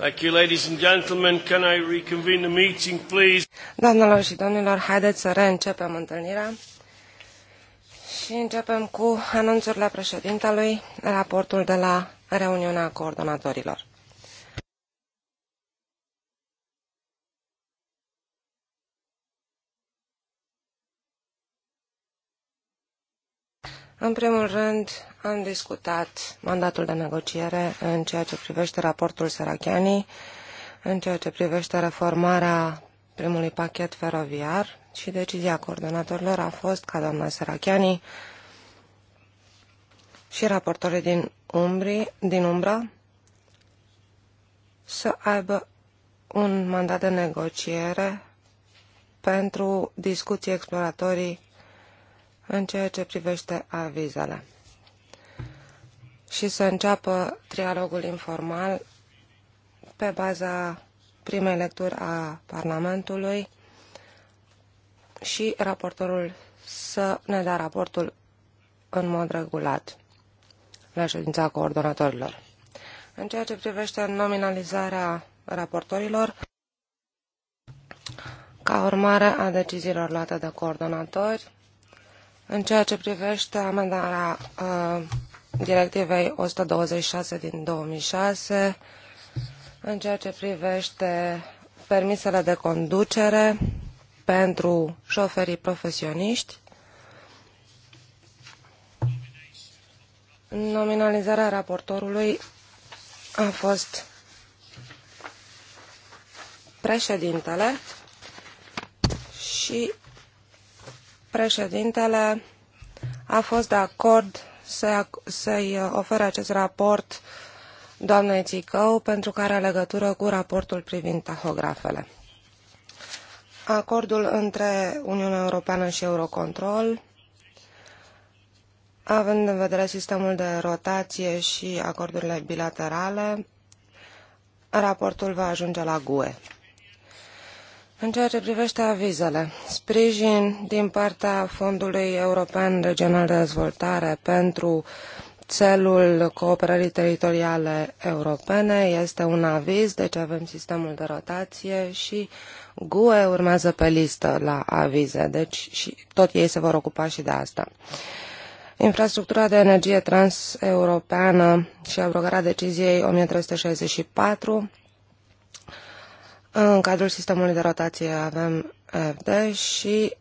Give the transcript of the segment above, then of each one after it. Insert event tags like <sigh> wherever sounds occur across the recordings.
Thank you, ladies and gentlemen. Can I reconvene the meeting, please? Doamnelor și domnilor, haideți să reîncepem întâlnirea. Și începem cu anunțurile președintelui, raportul de la reuniunea coordonatorilor. În primul rând, am discutat mandatul de negociere în ceea ce privește raportul Sarachiani, în ceea ce privește reformarea primului pachet feroviar și decizia coordonatorilor a fost ca doamna Sarachiani și raportorii din, umbri, din umbră să aibă un mandat de negociere pentru discuții exploratorii în ceea ce privește avizele și să înceapă trialogul informal pe baza primei lecturi a Parlamentului și raportorul să ne dea raportul în mod regulat la ședința coordonatorilor. În ceea ce privește nominalizarea raportorilor, ca urmare a deciziilor luate de coordonatori, în ceea ce privește amendarea uh, directivei 126 din 2006, în ceea ce privește permisele de conducere pentru șoferii profesioniști, nominalizarea raportorului a fost președintele și președintele a fost de acord să-i uh, ofere acest raport doamnei Țicău pentru că are legătură cu raportul privind tahografele. Acordul între Uniunea Europeană și Eurocontrol, având în vedere sistemul de rotație și acordurile bilaterale, raportul va ajunge la GUE. În ceea ce privește avizele, sprijin din partea Fondului European Regional de Dezvoltare pentru țelul cooperării teritoriale europene este un aviz, deci avem sistemul de rotație și GUE urmează pe listă la avize, deci și tot ei se vor ocupa și de asta. Infrastructura de energie transeuropeană și abrogarea deciziei 1364 în cadrul sistemului de rotație avem FD și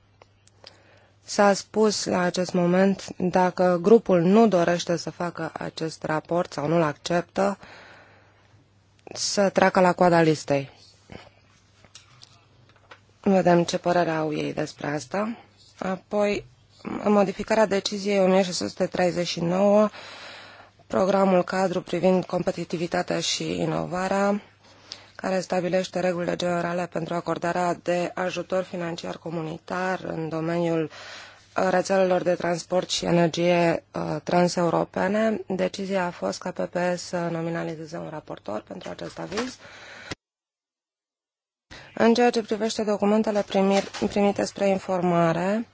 S-a spus la acest moment dacă grupul nu dorește să facă acest raport sau nu-l acceptă, să treacă la coada listei. Vedem ce părere au ei despre asta. Apoi, modificarea deciziei 1639, programul cadru privind competitivitatea și inovarea, care stabilește regulile generale pentru acordarea de ajutor financiar comunitar în domeniul uh, rețelelor de transport și energie uh, transeuropene. Decizia a fost ca PPE să nominalizeze un raportor pentru acest aviz. În ceea ce privește documentele primite spre informare,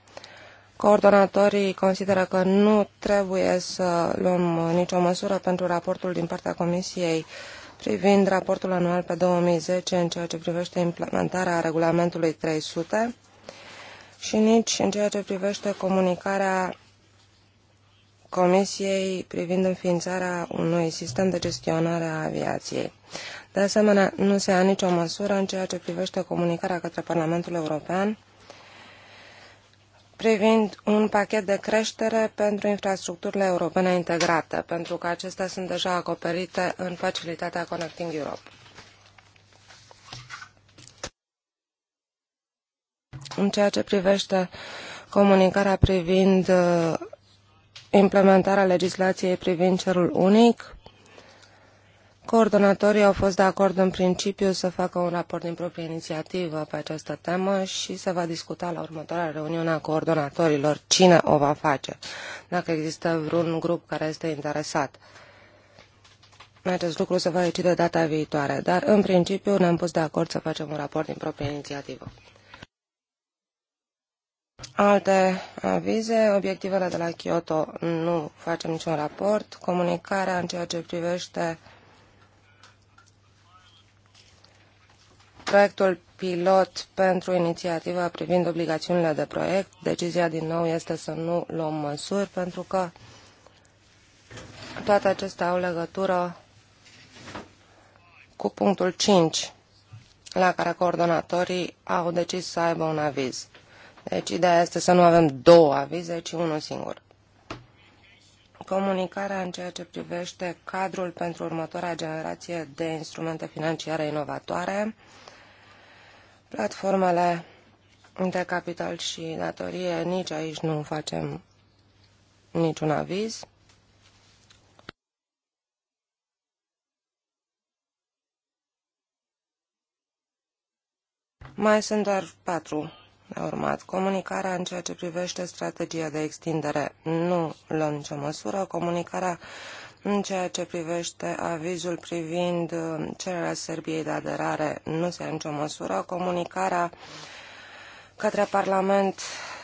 coordonatorii consideră că nu trebuie să luăm uh, nicio măsură pentru raportul din partea Comisiei uh, privind raportul anual pe 2010 în ceea ce privește implementarea regulamentului 300 și nici în ceea ce privește comunicarea Comisiei privind înființarea unui sistem de gestionare a aviației. De asemenea, nu se ia nicio măsură în ceea ce privește comunicarea către Parlamentul European privind un pachet de creștere pentru infrastructurile europene integrate, pentru că acestea sunt deja acoperite în facilitatea Connecting Europe. În ceea ce privește comunicarea privind uh, implementarea legislației privind cerul unic, Coordonatorii au fost de acord în principiu să facă un raport din proprie inițiativă pe această temă și se va discuta la următoarea reuniune a coordonatorilor cine o va face, dacă există vreun grup care este interesat. Acest lucru se va decide data viitoare, dar în principiu ne-am pus de acord să facem un raport din proprie inițiativă. Alte avize, obiectivele de la Kyoto nu facem niciun raport, comunicarea în ceea ce privește proiectul pilot pentru inițiativa privind obligațiunile de proiect. Decizia din nou este să nu luăm măsuri pentru că toate acestea au legătură cu punctul 5 la care coordonatorii au decis să aibă un aviz. Deci ideea este să nu avem două avize, ci unul singur. Comunicarea în ceea ce privește cadrul pentru următoarea generație de instrumente financiare inovatoare Platformele de capital și datorie, nici aici nu facem niciun aviz. Mai sunt doar patru de urmat. Comunicarea în ceea ce privește strategia de extindere. Nu luăm nicio măsură. Comunicarea în ceea ce privește avizul privind uh, cererea Serbiei de aderare, nu se ia nicio măsură. Comunicarea către Parlament,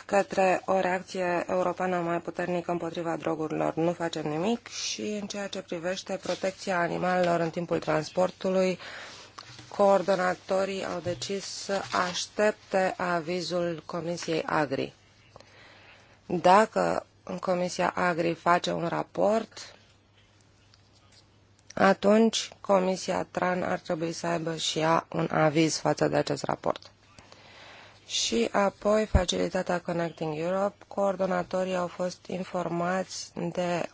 către o reacție europeană mai puternică împotriva drogurilor, nu facem nimic. Și în ceea ce privește protecția animalelor în timpul transportului, coordonatorii au decis să aștepte avizul Comisiei Agri. Dacă în Comisia Agri face un raport, atunci Comisia TRAN ar trebui să aibă și ea un aviz față de acest raport. Și apoi facilitatea Connecting Europe, coordonatorii au fost informați de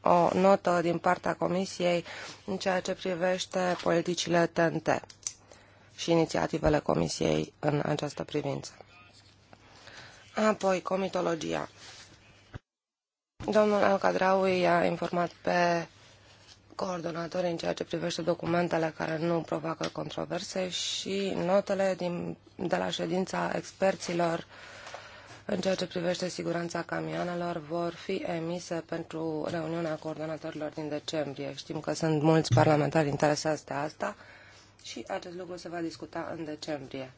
o notă din partea Comisiei în ceea ce privește politicile TNT și inițiativele Comisiei în această privință. Apoi, comitologia. Domnul Alcadraui a informat pe coordonatori în ceea ce privește documentele care nu provoacă controverse și notele din, de la ședința experților în ceea ce privește siguranța camioanelor vor fi emise pentru reuniunea coordonatorilor din decembrie. Știm că sunt mulți parlamentari interesați de asta și acest lucru se va discuta în decembrie.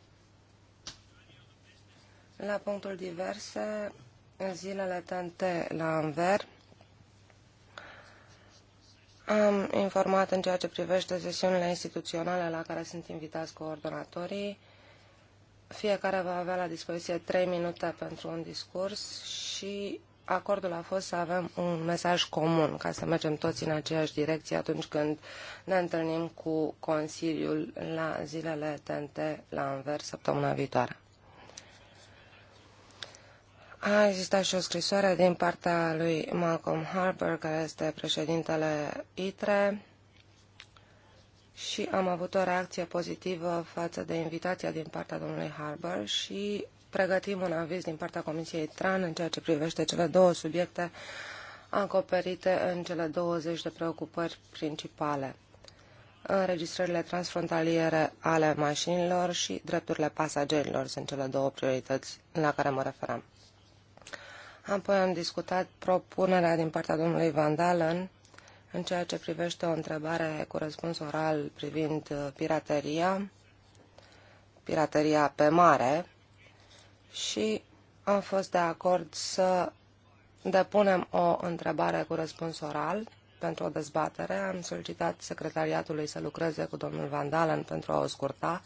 La punctul diverse, zilele TNT la Anvers, am informat în ceea ce privește sesiunile instituționale la care sunt invitați coordonatorii. Fiecare va avea la dispoziție 3 minute pentru un discurs și acordul a fost să avem un mesaj comun, ca să mergem toți în aceeași direcție atunci când ne întâlnim cu Consiliul la zilele TNT la Anvers săptămâna viitoare. A existat și o scrisoare din partea lui Malcolm Harper, care este președintele ITRE, și am avut o reacție pozitivă față de invitația din partea domnului Harper și pregătim un aviz din partea Comisiei TRAN în ceea ce privește cele două subiecte acoperite în cele 20 de preocupări principale. Înregistrările transfrontaliere ale mașinilor și drepturile pasagerilor sunt cele două priorități la care mă referam. Apoi am discutat propunerea din partea domnului Van Dalen în ceea ce privește o întrebare cu răspuns oral privind uh, pirateria, pirateria pe mare și am fost de acord să depunem o întrebare cu răspuns oral pentru o dezbatere. Am solicitat secretariatului să lucreze cu domnul Van Dalen pentru a o scurta,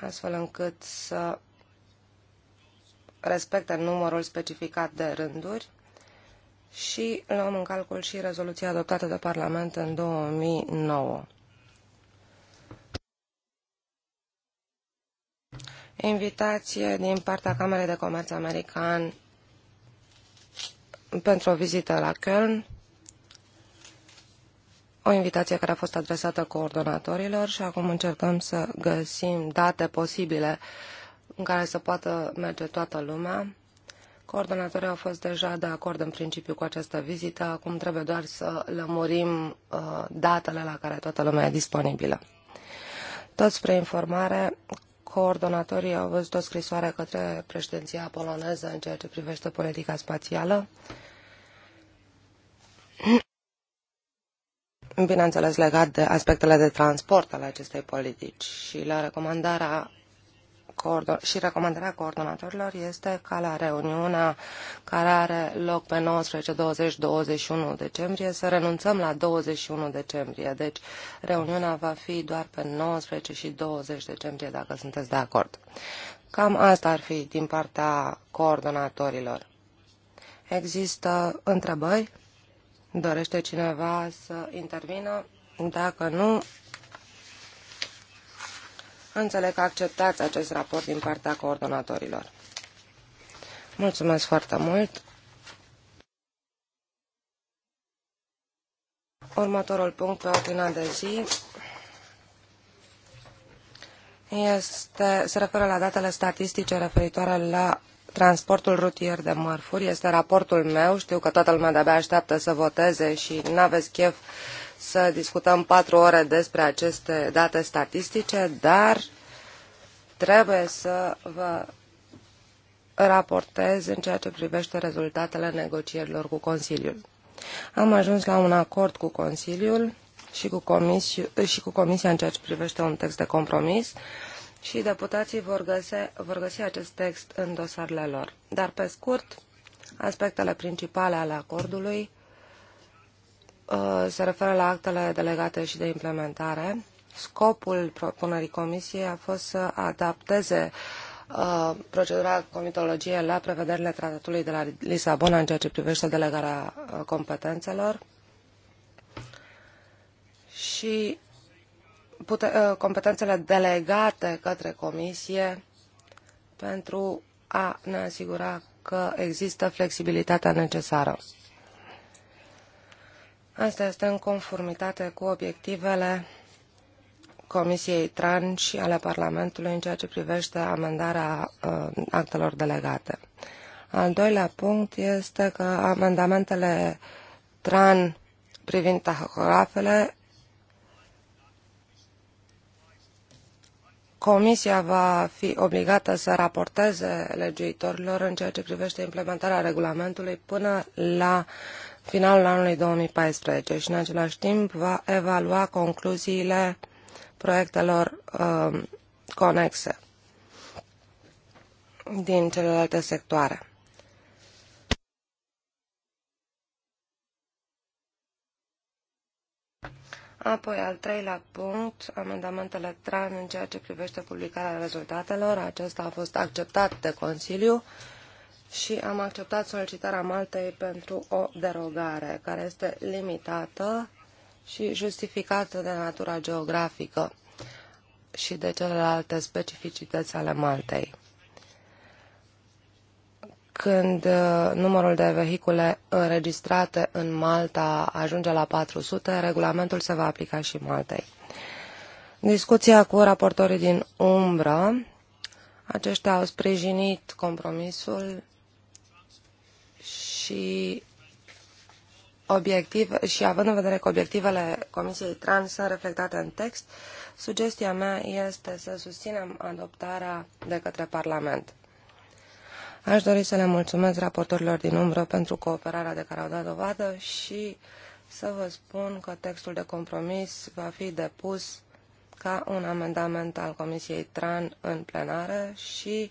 astfel încât să respectă numărul specificat de rânduri și luăm în calcul și rezoluția adoptată de Parlament în 2009. Invitație din partea Camerei de Comerț American pentru o vizită la Köln. O invitație care a fost adresată coordonatorilor și acum încercăm să găsim date posibile uh, în care să poată merge toată lumea. Coordonatorii au fost deja de acord în principiu cu această vizită, acum trebuie doar să lămurim uh, datele la care toată lumea e disponibilă. Tot spre informare, coordonatorii au văzut o scrisoare către președinția poloneză în ceea ce privește politica spațială. Bineînțeles legat de aspectele de transport ale acestei politici și la recomandarea și recomandarea coordonatorilor este ca la reuniunea care are loc pe 19-20-21 decembrie să renunțăm la 21 decembrie. Deci reuniunea va fi doar pe 19 și 20 decembrie, dacă sunteți de acord. Cam asta ar fi din partea coordonatorilor. Există întrebări? Dorește cineva să intervină? Dacă nu, Înțeleg că acceptați acest raport din partea coordonatorilor. Mulțumesc foarte mult. Următorul punct pe ordinea de zi este, se referă la datele statistice referitoare la transportul rutier de mărfuri. Este raportul meu. Știu că toată lumea de-abia așteaptă să voteze și n-aveți chef să discutăm patru ore despre aceste date statistice, dar trebuie să vă raportez în ceea ce privește rezultatele negocierilor cu Consiliul. Am ajuns la un acord cu Consiliul și cu, comisi și cu Comisia în ceea ce privește un text de compromis și deputații vor, găse, vor găsi acest text în dosarele lor. Dar, pe scurt, aspectele principale ale acordului Uh, se referă la actele delegate și de implementare. Scopul propunerii Comisiei a fost să adapteze uh, procedura comitologiei la prevederile tratatului de la Lisabona în ceea ce privește delegarea uh, competențelor și pute, competențele delegate către Comisie pentru a ne asigura că există flexibilitatea necesară. Asta este în conformitate cu obiectivele Comisiei Tran și ale Parlamentului în ceea ce privește amendarea uh, actelor delegate. Al doilea punct este că amendamentele Tran privind tahografele Comisia va fi obligată să raporteze legiuitorilor în ceea ce privește implementarea regulamentului până la finalul anului 2014 și în același timp va evalua concluziile proiectelor uh, conexe din celelalte sectoare. Apoi, al treilea punct, amendamentele TRAN în ceea ce privește publicarea rezultatelor. Acesta a fost acceptat de Consiliu. Uh, și am acceptat solicitarea Maltei pentru o derogare care este limitată și justificată de natura geografică și de celelalte specificități ale Maltei. Când uh, numărul de vehicule înregistrate în Malta ajunge la 400, regulamentul se va aplica și Maltei. Discuția cu raportorii din umbră, aceștia au sprijinit compromisul și obiective, și având în vedere că obiectivele Comisiei Trans sunt reflectate în text, sugestia mea este să susținem adoptarea de către Parlament. Aș dori să le mulțumesc raportorilor din umbră pentru cooperarea de care au dat dovadă și să vă spun că textul de compromis va fi depus ca un amendament al Comisiei TRAN în plenară și uh,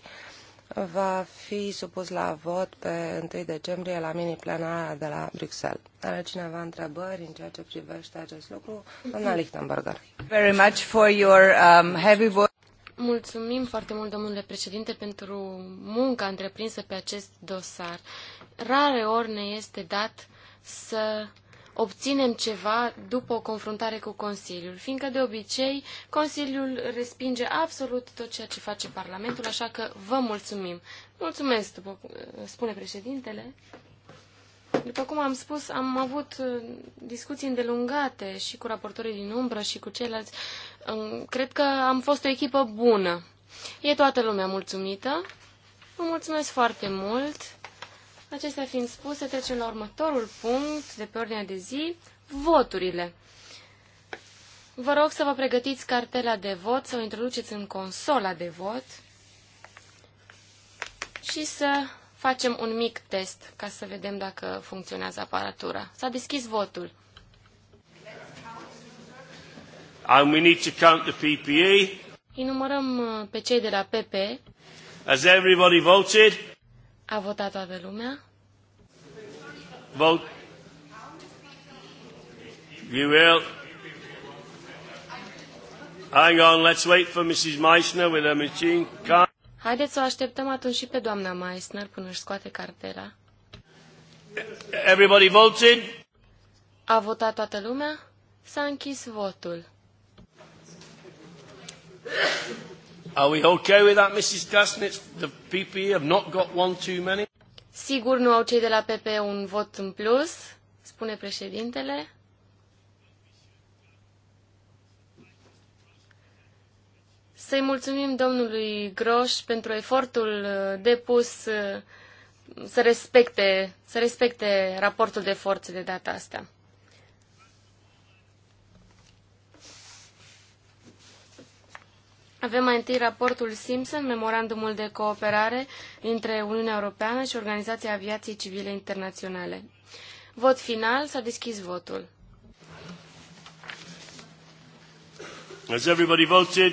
va fi supus la vot pe 1 decembrie la mini-plenara de la Bruxelles. Are cineva întrebări în ceea ce privește acest lucru? Doamna Lichtenberger. Very much for your um, heavy vote. Mulțumim foarte mult, domnule președinte, pentru munca întreprinsă pe acest dosar. Rare ori ne este dat să obținem ceva după o confruntare cu Consiliul, fiindcă de obicei Consiliul respinge absolut tot ceea ce face Parlamentul, așa că vă mulțumim. Mulțumesc, după, spune președintele. După cum am spus, am avut uh, discuții îndelungate și cu raportorii din umbră și cu ceilalți. Cred că am fost o echipă bună. E toată lumea mulțumită. Vă mulțumesc foarte mult. Acestea fiind spuse, trecem la următorul punct de pe ordinea de zi, voturile. Vă rog să vă pregătiți cartela de vot, să o introduceți în consola de vot și să facem un mic test ca să vedem dacă funcționează aparatura. S-a deschis votul. And we need to count the PPE. Uh, pe cei de la PP. Has everybody voted? A votat toată lumea? Vote. You will. Hang on, let's wait for Mrs. Meissner with her machine card. Haideți să o așteptăm atunci și pe doamna Meissner până își scoate cartera. Everybody voted? A votat toată lumea? S-a închis votul. Are we okay with that, Mrs. Kasnitz? The PPE have not got one too many? Sigur nu au cei de la PP un vot în plus, spune președintele. Să-i mulțumim domnului Groș pentru efortul uh, depus uh, să respecte, să respecte raportul de forțe de data asta. Avem mai întâi raportul Simpson, memorandumul de cooperare între Uniunea Europeană și Organizația Aviației Civile Internaționale. Vot final, s-a deschis votul. Has everybody voted?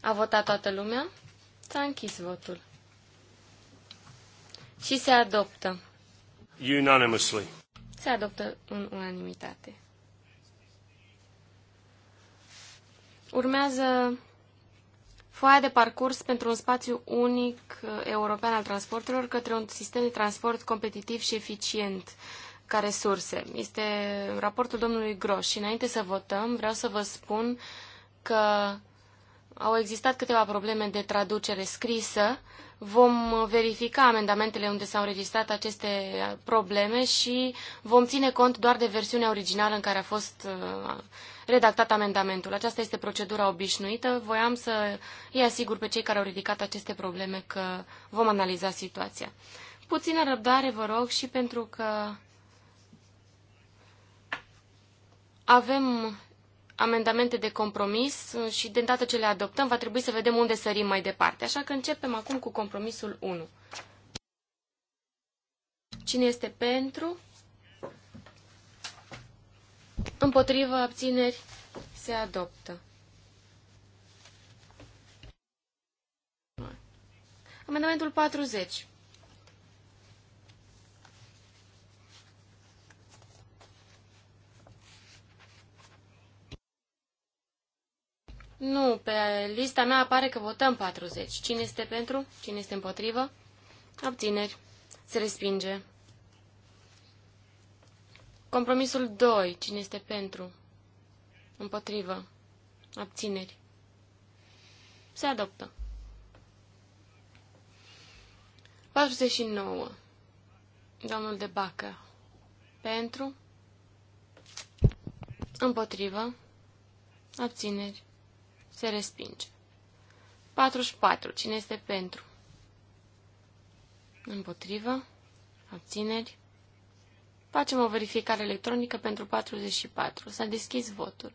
A votat toată lumea? S-a închis votul. Și se adoptă. Unanimously. Se adoptă în unanimitate. Urmează foaia de parcurs pentru un spațiu unic uh, european al transporturilor către un sistem de transport competitiv și eficient ca resurse. Este raportul domnului Gros. și înainte să votăm vreau să vă spun că au existat câteva probleme de traducere scrisă Vom verifica amendamentele unde s-au înregistrat aceste probleme și vom ține cont doar de versiunea originală în care a fost uh, redactat amendamentul. Aceasta este procedura obișnuită. Voiam să îi asigur pe cei care au ridicat aceste probleme că vom analiza situația. Puțină răbdare, vă rog, și pentru că avem amendamente de compromis și de îndată ce le adoptăm va trebui să vedem unde sărim mai departe. Așa că începem acum cu compromisul 1. Cine este pentru? Împotrivă abțineri se adoptă. Amendamentul 40. Nu, pe lista mea apare că votăm 40. Cine este pentru? Cine este împotrivă? Abțineri. Se respinge. Compromisul 2. Cine este pentru? Împotrivă. Abțineri. Se adoptă. 49. Domnul de Bacă. Pentru. Împotrivă. Abțineri. Se respinge. 44. Cine este pentru? Împotrivă. Abțineri. Facem o verificare electronică pentru 44. S-a deschis votul.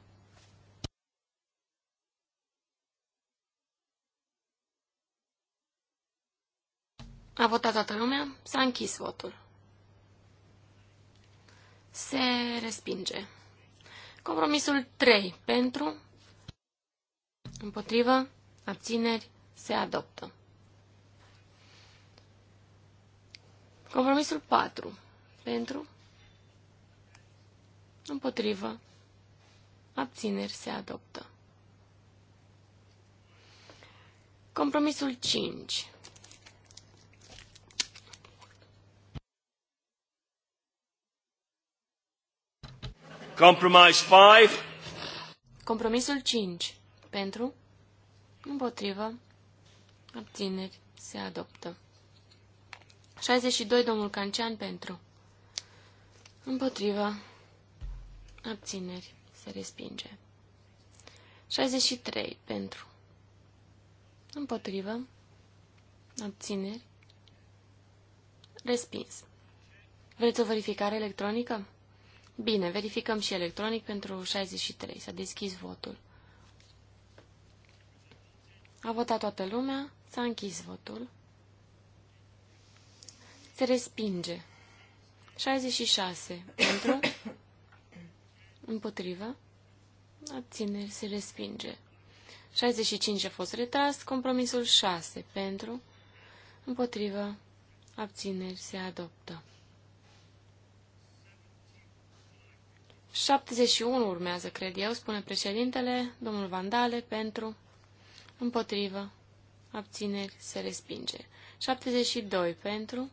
A votat toată lumea? S-a închis votul. Se respinge. Compromisul 3 pentru, Împotrivă? Abțineri? Se adoptă. Compromisul 4. Pentru? Împotrivă? Abțineri? Se adoptă. Compromisul 5. Compromise 5. Compromisul 5. Pentru, împotrivă, abțineri, se adoptă. 62, domnul Cancean, pentru, împotrivă, abțineri, se respinge. 63, pentru, împotrivă, abțineri, respins. Vreți o verificare electronică? Bine, verificăm și electronic pentru 63. S-a deschis votul. A votat toată lumea, s-a închis votul. Se respinge. 66 pentru, împotrivă, abțineri, se respinge. 65 a fost retras, compromisul 6 pentru, împotrivă, abțineri, se adoptă. 71 urmează, cred eu, spune președintele, domnul Vandale, pentru, Împotrivă. Abțineri. Se respinge. 72 pentru.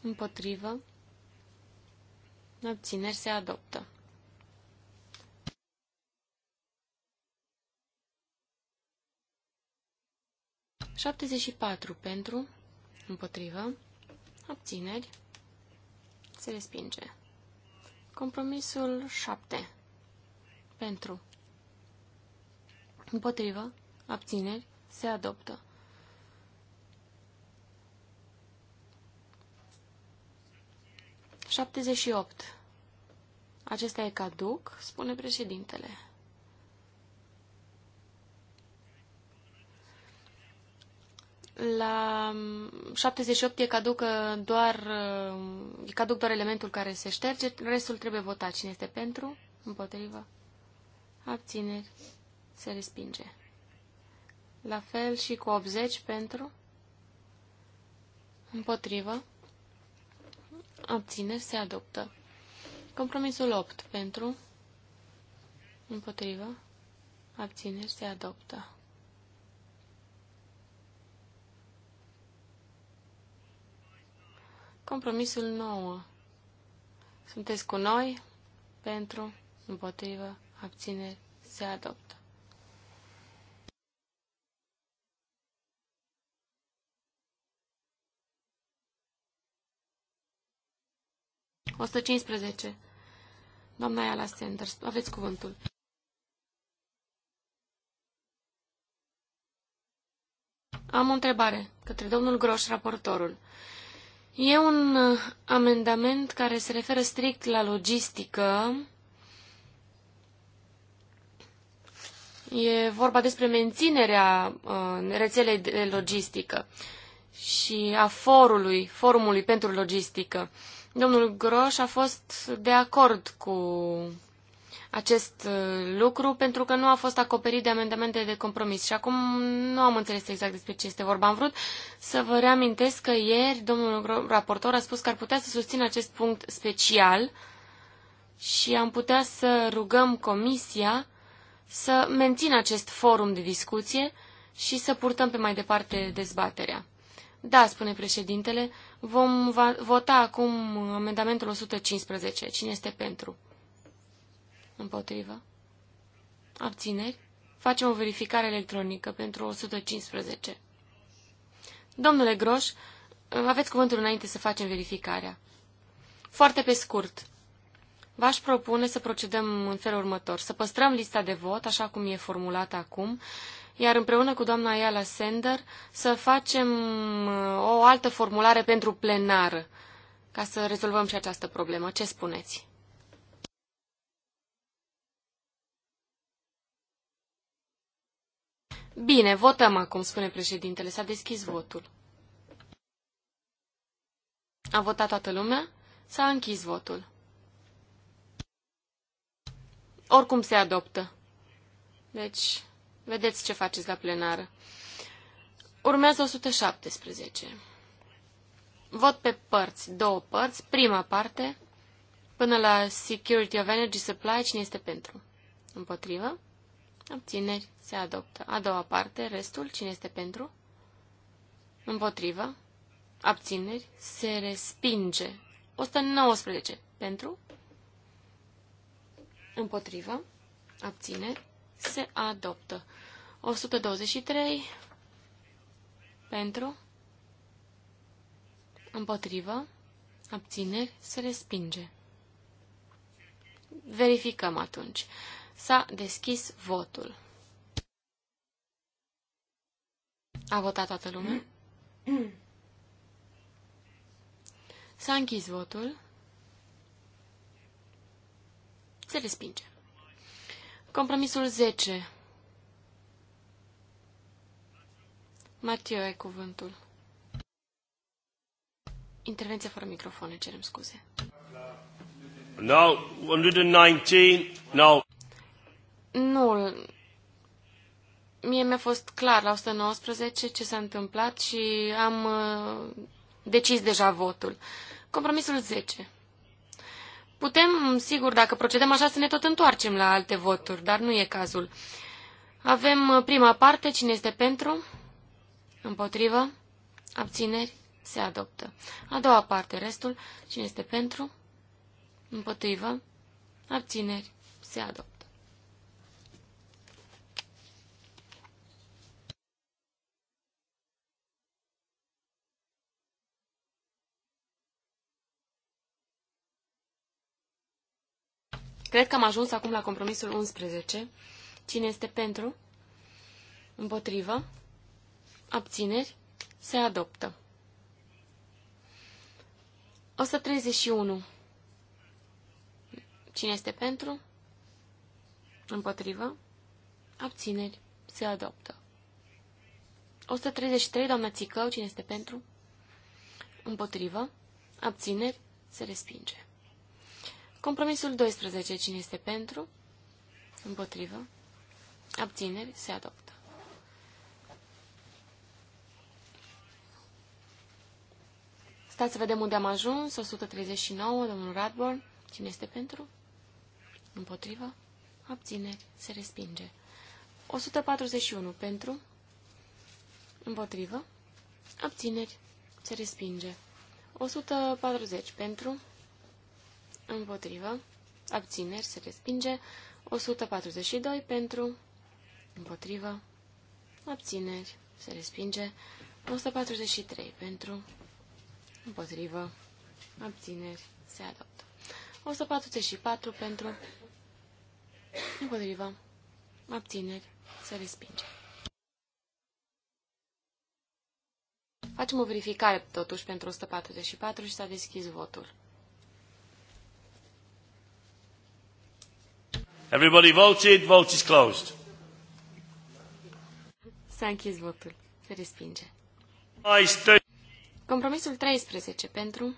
Împotrivă. Abțineri. Se adoptă. Șaptezeci și patru pentru, împotrivă, abțineri, se respinge. Compromisul șapte Pentru. Împotrivă abțineri, se adoptă. Șaptezeci și opt. Acesta e caduc, spune președintele. La 78 e caduc doar, e caduc doar elementul care se șterge, restul trebuie votat. Cine este pentru? Împotriva? Abțineri. Se respinge. La fel și cu 80 pentru, împotrivă, abțineri se adoptă. Compromisul 8 pentru, împotrivă, abțineri se adoptă. Compromisul 9. Sunteți cu noi pentru, împotrivă, abțineri se adoptă. 115. Doamna Ayala Sanders, aveți cuvântul. Am o întrebare către domnul Groș, raportorul. E un uh, amendament care se referă strict la logistică. E vorba despre menținerea uh, rețelei de logistică și a forului, forumului pentru logistică. Domnul Groș a fost de acord cu acest uh, lucru pentru că nu a fost acoperit de amendamente de compromis. Și acum nu am înțeles exact despre ce este vorba. Am vrut să vă reamintesc că ieri domnul raportor a spus că ar putea să susțină acest punct special și am putea să rugăm comisia să mențină acest forum de discuție și să purtăm pe mai departe dezbaterea. Da, spune președintele, vom vota acum amendamentul 115. Cine este pentru? Împotrivă. Abțineri. Facem o verificare electronică pentru 115. Domnule Groș, aveți cuvântul înainte să facem verificarea. Foarte pe scurt, v-aș propune să procedăm în felul următor. Să păstrăm lista de vot, așa cum e formulată acum, iar împreună cu doamna Iala Sender să facem uh, o altă formulare pentru plenară, ca să rezolvăm și această problemă. Ce spuneți? Bine, votăm acum, spune președintele. S-a deschis votul. A votat toată lumea? S-a închis votul. Oricum se adoptă. Deci, Vedeți ce faceți la plenară. Urmează 117. Vot pe părți, două părți. Prima parte, până la Security of Energy Supply, cine este pentru? Împotrivă. Abțineri, se adoptă. A doua parte, restul, cine este pentru? Împotrivă. Abțineri, se respinge. 119, pentru? Împotrivă. Abțineri, se adoptă. 123 pentru, împotrivă, abțineri, se respinge. Verificăm atunci. S-a deschis votul. A votat toată lumea? S-a închis votul. Se respinge. Compromisul 10. Matiu, ai cuvântul. Intervenție fără microfon, cerem scuze. No, 119, no. Nu. Mie mi-a fost clar la 119 ce s-a întâmplat și am uh, decis deja votul. Compromisul 10. Putem, sigur, dacă procedăm așa, să ne tot întoarcem la alte voturi, dar nu e cazul. Avem uh, prima parte, cine este pentru, împotrivă, abțineri, se adoptă. A doua parte, restul, cine este pentru, împotrivă, abțineri, se adoptă. Cred că am ajuns acum la compromisul 11. Cine este pentru? Împotrivă? Abțineri? Se adoptă. 131. Cine este pentru? Împotrivă? Abțineri? Se adoptă. 133, doamna Țicău, cine este pentru? Împotrivă? Abțineri? Se respinge. Compromisul 12. Cine este pentru? Împotrivă. Abțineri. Se adoptă. Stați să vedem unde am ajuns. 139, domnul Radborn. Cine este pentru? Împotrivă. Abțineri. Se respinge. 141 pentru. Împotrivă. Abțineri. Se respinge. 140 pentru împotrivă, abțineri, se respinge, 142 pentru, împotrivă, abțineri, se respinge, 143 pentru, împotrivă, abțineri, se adoptă, 144 pentru, împotrivă, abțineri, se respinge. Facem o verificare, totuși, pentru 144 și s-a deschis votul. Everybody voted, vote is closed. S-a închis votul. Se respinge. Compromisul 13 pentru,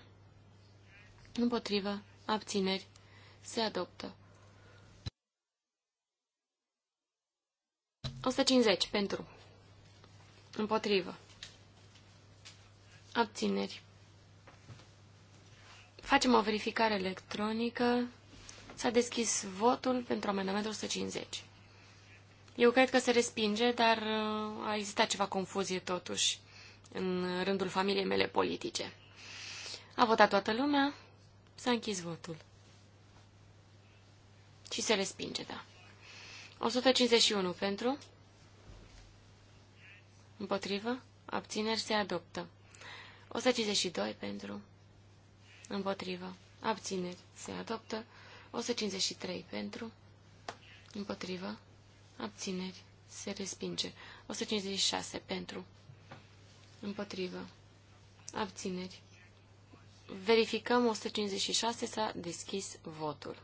împotrivă, abțineri, se adoptă. 150 pentru, împotrivă, abțineri. Facem o verificare electronică. S-a deschis votul pentru amendamentul 150. Eu cred că se respinge, dar uh, a existat ceva confuzie totuși în rândul familiei mele politice. A votat toată lumea, s-a închis votul. Și se respinge, da. 151 pentru, împotrivă, abțineri se adoptă. 152 pentru, împotrivă, abțineri se adoptă. 153 pentru, împotrivă, abțineri, se respinge. 156 pentru, împotrivă, abțineri. Verificăm 156, s-a deschis votul.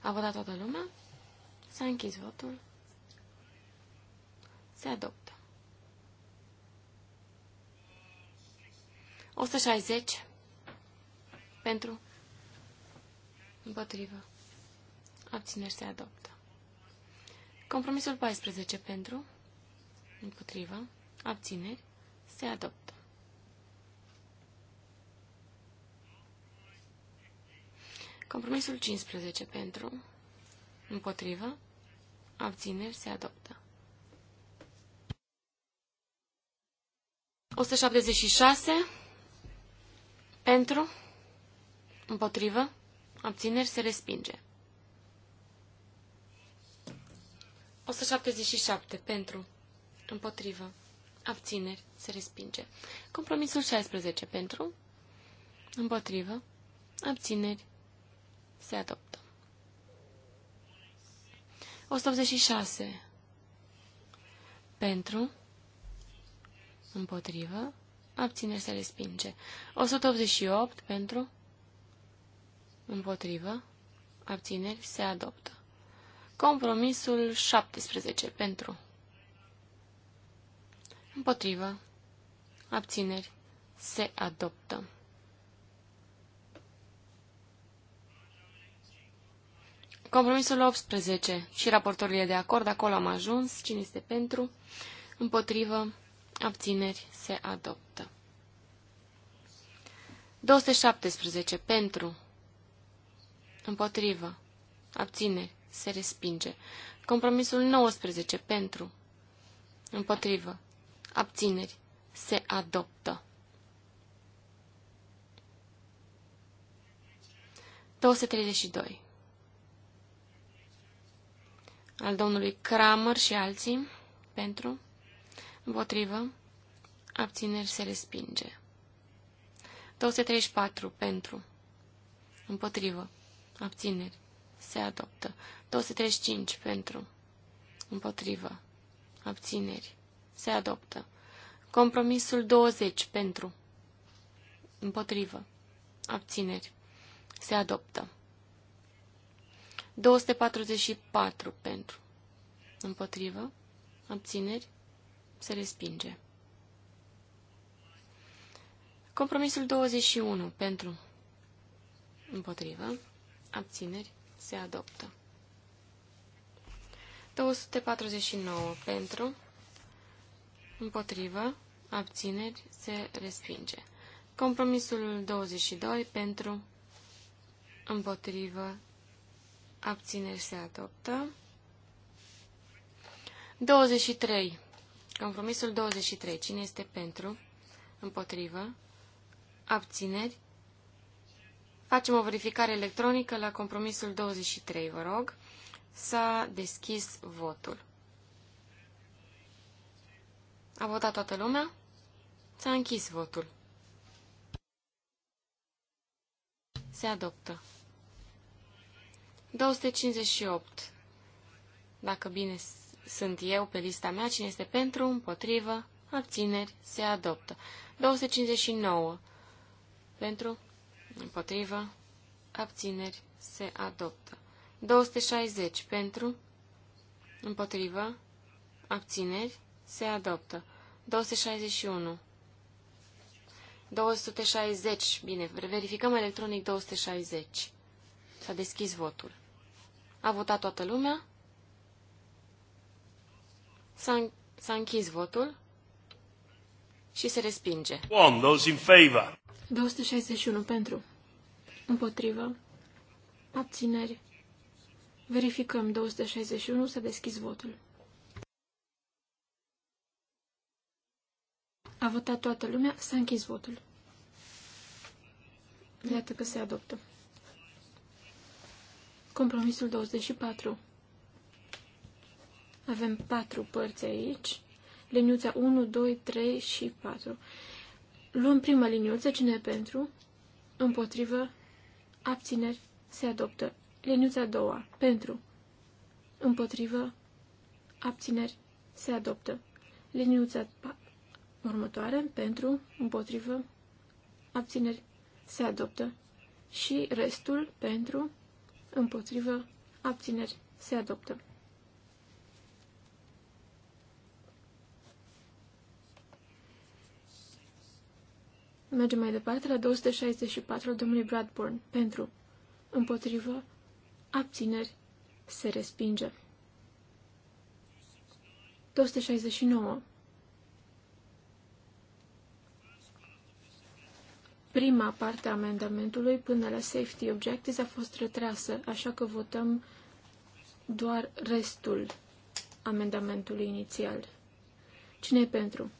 A votat toată lumea? S-a închis votul? Se adoptă. 160 pentru Împotrivă. Abțineri se adoptă. Compromisul 14 pentru. Împotrivă. Abțineri se adoptă. Compromisul 15 pentru. Împotrivă. Abțineri se adoptă. 176 pentru. Împotrivă. Abțineri se respinge. 177 pentru. Împotrivă. Abțineri se respinge. Compromisul 16 pentru. Împotrivă. Abțineri se adoptă. 186 pentru. Împotrivă. Abțineri se respinge. 188 pentru. Împotrivă. Abțineri. Se adoptă. Compromisul 17. Pentru. Împotrivă. Abțineri. Se adoptă. Compromisul 18 și raportorile de acord, acolo am ajuns. Cine este pentru? Împotrivă. Abțineri. Se adoptă. 217. Pentru. Împotrivă. abține, Se respinge. Compromisul 19. Pentru. Împotrivă. Abțineri. Se adoptă. 232 al domnului Kramer și alții, pentru, împotrivă, abțineri se respinge. 234, pentru, împotrivă, Abțineri. Se adoptă. 235 pentru. Împotrivă. Abțineri. Se adoptă. Compromisul 20 pentru. Împotrivă. Abțineri. Se adoptă. 244 pentru. Împotrivă. Abțineri. Se respinge. Compromisul 21 pentru. Împotrivă abțineri, se adoptă. 249 pentru, împotrivă, abțineri, se respinge. Compromisul 22 pentru, împotrivă, abțineri, se adoptă. 23. Compromisul 23. Cine este pentru? Împotrivă. Abțineri. Facem o verificare electronică la compromisul 23, vă rog. S-a deschis votul. A votat toată lumea? S-a închis votul. Se adoptă. 258. Dacă bine sunt eu pe lista mea, cine este pentru, împotrivă, abțineri, se adoptă. 259. Pentru, Împotrivă. Abțineri. Se adoptă. 260 pentru. Împotrivă. Abțineri. Se adoptă. 261. 260. Bine, verificăm electronic 260. S-a deschis votul. A votat toată lumea. S-a închis votul și se respinge. 1. Those in favor. 261 pentru. Împotrivă. Abțineri. Verificăm 261, să a deschis votul. A votat toată lumea, s-a închis votul. Iată că se adoptă. Compromisul 24. Avem patru părți aici liniuța 1, 2, 3 și 4. Luăm prima liniuță, cine e pentru, împotrivă, abțineri, se adoptă. Liniuța a doua, pentru, împotrivă, abțineri, se adoptă. Liniuța următoare, pentru, împotrivă, abțineri, se adoptă. Și restul, pentru, împotrivă, abțineri, se adoptă. Mergem mai departe la 264 al domnului Bradburn. Pentru. Împotrivă. Abțineri. Se respinge. 269. Prima parte a amendamentului până la safety objectives a fost retrasă, așa că votăm doar restul amendamentului inițial. Cine e pentru?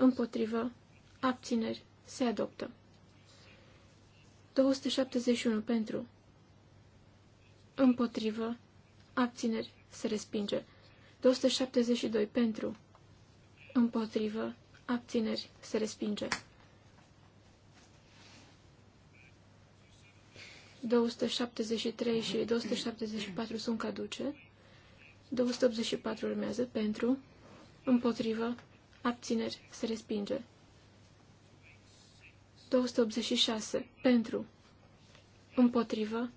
împotrivă, abțineri, se adoptă. 271 pentru, împotrivă, abțineri, se respinge. 272 pentru, împotrivă, abțineri, se respinge. 273 și 274 sunt caduce. 284 urmează pentru, împotrivă, Abțineri. Se respinge. 286. Pentru. Împotrivă.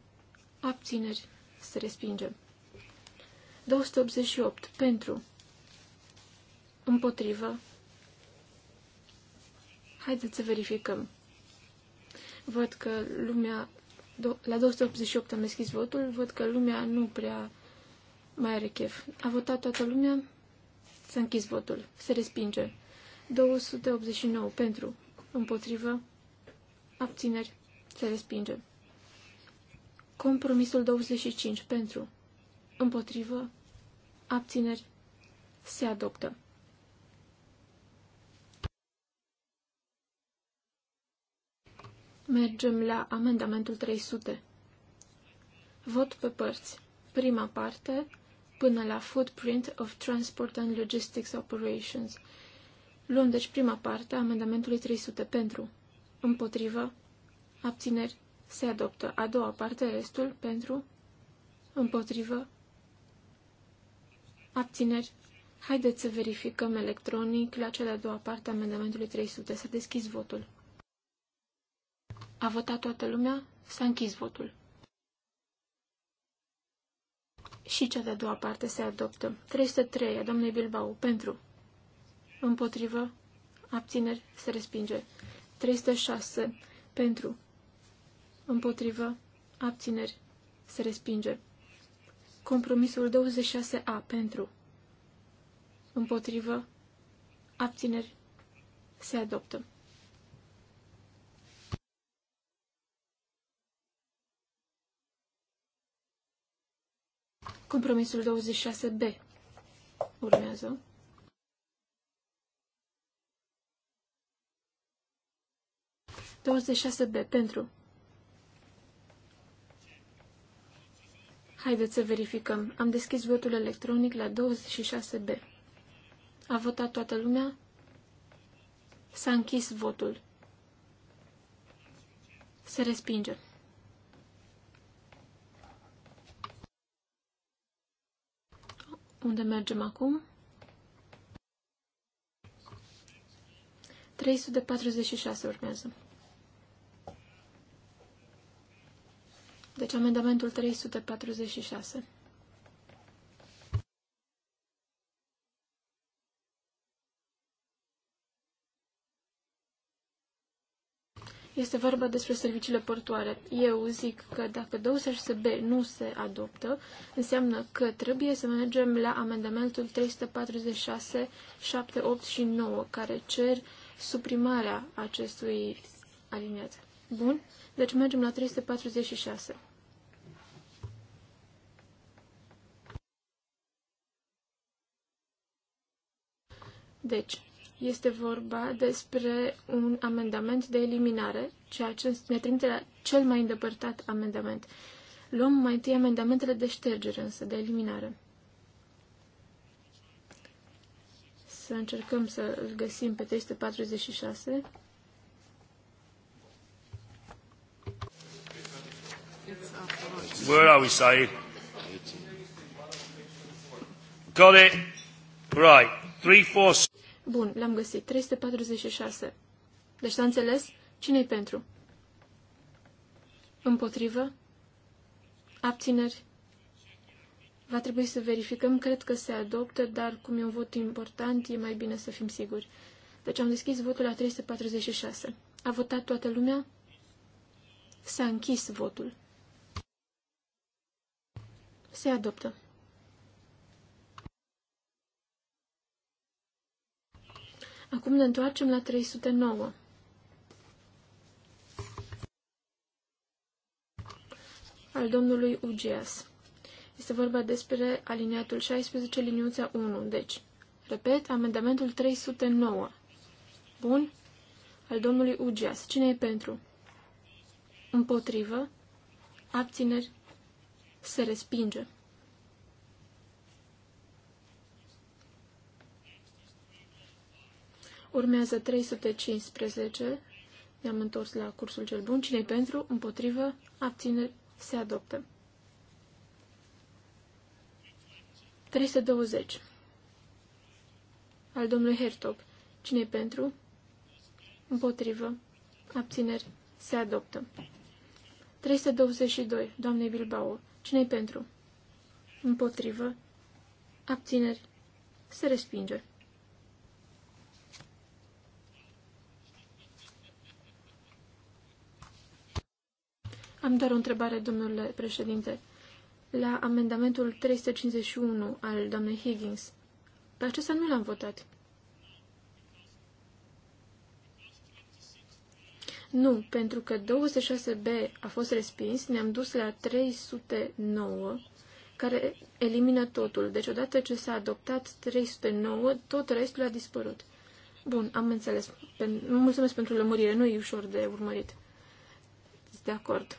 Abțineri. Se respinge. 288. Pentru. Împotrivă. Haideți să verificăm. Văd că lumea... La 288 am deschis votul. Văd că lumea nu prea mai are chef. A votat toată lumea. S-a închis votul. Se respinge. 289 pentru. Împotrivă. Abțineri. Se respinge. Compromisul 25 pentru. Împotrivă. Abțineri. Se adoptă. Mergem la amendamentul 300. Vot pe părți. Prima parte până la Footprint of Transport and Logistics Operations. Luăm deci prima parte a amendamentului 300 pentru, împotrivă, abțineri, se adoptă. A doua parte, restul, pentru, împotrivă, abțineri. Haideți să verificăm electronic la cea de-a doua parte a amendamentului 300. S-a deschis votul. A votat toată lumea? S-a închis votul. Și cea de-a doua parte se adoptă. 303 a domnului Bilbao. Pentru. Împotrivă. Abțineri. Se respinge. 306. Pentru. Împotrivă. Abțineri. Se respinge. Compromisul 26A. Pentru. Împotrivă. Abțineri. Se adoptă. Compromisul 26B urmează. B pentru. Haideți să verificăm. Am deschis votul electronic la 26B. A votat toată lumea? S-a închis votul. Se respinge. Unde mergem acum? 346 urmează. Deci amendamentul 346. Este vorba despre serviciile portoare. Eu zic că dacă 26B nu se adoptă, înseamnă că trebuie să mergem la amendamentul 346, 7, 8 și 9, care cer suprimarea acestui aliniat. Bun? Deci mergem la 346. Deci, este vorba despre un amendament de eliminare, ceea ce ne trimite la cel mai îndepărtat amendament. Luăm mai întâi amendamentele de ștergere, însă, de eliminare. Să încercăm să îl găsim pe 346. Where are we, Saeed? Got it. Right. Three, four. Bun, l-am găsit. 346. Deci s-a înțeles? cine e pentru? Împotrivă? Abțineri? Va trebui să verificăm. Cred că se adoptă, dar cum e un vot important, e mai bine să fim siguri. Deci am deschis votul la 346. A votat toată lumea? S-a închis votul. Se adoptă. Acum ne întoarcem la 309. Al domnului UGS. Este vorba despre aliniatul 16, liniuța 1. Deci, repet, amendamentul 309. Bun? Al domnului UGS. Cine e pentru? Împotrivă? Abțineri? Se respinge. Urmează 315. Ne-am întors la cursul cel bun. cine pentru? Împotrivă? Abține? Se adoptă. 320. Al domnului Hertog. cine pentru? Împotrivă? Abțineri? Se adoptă. 322. Doamnei Bilbao. cine pentru? Împotrivă? Abțineri? Se respinge. Am doar o întrebare, domnule președinte. La amendamentul 351 al doamnei Higgins, pe acesta nu l-am votat. Nu, pentru că 26B a fost respins, ne-am dus la 309, care elimină totul. Deci odată ce s-a adoptat 309, tot restul a dispărut. Bun, am înțeles. Mulțumesc pentru lămurire, nu e ușor de urmărit. De acord.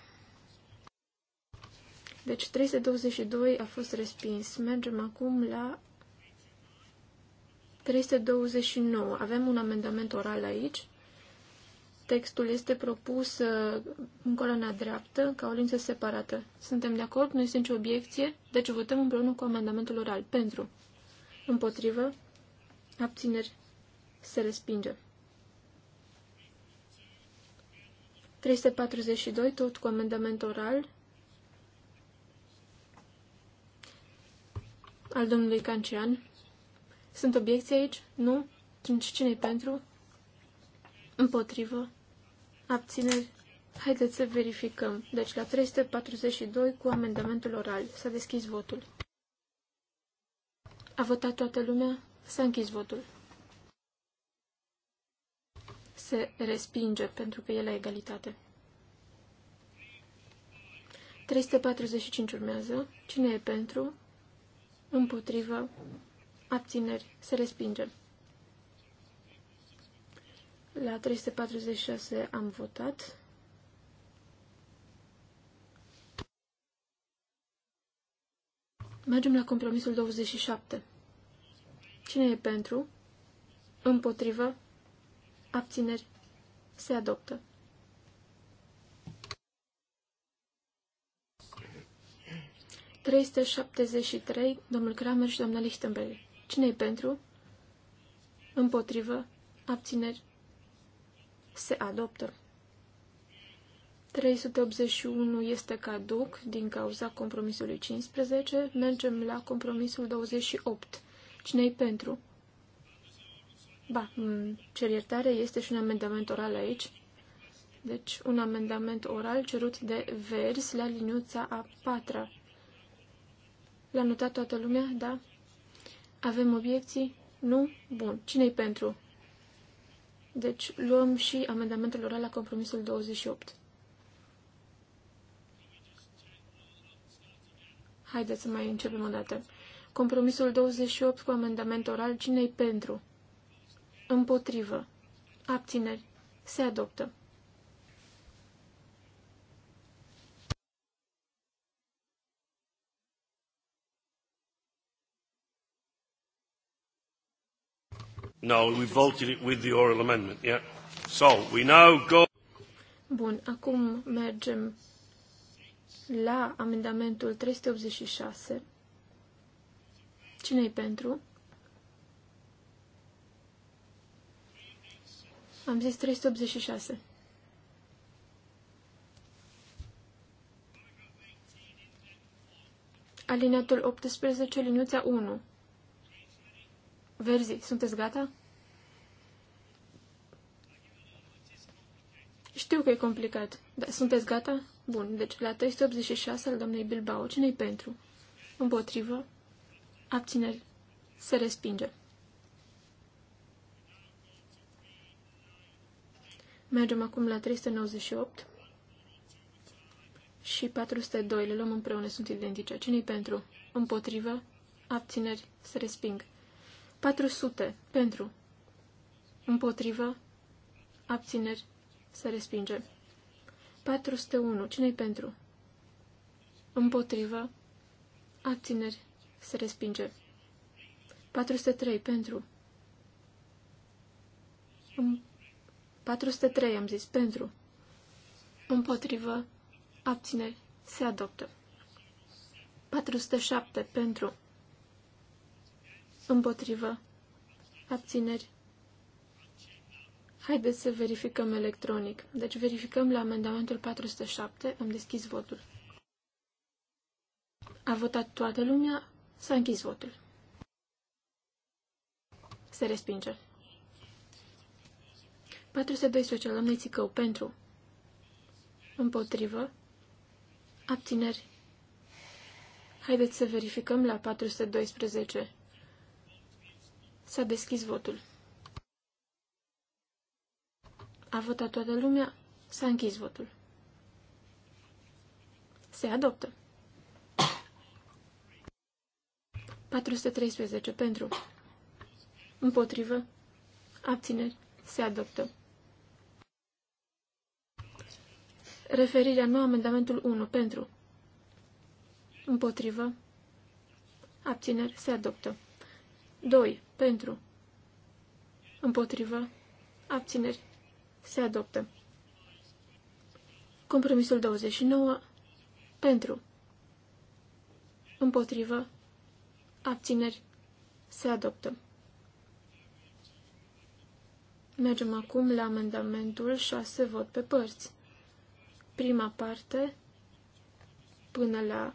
Deci 322 a fost respins. Mergem acum la 329. Avem un amendament oral aici. Textul este propus uh, în coloana dreaptă, ca o linie separată. Suntem de acord? Nu este nicio obiecție? Deci votăm împreună cu amendamentul oral. Pentru. Împotrivă. Abțineri. Se respinge. 342, tot cu amendament oral. al domnului Cancian. Sunt obiecții aici? Nu? Atunci cine pentru? Împotrivă. Abțineri. Haideți să verificăm. Deci la 342 cu amendamentul oral. S-a deschis votul. A votat toată lumea? S-a închis votul. Se respinge pentru că e la egalitate. 345 urmează. Cine e pentru? împotrivă, abțineri, se respinge. La 346 am votat. Mergem la compromisul 27. Cine e pentru? Împotrivă? Abțineri? Se adoptă. 373, domnul Kramer și doamna Lichtenberg. cine e pentru? Împotrivă. Abțineri. Se adoptă. 381 este caduc din cauza compromisului 15. Mergem la compromisul 28. Cine-i pentru? Ba, mm, cer iertare, este și un amendament oral aici. Deci, un amendament oral cerut de vers la liniuța a patra. L-a notat toată lumea? Da? Avem obiecții? Nu? Bun. Cine-i pentru? Deci luăm și amendamentul oral la compromisul 28. Haideți să mai începem o dată. Compromisul 28 cu amendament oral, cine-i pentru? Împotrivă. Abțineri. Se adoptă. No, we voted it with the oral amendment, yeah. So, we now go... Bun, acum mergem la amendamentul 386. Cine-i pentru? Am zis 386. Alineatul 18, liniuța 1. Verzi, sunteți gata? Știu că e complicat, dar sunteți gata? Bun, deci la 386 al doamnei Bilbao, cine pentru? Împotrivă? Abțineri? Se respinge. Mergem acum la 398 și 402. Le luăm împreună, sunt identice. cine pentru? Împotrivă? Abțineri? Se resping. 400 pentru, împotrivă, abțineri, se respinge. 401. Cine-i pentru? Împotrivă, abțineri, se respinge. 403. Pentru. 403, am zis, pentru. Împotrivă, abțineri, se adoptă. 407, pentru. Împotrivă. Abțineri. Haideți să verificăm electronic. Deci verificăm la amendamentul 407. Am deschis votul. A votat toată lumea. S-a închis votul. Se respinge. 412 la Țicău. pentru. Împotrivă. Abțineri. Haideți să verificăm la 412. S-a deschis votul. A votat toată lumea. S-a închis votul. Se adoptă. 413 pentru. Împotrivă. Abțineri. Se adoptă. Referirea nu amendamentul 1 pentru. Împotrivă. Abțineri. Se adoptă. 2. Pentru. Împotrivă. Abțineri. Se adoptă. Compromisul 29. Pentru. Împotrivă. Abțineri. Se adoptă. Mergem acum la amendamentul 6 vot pe părți. Prima parte până la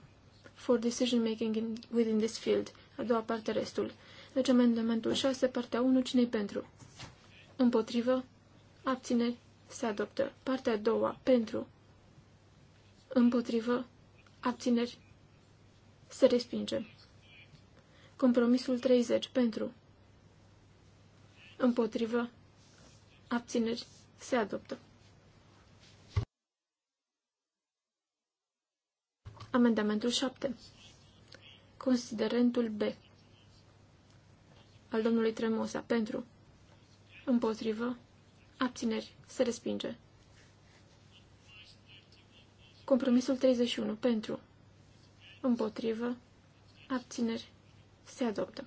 for decision making in, within this field. A doua parte restul. Deci amendamentul 6, partea 1, cine pentru? Împotrivă, abțineri, se adoptă. Partea a doua, pentru, împotrivă, abțineri, se respinge. Compromisul 30, pentru, împotrivă, abțineri, se adoptă. Amendamentul 7. Considerentul B al domnului Tremosa pentru, împotrivă, abțineri, se respinge. Compromisul 31 pentru, împotrivă, abțineri, se adoptă.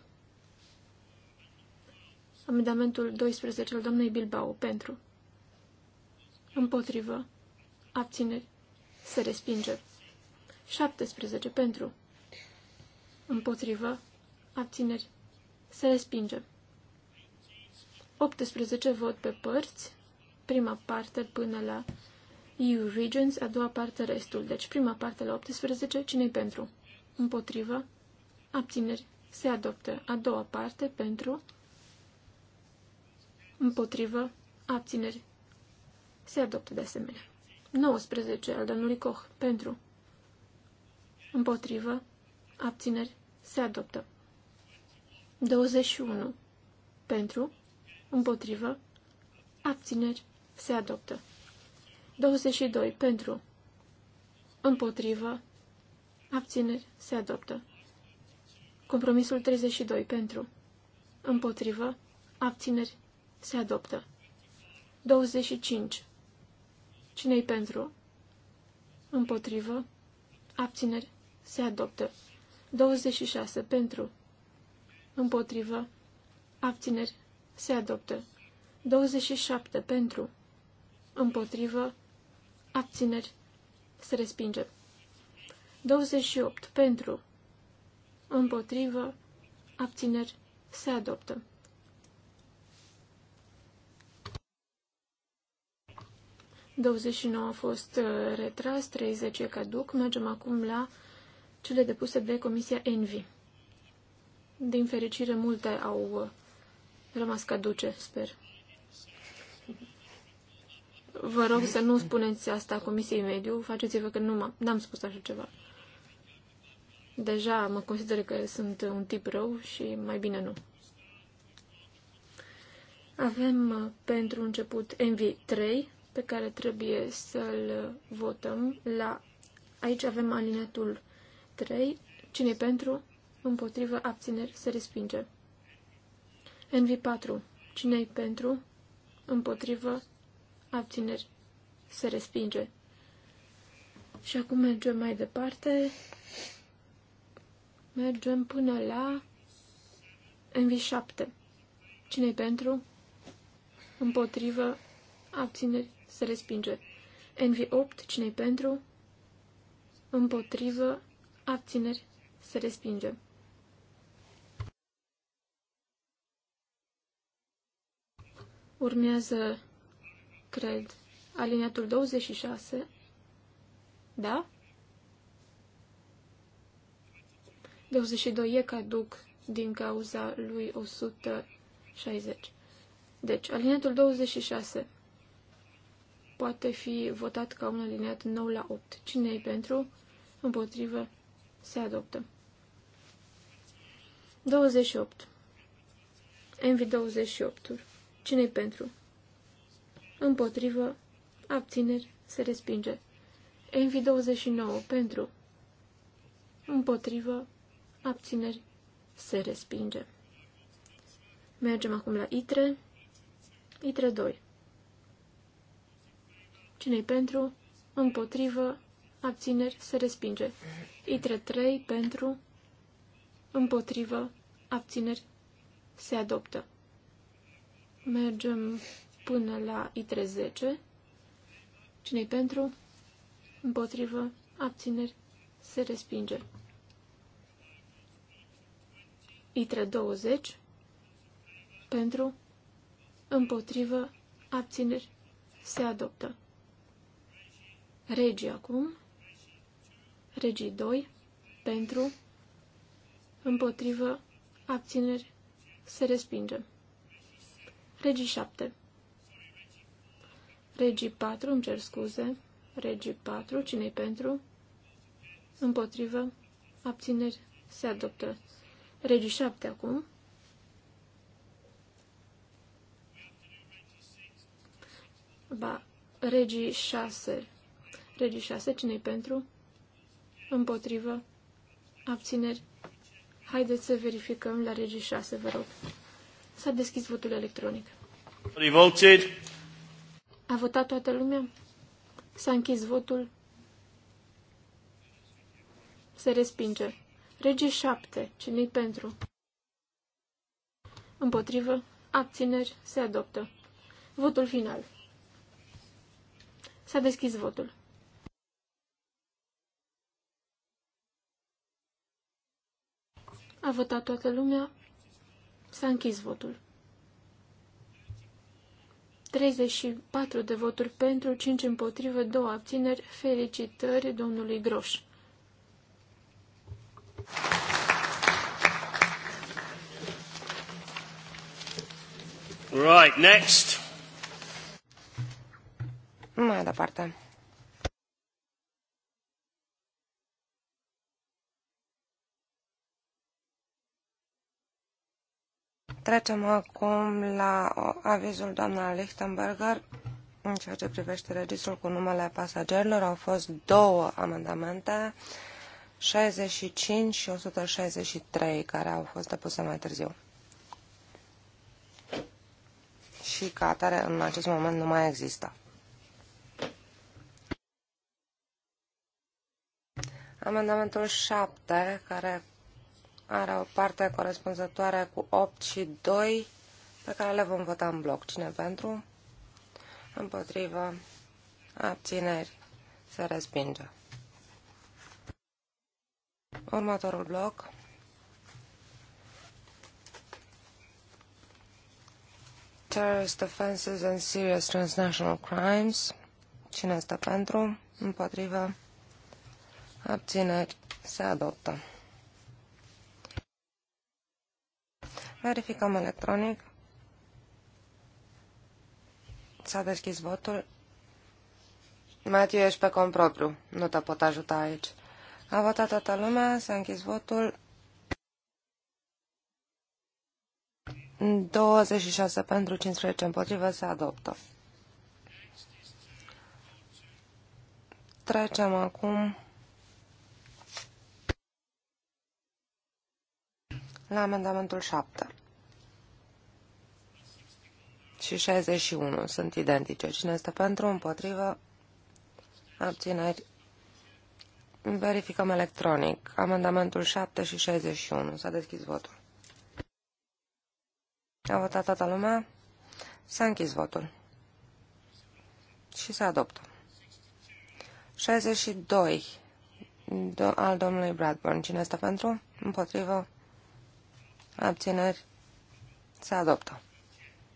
Amendamentul 12 al domnului Bilbao pentru, împotrivă, abțineri, se respinge. 17 pentru, împotrivă, abțineri, se respinge. 18 vot pe părți, prima parte până la EU Regions, a doua parte restul. Deci prima parte la 18, cine pentru? Împotrivă? Abțineri. Se adoptă. A doua parte pentru? Împotrivă? Abțineri. Se adoptă de asemenea. 19 al domnului Koch. Pentru. Împotrivă. Abțineri. Se adoptă. 21. Pentru, împotrivă, abțineri, se adoptă. 22. Pentru, împotrivă, abțineri, se adoptă. Compromisul 32. Pentru, împotrivă, abțineri, se adoptă. 25. Cine-i pentru? Împotrivă, abțineri, se adoptă. 26. Pentru, Împotrivă. Abțineri. Se adoptă. 27. Pentru. Împotrivă. Abțineri. Se respinge. 28. Pentru. Împotrivă. Abțineri. Se adoptă. Douăzeci a fost uh, retras, 30 e caduc. Mergem acum la cele depuse de Comisia Envi. Din fericire, multe au uh, rămas caduce, sper. Vă rog să nu spuneți asta Comisiei Mediu, faceți-vă că nu n-am spus așa ceva. Deja mă consider că sunt un tip rău și mai bine nu. Avem uh, pentru început MV3 pe care trebuie să-l uh, votăm. La... Aici avem alineatul 3. Cine pentru? împotrivă, abțineri, se respinge. NV4. Cine-i pentru, împotrivă, abțineri, se respinge. Și acum mergem mai departe. Mergem până la NV7. Cine-i pentru, împotrivă, abțineri, se respinge. NV8. Cine-i pentru, împotrivă, abțineri, se respinge. Urmează, cred, aliniatul 26. Da? 22 e caduc din cauza lui 160. Deci, aliniatul 26 poate fi votat ca un aliniat nou la 8. Cine e pentru? Împotrivă? Se adoptă. 28. Envi 28 Cine-i pentru? Împotrivă. Abțineri. Se respinge. Envi 29. Pentru. Împotrivă. Abțineri. Se respinge. Mergem acum la ITRE. ITRE 2. cine pentru? Împotrivă. Abțineri. Se respinge. ITRE 3. Pentru. Împotrivă. Abțineri. Se adoptă. Mergem până la I30. Cine-i pentru? Împotrivă. Abțineri. Se respinge. I320. Pentru. Împotrivă. Abțineri. Se adoptă. Regii acum. Regii 2. Pentru. Împotrivă. Abțineri. Se respinge. Regii 7. Regii 4, îmi cer scuze. Regii 4, cine pentru? Împotrivă. Abțineri. Se adoptă. Regii 7 acum. Ba, regii 6. Regii 6, cine pentru? Împotrivă. Abțineri. Haideți să verificăm la regii 6, vă rog. S-a deschis votul electronic. A votat toată lumea? S-a închis votul? Se respinge. Rege 7. Cine-i pentru? Împotrivă. Abțineri. Se adoptă. Votul final. S-a deschis votul. A votat toată lumea. S-a închis votul. 34 de voturi pentru, 5 împotrivă, 2 abțineri. Felicitări domnului Groș. Right, next. Mai departe. Trecem acum la uh, avizul doamna Lichtenberger. În ceea ce privește registrul cu numele pasagerilor, au fost două amendamente, 65 și 163, care au fost depuse mai târziu. Și ca atare, în acest moment, nu mai există. Amendamentul 7, care are o parte corespunzătoare cu 8 și 2 pe care le vom vota în bloc. Cine pentru? Împotrivă. Abțineri. Se respinge. Următorul bloc. Terrorist offenses and serious transnational crimes. Cine este pentru? Împotrivă. Abțineri. Se adoptă. Verificăm electronic. S-a deschis votul. Matiu, ești pe cont propriu. Nu te pot ajuta aici. A votat toată lumea, s-a închis votul. 26 pentru, 15 împotrivă, se adoptă. Trecem acum la amendamentul 7 și 61 sunt identice. Cine este pentru, împotrivă, abțineri, verificăm electronic. Amendamentul 7 și 61. S-a deschis votul. A votat toată lumea? S-a închis votul. Și se adoptă. 62 do al domnului Bradburn. Cine este pentru? Împotrivă? abțineri, se adoptă.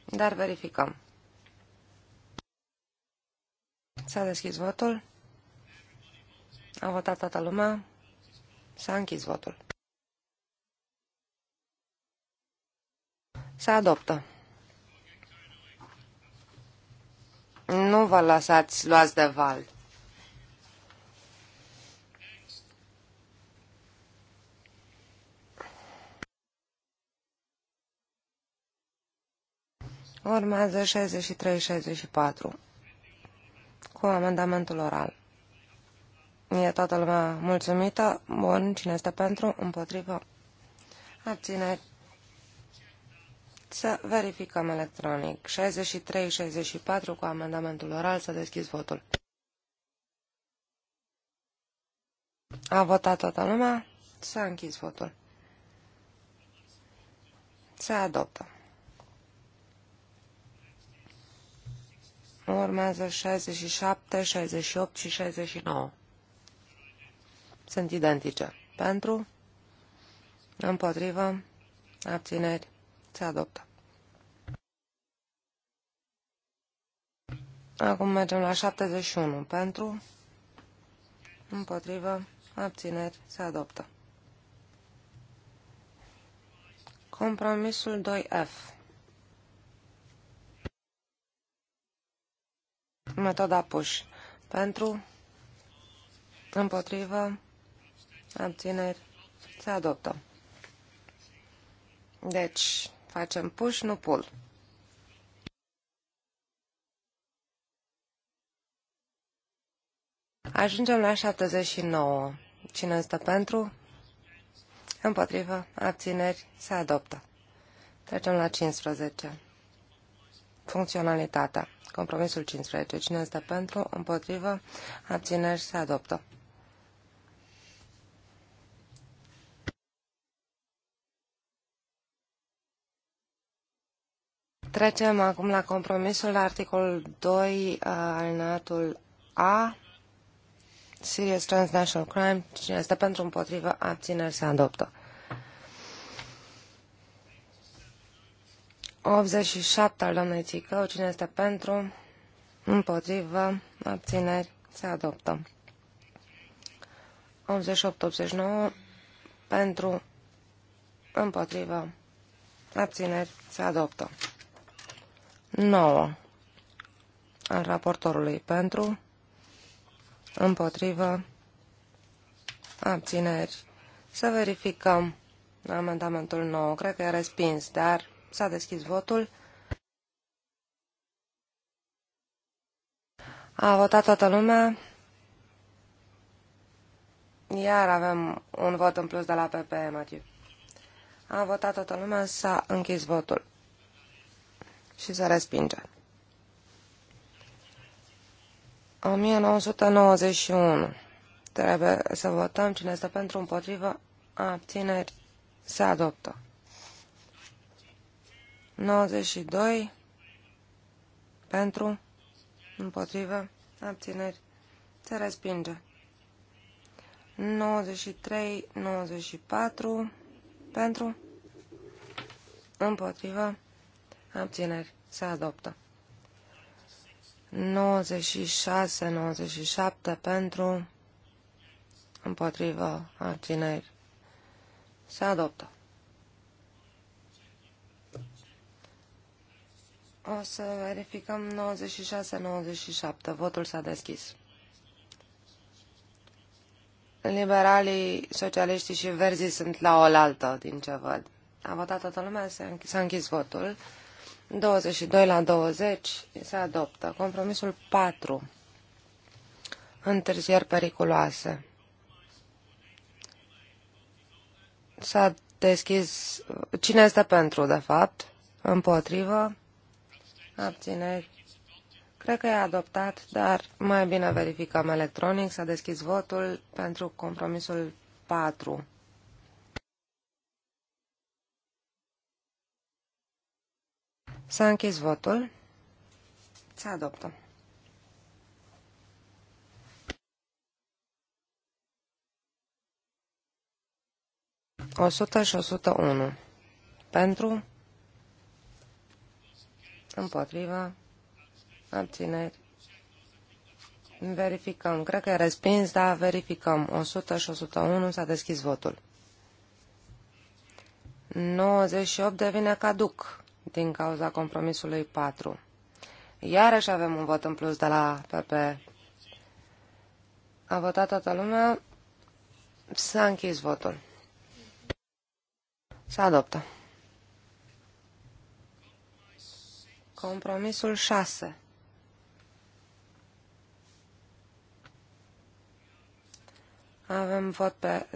Dar verificăm. S-a deschis votul. A votat toată lumea. S-a închis votul. Se adoptă. Nu vă lăsați luați de val. Urmează 63-64 cu amendamentul oral. E toată lumea mulțumită? Bun, cine este pentru? Împotrivă? Abține. Să verificăm electronic. 63-64 cu amendamentul oral. Să deschizi votul. A votat toată lumea? Să închizi votul. Se adoptă. Urmează 67, 68 și 69. Sunt identice. Pentru, împotrivă, abțineri, se adoptă. Acum mergem la 71. Pentru, împotrivă, abțineri, se adoptă. Compromisul 2F. metoda push. Pentru, împotrivă, abțineri, se adoptă. Deci, facem push, nu pull. Ajungem la 79. Cine stă pentru? Împotrivă, abțineri, se adoptă. Trecem la 15 funcționalitatea. Compromisul 15. Cine este pentru, împotrivă, abțineri, se adoptă. Trecem acum la compromisul la articolul 2, uh, alineatul A, Serious Transnational Crime, cine este pentru împotrivă, abțineri, se adoptă. 87 al doamnei Țicău. Cine este pentru? Împotrivă. Abțineri. Se adoptă. 88-89 pentru împotrivă abțineri se adoptă. 9 al raportorului pentru împotrivă abțineri. Să verificăm amendamentul 9. Cred că e respins, dar S-a deschis votul. A votat toată lumea. Iar avem un vot în plus de la PP, Matiu. A votat toată lumea, s-a închis votul. Și se respinge. 1991. Trebuie să votăm cine este pentru împotrivă. Abțineri. Se adoptă. 92 pentru, împotrivă, abțineri, se respinge. 93, 94 pentru, împotrivă, abțineri, se adoptă. 96, 97 pentru, împotrivă, abțineri, se adoptă. O să verificăm 96-97. Votul s-a deschis. Liberalii, socialiștii și verzii sunt la oaltă, din ce văd. A votat toată lumea, s-a închis votul. 22 la 20 se adoptă. Compromisul 4. Întârzieri periculoase. S-a deschis... Cine este pentru, de fapt? Împotrivă? Abțineri. Cred că e adoptat, dar mai bine verificăm electronic. S-a deschis votul pentru compromisul 4. S-a închis votul. Se adoptă. O sută și o sută unu. Pentru Împotriva. abțineri. Verificăm. Cred că e respins, dar verificăm. 100 și 101 s-a deschis votul. 98 devine caduc din cauza compromisului 4. Iarăși avem un vot în plus de la PP. A votat toată lumea. S-a închis votul. S-a adoptat. Compromisul 6. Avem vot pe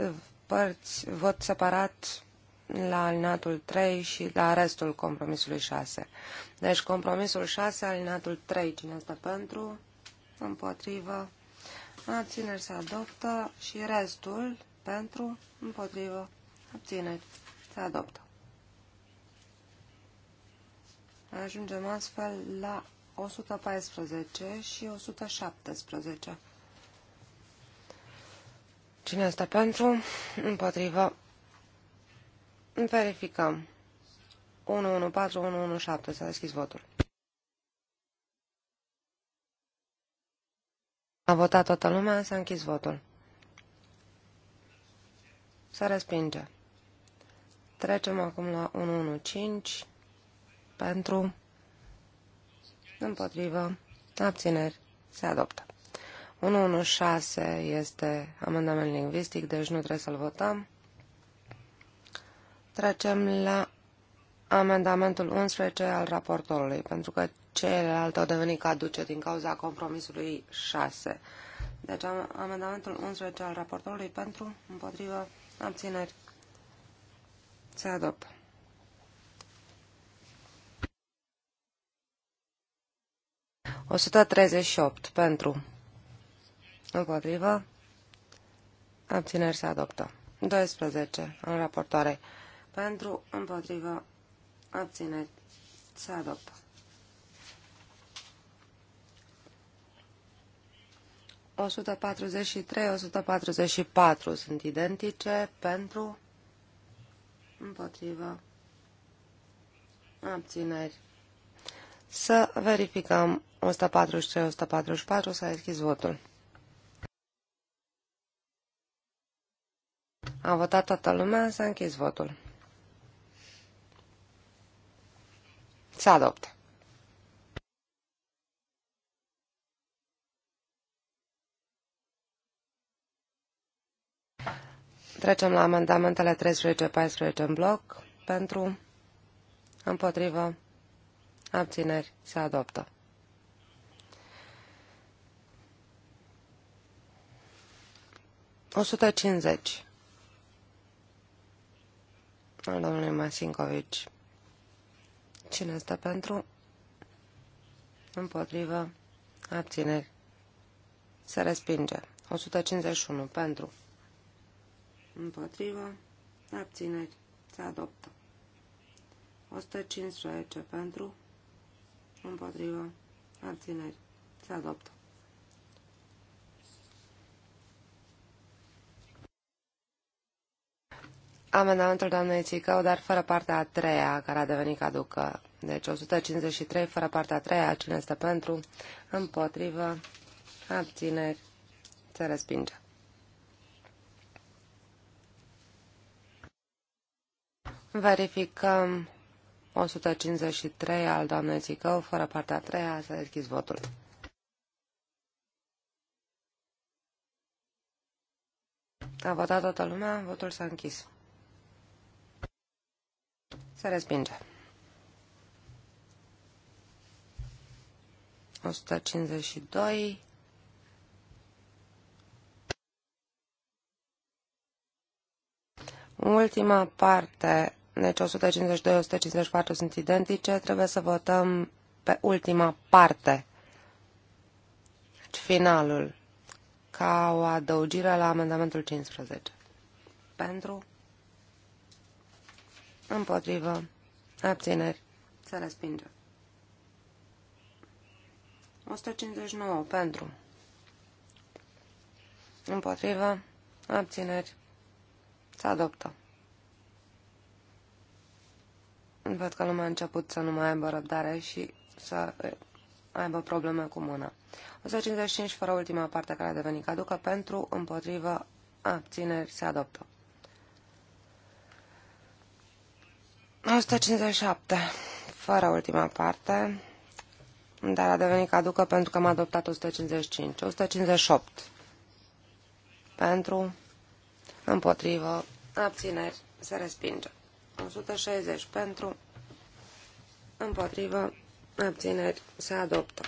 părți, vot separat la alinatul 3 și la restul compromisului 6. Deci compromisul 6, alinatul 3, cine este pentru, împotrivă, abțineri se adoptă și restul pentru, împotrivă, abțineri se adoptă. Ajungem astfel la 114 și 117. Cine este pentru? Împotrivă. Verificăm. 114-117. S-a deschis votul. A votat toată lumea, s-a închis votul. Se respinge. Trecem acum la 115 pentru, împotrivă, abțineri, se adoptă. 116 este amendament lingvistic, deci nu trebuie să-l votăm. Trecem la amendamentul 11 al raportorului, pentru că celelalte au devenit caduce din cauza compromisului 6. Deci amendamentul 11 al raportorului pentru, împotrivă, abțineri, se adoptă. 138 pentru. Împotrivă. Abțineri se adoptă. 12 în raportoare. Pentru, împotrivă, abțineri se adoptă. 143-144 sunt identice pentru, împotrivă, abțineri. Să verificăm 143-144 s-a deschis votul. A votat toată lumea, s-a închis votul. Se adoptă. Trecem la amendamentele 13-14 în bloc. Pentru, împotrivă, abțineri, se adoptă. 150 al domnului Masinkovici. Cine stă pentru? Împotrivă. Abțineri. Se respinge. 151 pentru. Împotrivă. Abțineri. Se adoptă. 115 pentru. Împotrivă. Abțineri. Se adoptă. amendamentul doamnei Țicău, dar fără partea a treia, care a devenit caducă. Deci 153 fără partea a treia, cine este pentru, împotrivă, abțineri, se respinge. Verificăm 153 al doamnei Țicău, fără partea a treia, s-a deschis votul. A votat toată lumea, votul s-a închis. Se respinge. 152. Ultima parte, deci 152, 154 sunt identice, trebuie să votăm pe ultima parte, deci finalul, ca o adăugire la amendamentul 15. Pentru, împotrivă, abțineri, se respinge. 159 pentru, împotrivă, abțineri, se adoptă. Văd că lumea a început să nu mai aibă răbdare și să aibă probleme cu mâna. 155 fără ultima parte care a devenit caducă pentru, împotrivă, abțineri se adoptă. 157, fără ultima parte, dar a devenit caducă pentru că am adoptat 155. 158, pentru, împotrivă, abțineri, se respinge. 160, pentru, împotrivă, abțineri, se adoptă.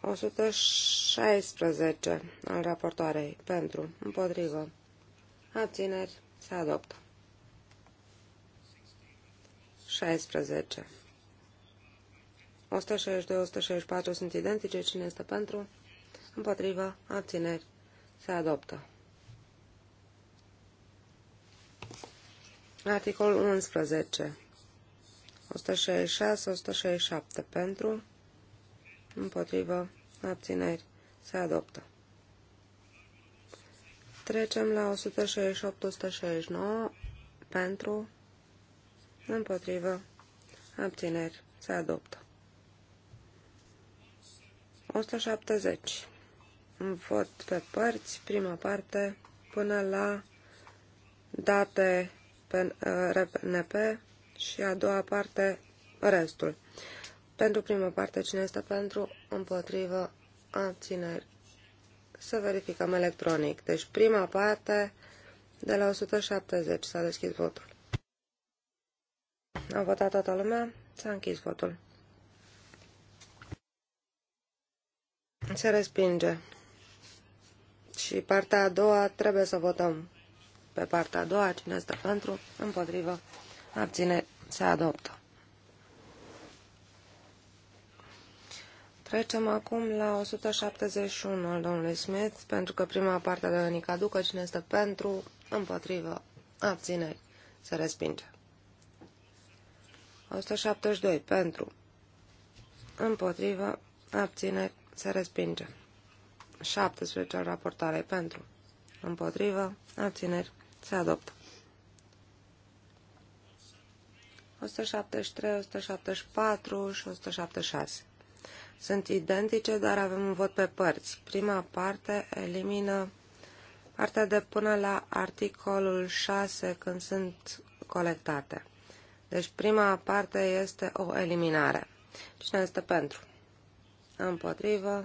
116 al raportoarei pentru, împotrivă, abțineri, se adoptă. 16. 162, 164 sunt identice. Cine este pentru? împotriva Abțineri. Se adoptă. Articolul 11. 166, 167 pentru, împotrivă, abțineri, se adoptă. Trecem la 168, 169 pentru, împotrivă, abțineri, se adoptă. 170. Vot pe părți, prima parte, până la date pe uh, RNP și a doua parte, restul. Pentru prima parte, cine este pentru, împotrivă, abțineri. Să verificăm electronic. Deci prima parte de la 170 s-a deschis votul. A votat toată lumea? S-a închis votul. Se respinge. Și partea a doua trebuie să votăm. Pe partea a doua, cine stă pentru, împotrivă, abține, se adoptă. Trecem acum la 171 al domnului Smith, pentru că prima parte a devenit caducă, cine este pentru, împotrivă, abține, se respinge. 172 pentru, împotrivă, Abține. se respinge. 17 al raportarei pentru, împotrivă, abțineri, se adoptă. 173, 174 și 176. Sunt identice, dar avem un vot pe părți. Prima parte elimină partea de până la articolul 6 când sunt colectate. Deci prima parte este o eliminare. Cine este pentru? Împotrivă.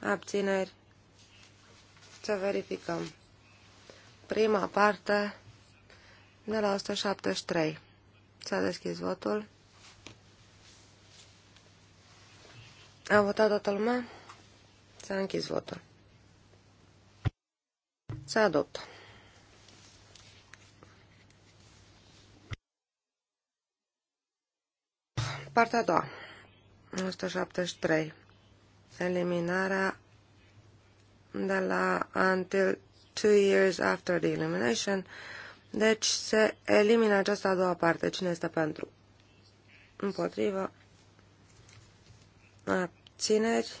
Abțineri. Să verificăm. Prima parte de la 173. S-a deschis votul. A votat toată lumea? S-a închis votul. Se adoptă. Partea a doua. 173. Eliminarea de la until two years after the elimination. Deci se elimină această a doua parte. Cine este pentru? Împotrivă. Abțineri.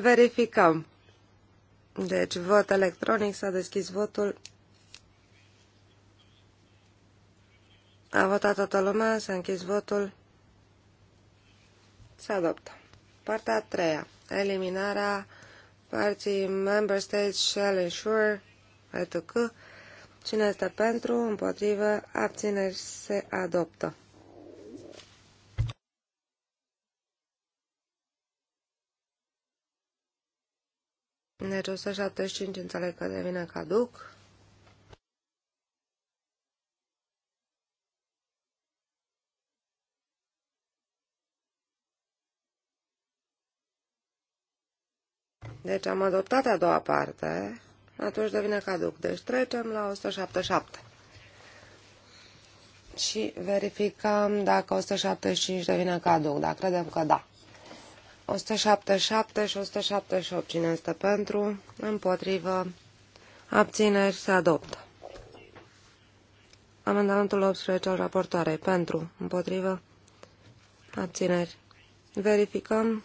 Verificăm. Deci, vot electronic, s-a deschis votul. A votat toată lumea, s-a închis votul. Se adoptă. Partea a treia. Eliminarea parții Member States shall ensure etc. Cine este pentru, împotrivă, abțineri, se adoptă. Deci 175 înțeleg că devine caduc. Deci am adoptat a doua parte, atunci devine caduc. Deci trecem la 177. Și verificăm dacă 175 devine caduc, dacă credem că da. 177 și 178. Cine este pentru? Împotrivă. Abțineri se adoptă. Amendamentul 18 al raportoarei. Pentru. Împotrivă. Abțineri. Verificăm.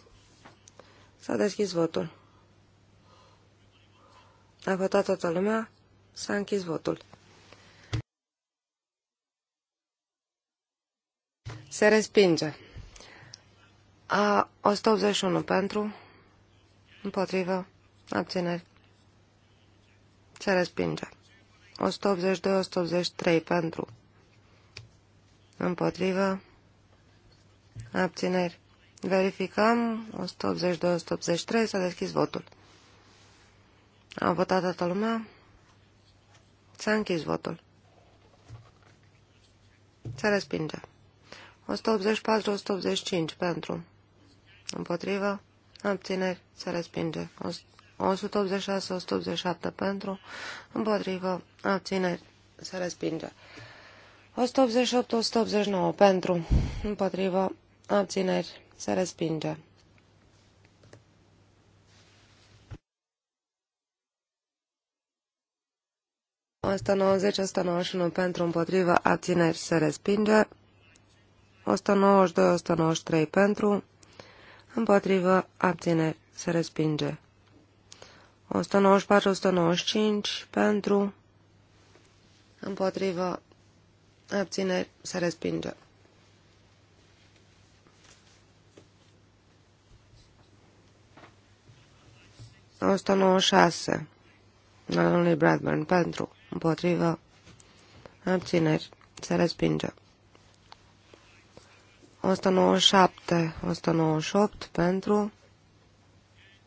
S-a deschis votul. A votat toată lumea? S-a închis votul. Se respinge. A 181 pentru, împotrivă, abțineri. Se respinge. 182-183 pentru, împotrivă, abțineri. Verificăm. 182-183 s-a deschis votul. A votat toată lumea? S-a închis votul. Se respinge. 184-185 pentru. Împotrivă. Abțineri. Se respinge. 186-187 pentru. Împotrivă. Abțineri. Se respinge. 188-189 pentru. Împotrivă. Abțineri. Se respinge. 190-191 pentru împotriva abțineri se respinge. 192-193 pentru împotriva abțineri se respinge. 194-195 pentru împotriva abțineri se respinge. Osta 96 al lui Bradburn pentru împotrivă, abțineri, se respinge. 197, 198 pentru,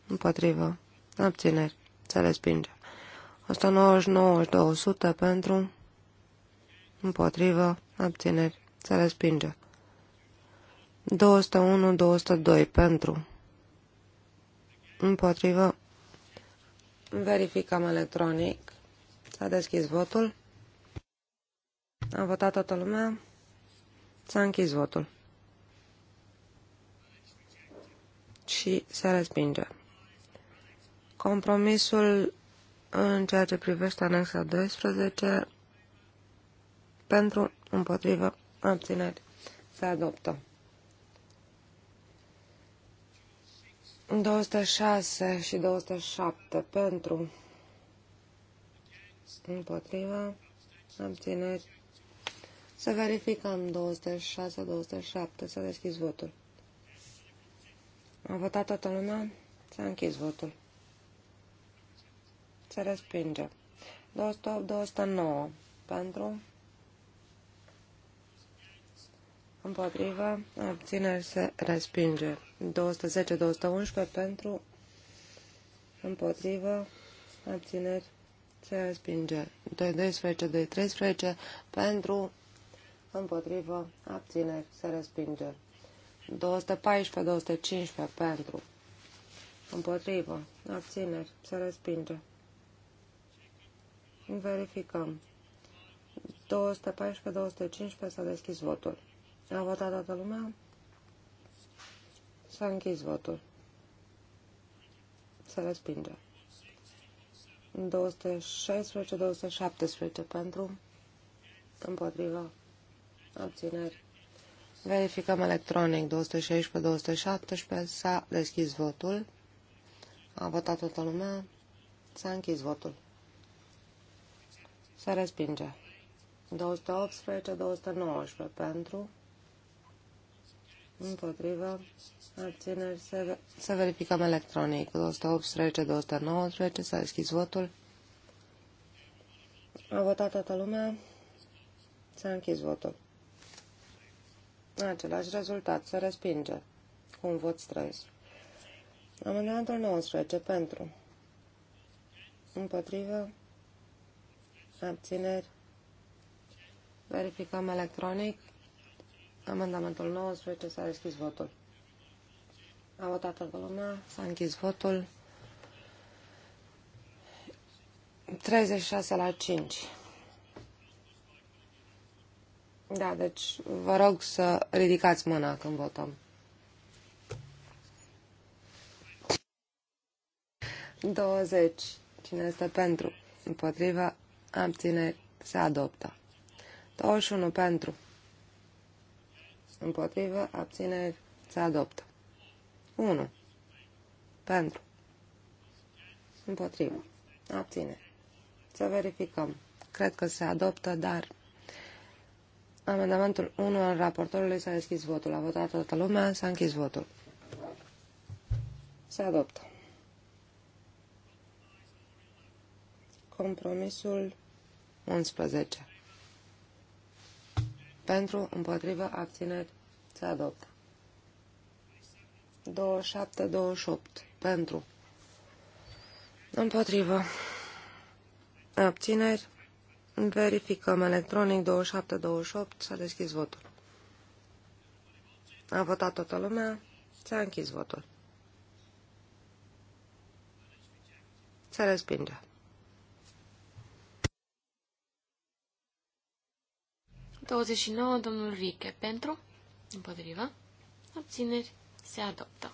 împotrivă, abțineri, se respinge. 199 200 pentru, împotrivă, abțineri, se respinge. 201, 202 pentru, împotrivă, verificăm electronic. S-a deschis votul. A votat toată lumea. S-a închis votul. Și se respinge. Compromisul în ceea ce privește anexa 12 pentru împotrivă abțineri se adoptă. 206 și 207 pentru împotriva, abțineri. Să verificăm 206-207, s-a deschis votul. A votat toată lumea? S-a închis votul. Se respinge. 208-209 pentru, împotriva, abțineri se respinge. 210-211 pentru, împotriva, abțineri se respinge de 12, de 13 pentru, împotrivă, abțineri, se respinge 214, 215 pentru, împotrivă, abțineri, se respinge. Verificăm. 214-215 s-a deschis votul. A votat toată lumea? S-a închis votul. Se respinge. 216-217 pentru, împotriva, abțineri. Verificăm electronic 216-217, s-a deschis votul, a votat toată lumea, s-a închis votul. Se respinge. 218-219 pentru, împotriva abțineri, se, se verificăm electronic. 218, 219, s-a deschis votul. A votat toată lumea, s-a închis votul. Același rezultat, se respinge, cu un vot străzi. Amendamentul 19, pentru, împotriva abțineri, verificăm electronic. Amendamentul 19 s-a deschis votul. A votat toată lumea, s-a închis votul. 36 la 5. Da, deci vă rog să ridicați mâna când votăm. 20. Cine este pentru? Împotriva? Abține. Se adoptă. 21 pentru. Împotrivă. Abțineri. Se adoptă. 1. Pentru. Împotrivă. Abține. Să verificăm. Cred că se adoptă, dar... Amendamentul 1 al raportorului s-a deschis votul. A votat toată lumea, s-a închis votul. Se adoptă. Compromisul 11. Pentru, împotrivă, abțineri, se adoptă. 27, 28. Pentru. Împotrivă. Abțineri. Verificăm electronic 27, 28. S-a deschis votul. A votat toată lumea. S-a închis votul. Se respinge. 29, domnul Riche. Pentru? Împotrivă. Abțineri. Se adoptă.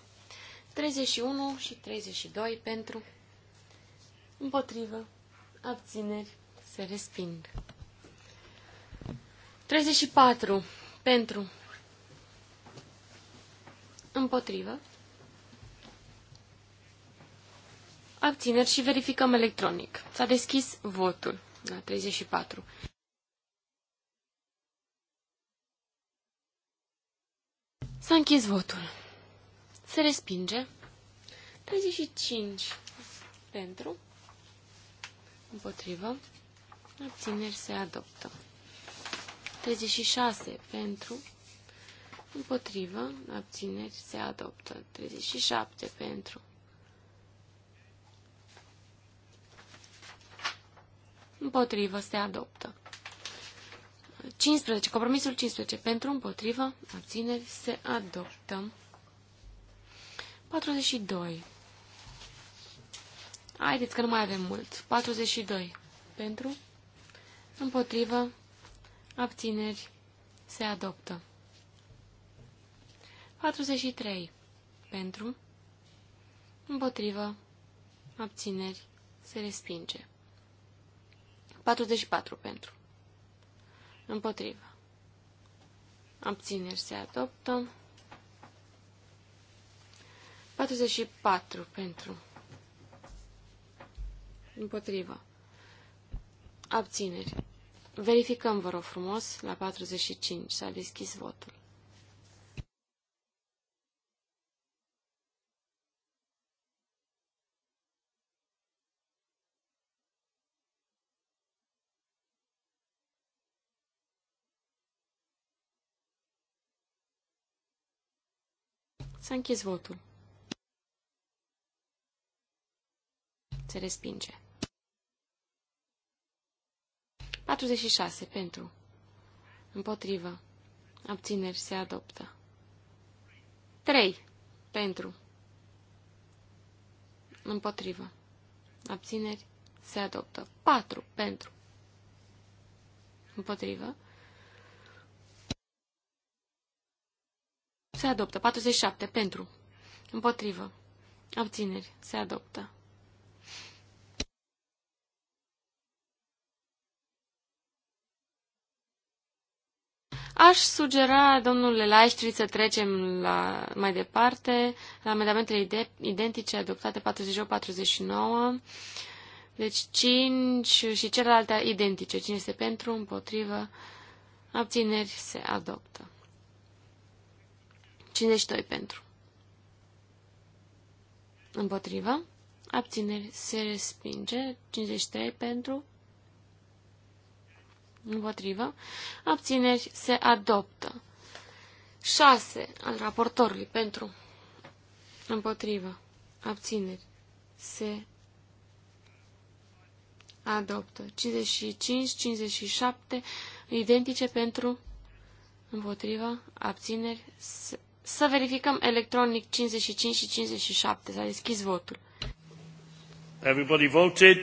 31 și 32 pentru. Împotrivă. Abțineri. Se resping. 34 pentru. Împotrivă. Abțineri și verificăm electronic. S-a deschis votul la 34. S-a închis votul. Se respinge. 35 pentru. Împotrivă. Abțineri se adoptă. 36 pentru. Împotrivă. Abțineri se adoptă. 37 pentru. Împotrivă se adoptă. 15, compromisul 15, pentru, împotrivă, abțineri, se adoptă. 42. Haideți că nu mai avem mult. 42. Pentru, împotrivă, abțineri, se adoptă. 43. Pentru, împotrivă, abțineri, se respinge. 44. Pentru, Împotrivă. Abțineri se adoptă. 44 pentru. Împotrivă. Abțineri. Verificăm, vă rog frumos, la 45 s-a deschis votul. S-a închis votul. Se respinge. 46. Pentru. Împotrivă. Abțineri se adoptă. 3. Pentru. Împotrivă. Abțineri se adoptă. 4. Pentru. Împotrivă. Se adoptă. 47. Pentru. Împotrivă. Abțineri. Se adoptă. Aș sugera, domnule Laiștri, să trecem la, mai departe la amendamentele ide identice adoptate 48-49. Deci 5 și celelalte identice. Cine este pentru, împotrivă, abțineri, se adoptă. 52 pentru. Împotrivă. Abțineri se respinge. 53 pentru. Împotrivă. Abțineri se adoptă. 6 al raportorului pentru. Împotrivă. Abțineri se adoptă. 55, 57 identice pentru. Împotrivă. Abțineri se să verificăm electronic 55 și 57. S-a deschis votul. Everybody voted.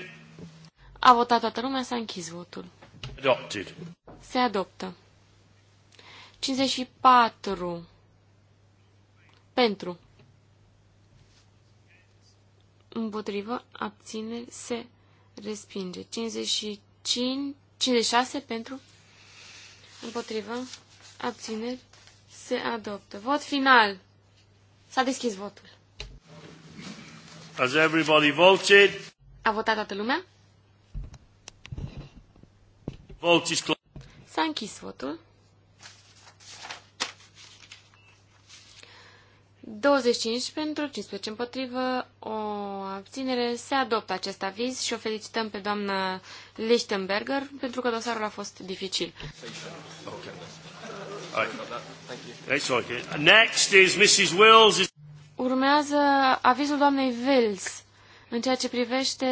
A votat toată lumea, s-a închis votul. Adopted. Se adoptă. 54. Pentru. Împotrivă, abține, se respinge. 55, 56 pentru. Împotrivă, abține, se adoptă. Vot final. S-a deschis votul. Has everybody voted? A votat toată lumea? Vote is closed. S-a închis votul. 25 pentru, 15 împotrivă, o abținere. Se adoptă acest aviz și o felicităm pe doamna Lichtenberger pentru că dosarul a fost dificil. Okay. Thank you. Next is Mrs. Wills. Urmează avizul doamnei Wills în ceea ce privește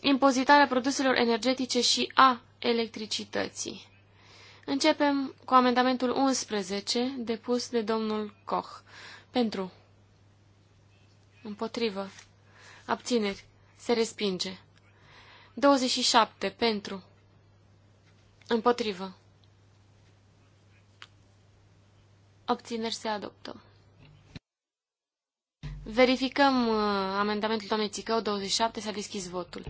impozitarea produselor energetice și a electricității. Începem cu amendamentul 11 depus de domnul Koch. Pentru. Împotrivă. Abțineri. Se respinge. 27. Pentru. Împotrivă. Obțineri se adoptă. Verificăm uh, amendamentul doamnei Țicău, 27, s-a deschis votul.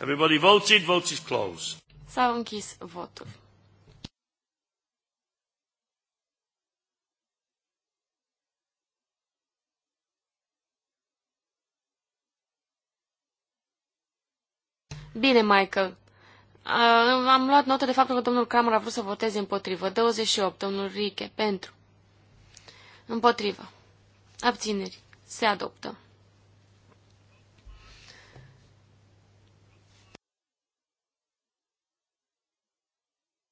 Everybody voted, vote is closed. S-a închis votul. Bine, Michael. Uh, am luat notă de faptul că domnul Cramer a vrut să voteze împotrivă. 28. Domnul Riche. Pentru. Împotrivă. Abțineri. Se adoptă.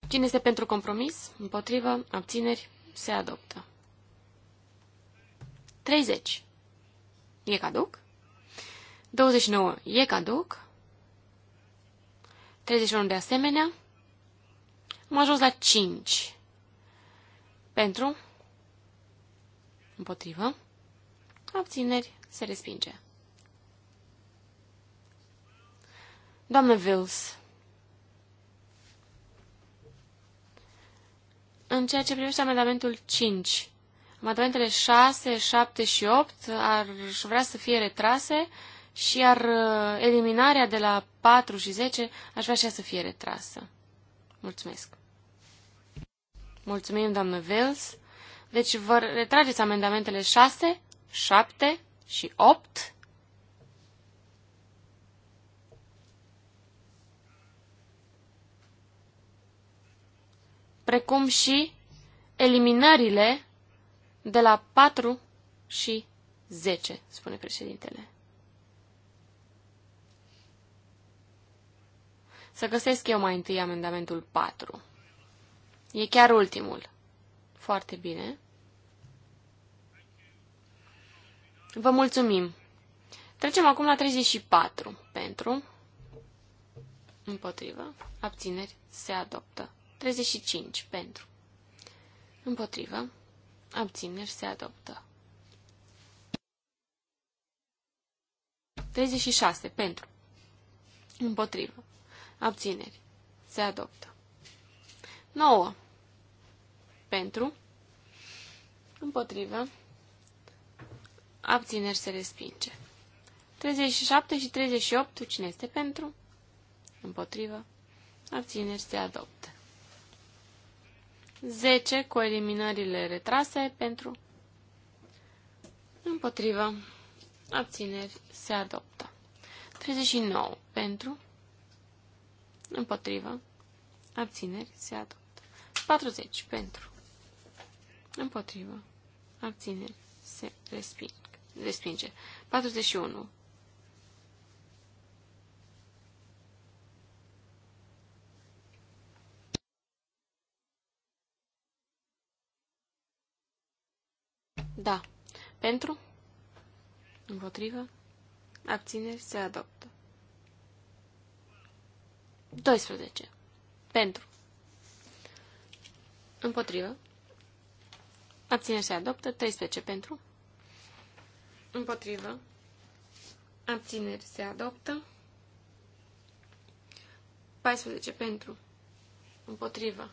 Cine este pentru compromis? Împotrivă. Abțineri. Se adoptă. 30. E caduc? 29. E caduc? 31 de asemenea. Am ajuns la 5. Pentru, împotrivă, abțineri, se respinge. Doamne Vils, în ceea ce privește amendamentul 5, amendamentele 6, 7 și 8 ar vrea să fie retrase, și iar uh, eliminarea de la 4 și 10 aș vrea și ea să fie retrasă. Mulțumesc. Mulțumim, doamnă Vels. Deci vă retrageți amendamentele 6, 7 și 8. Precum și eliminările de la 4 și 10, spune președintele. Să găsesc eu mai întâi amendamentul 4. E chiar ultimul. Foarte bine. Vă mulțumim. Trecem acum la 34. Pentru. Împotrivă. Abțineri. Se adoptă. 35. Pentru. Împotrivă. Abțineri. Se adoptă. 36. Pentru. Împotrivă. Abțineri. Se adoptă. 9. Pentru. Împotrivă. Abțineri se respinge. 37 și 38. Cine este pentru? Împotrivă. Abțineri se adoptă. 10 cu eliminările retrase pentru împotrivă abțineri se adoptă. 39 pentru Împotrivă. Abțineri. Se adoptă. 40. Pentru. Împotrivă. Abțineri. Se resping. respinge. 41. Da. Pentru? Împotrivă? Abțineri se adoptă. 12. Pentru. Împotrivă. Abține și adoptă. 13 pentru. Împotrivă. Abțineri se adoptă. 14 pentru. Împotrivă.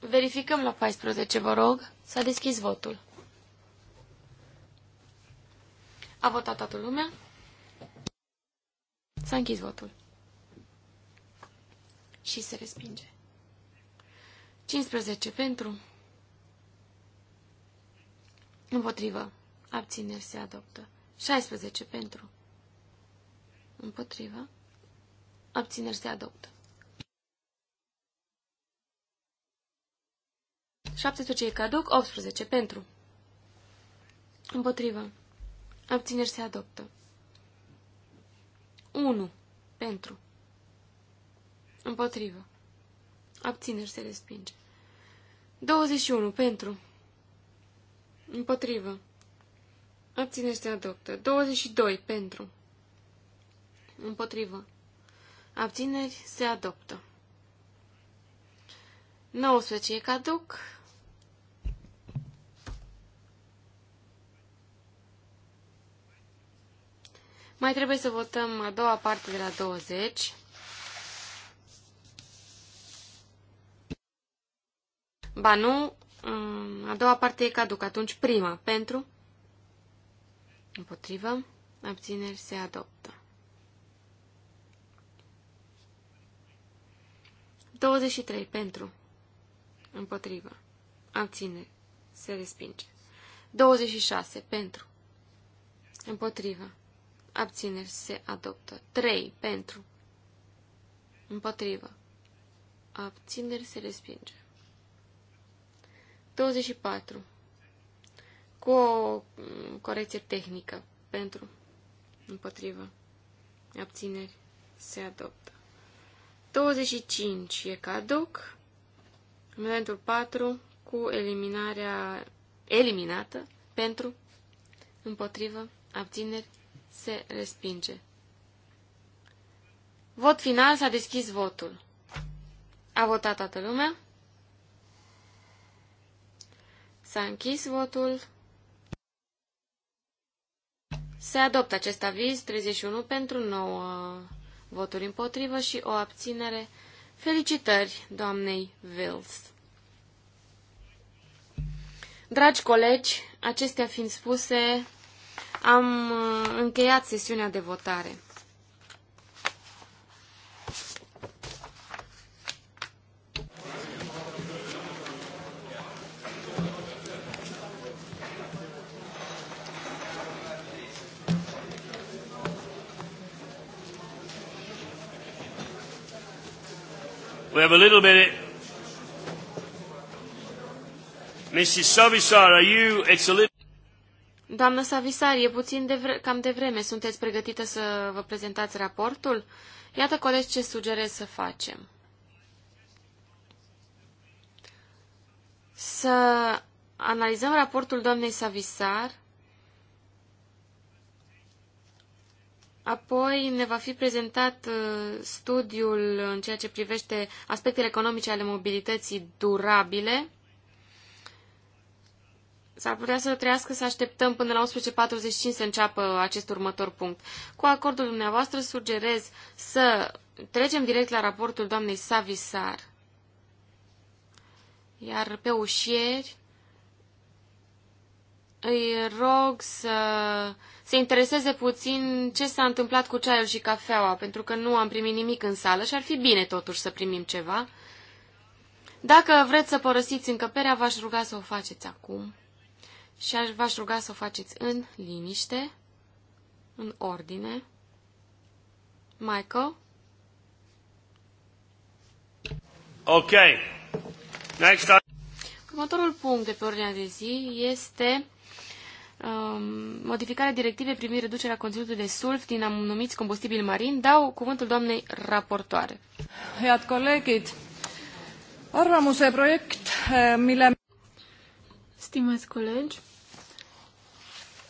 Verificăm la 14, vă rog. S-a deschis votul. A votat toată lumea. S-a închis votul și se respinge. 15 pentru, împotrivă, abțineri se adoptă. 16 pentru, împotrivă, abțineri se adoptă. 17 e caduc, 18 pentru. Împotrivă. Abțineri se adoptă. 1. Pentru. Împotrivă. Abțineri se respinge. 21. Pentru. Împotrivă. Abțineri se adoptă. 22. Pentru. Împotrivă. Abțineri se adoptă. 19 e caduc. Mai trebuie să votăm a doua parte de la 20. Ba nu, mm, a doua parte e caduc atunci prima, pentru, împotrivă, abțineri se adoptă. 23 pentru, împotrivă, abțineri se respinge. 26 pentru, împotrivă, abțineri se adoptă. 3 pentru, împotrivă, abțineri se respinge. 24. Cu o mm, corecție tehnică. Pentru. Împotrivă. Abțineri. Se adoptă. 25 e caduc. Momentul 4 cu eliminarea eliminată pentru împotrivă abțineri se respinge. Vot final s-a deschis votul. A votat toată lumea. S-a închis votul. Se adoptă acest aviz, 31 pentru 9 voturi împotrivă și o abținere. Felicitări doamnei Vils. Dragi colegi, acestea fiind spuse, am uh, încheiat sesiunea de votare. We have a little bit. Of... Mrs. Savisar, are you? It's a little. Doamna Savisar, e puțin de vre... cam de vreme. Sunteți pregătită să vă prezentați raportul? Iată, colegi, ce sugerez să facem. Să analizăm raportul doamnei Savisar Apoi ne va fi prezentat uh, studiul în ceea ce privește aspectele economice ale mobilității durabile. S-ar putea să trăiască să așteptăm până la 11.45 să înceapă acest următor punct. Cu acordul dumneavoastră sugerez să trecem direct la raportul doamnei Savisar. Iar pe ușieri îi rog să se intereseze puțin ce s-a întâmplat cu ceaiul și cafeaua, pentru că nu am primit nimic în sală și ar fi bine totuși să primim ceva. Dacă vreți să părăsiți încăperea, v-aș ruga să o faceți acum și v-aș ruga să o faceți în liniște, în ordine. Michael? Ok. Next Următorul punct de pe ordinea de zi este Um, modificarea directivei privind reducerea conținutului de sulf din anumiți combustibili marini, dau cuvântul doamnei raportoare. Head colegii. arvamuse proiect, eh, Stimați colegi,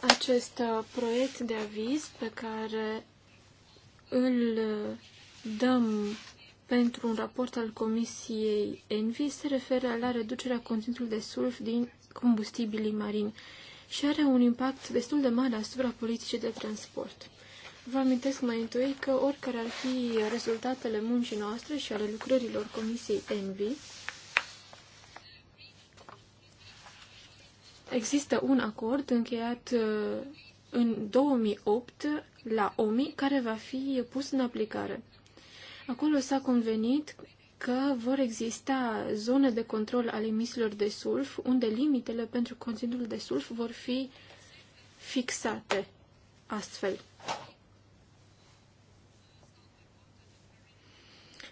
acest uh, proiect de aviz pe care îl uh, dăm pentru un raport al Comisiei Envi se referă la reducerea conținutului de sulf din combustibilii marini și are un impact destul de mare asupra politicii de transport. Vă amintesc mai întâi că oricare ar fi rezultatele muncii noastre și ale lucrărilor Comisiei ENVI, există un acord încheiat uh, în 2008 la OMI care va fi pus în aplicare. Acolo s-a convenit că vor exista zone de control ale emisiilor de sulf, unde limitele pentru conținutul de sulf vor fi fixate astfel.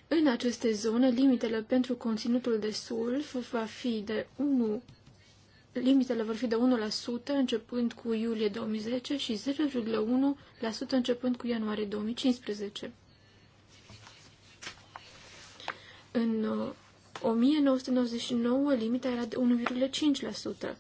În aceste zone, limitele pentru conținutul de sulf va fi de 1 limitele vor fi de 1% începând cu iulie 2010 și 0,1% începând cu ianuarie 2015. În 1999 uh, limita era de 1,5%.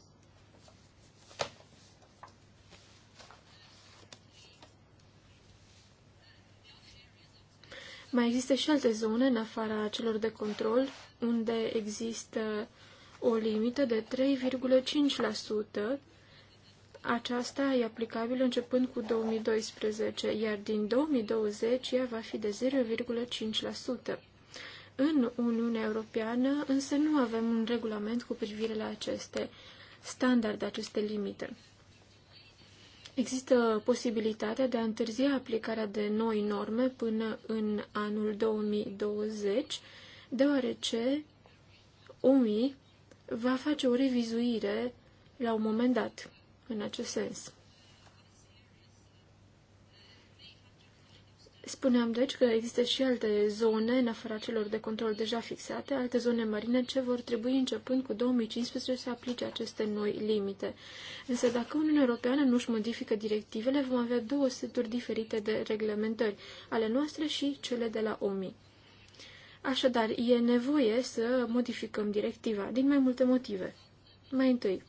Mai există și alte zone în afara celor de control, unde există o limită de 3,5%. Aceasta e aplicabilă începând cu 2012, iar din 2020 ea va fi de 0,5%. În Uniunea Europeană însă nu avem un regulament cu privire la aceste standarde, aceste limite. Există posibilitatea de a întârzia aplicarea de noi norme până în anul 2020, deoarece OMI va face o revizuire la un moment dat în acest sens. Spuneam deci că există și alte zone, în afara celor de control deja fixate, alte zone marine ce vor trebui începând cu 2015 să aplice aceste noi limite. Însă dacă Uniunea Europeană nu își modifică directivele, vom avea două seturi diferite de reglementări, ale noastre și cele de la OMI. Așadar, e nevoie să modificăm directiva, din mai multe motive. Mai întâi,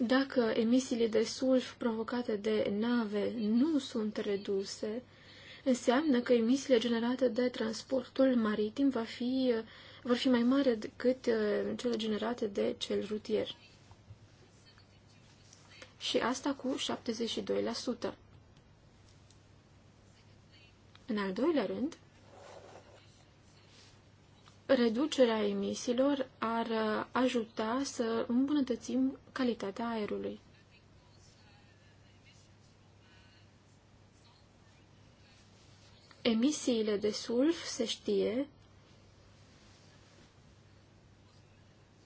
Dacă emisiile de sulf provocate de nave nu sunt reduse, înseamnă că emisiile generate de transportul maritim va fi, vor fi mai mari decât uh, cele generate de cel rutier. Și asta cu 72%. În al doilea rând, reducerea emisiilor ar ajuta să îmbunătățim calitatea aerului. Emisiile de sulf, se știe,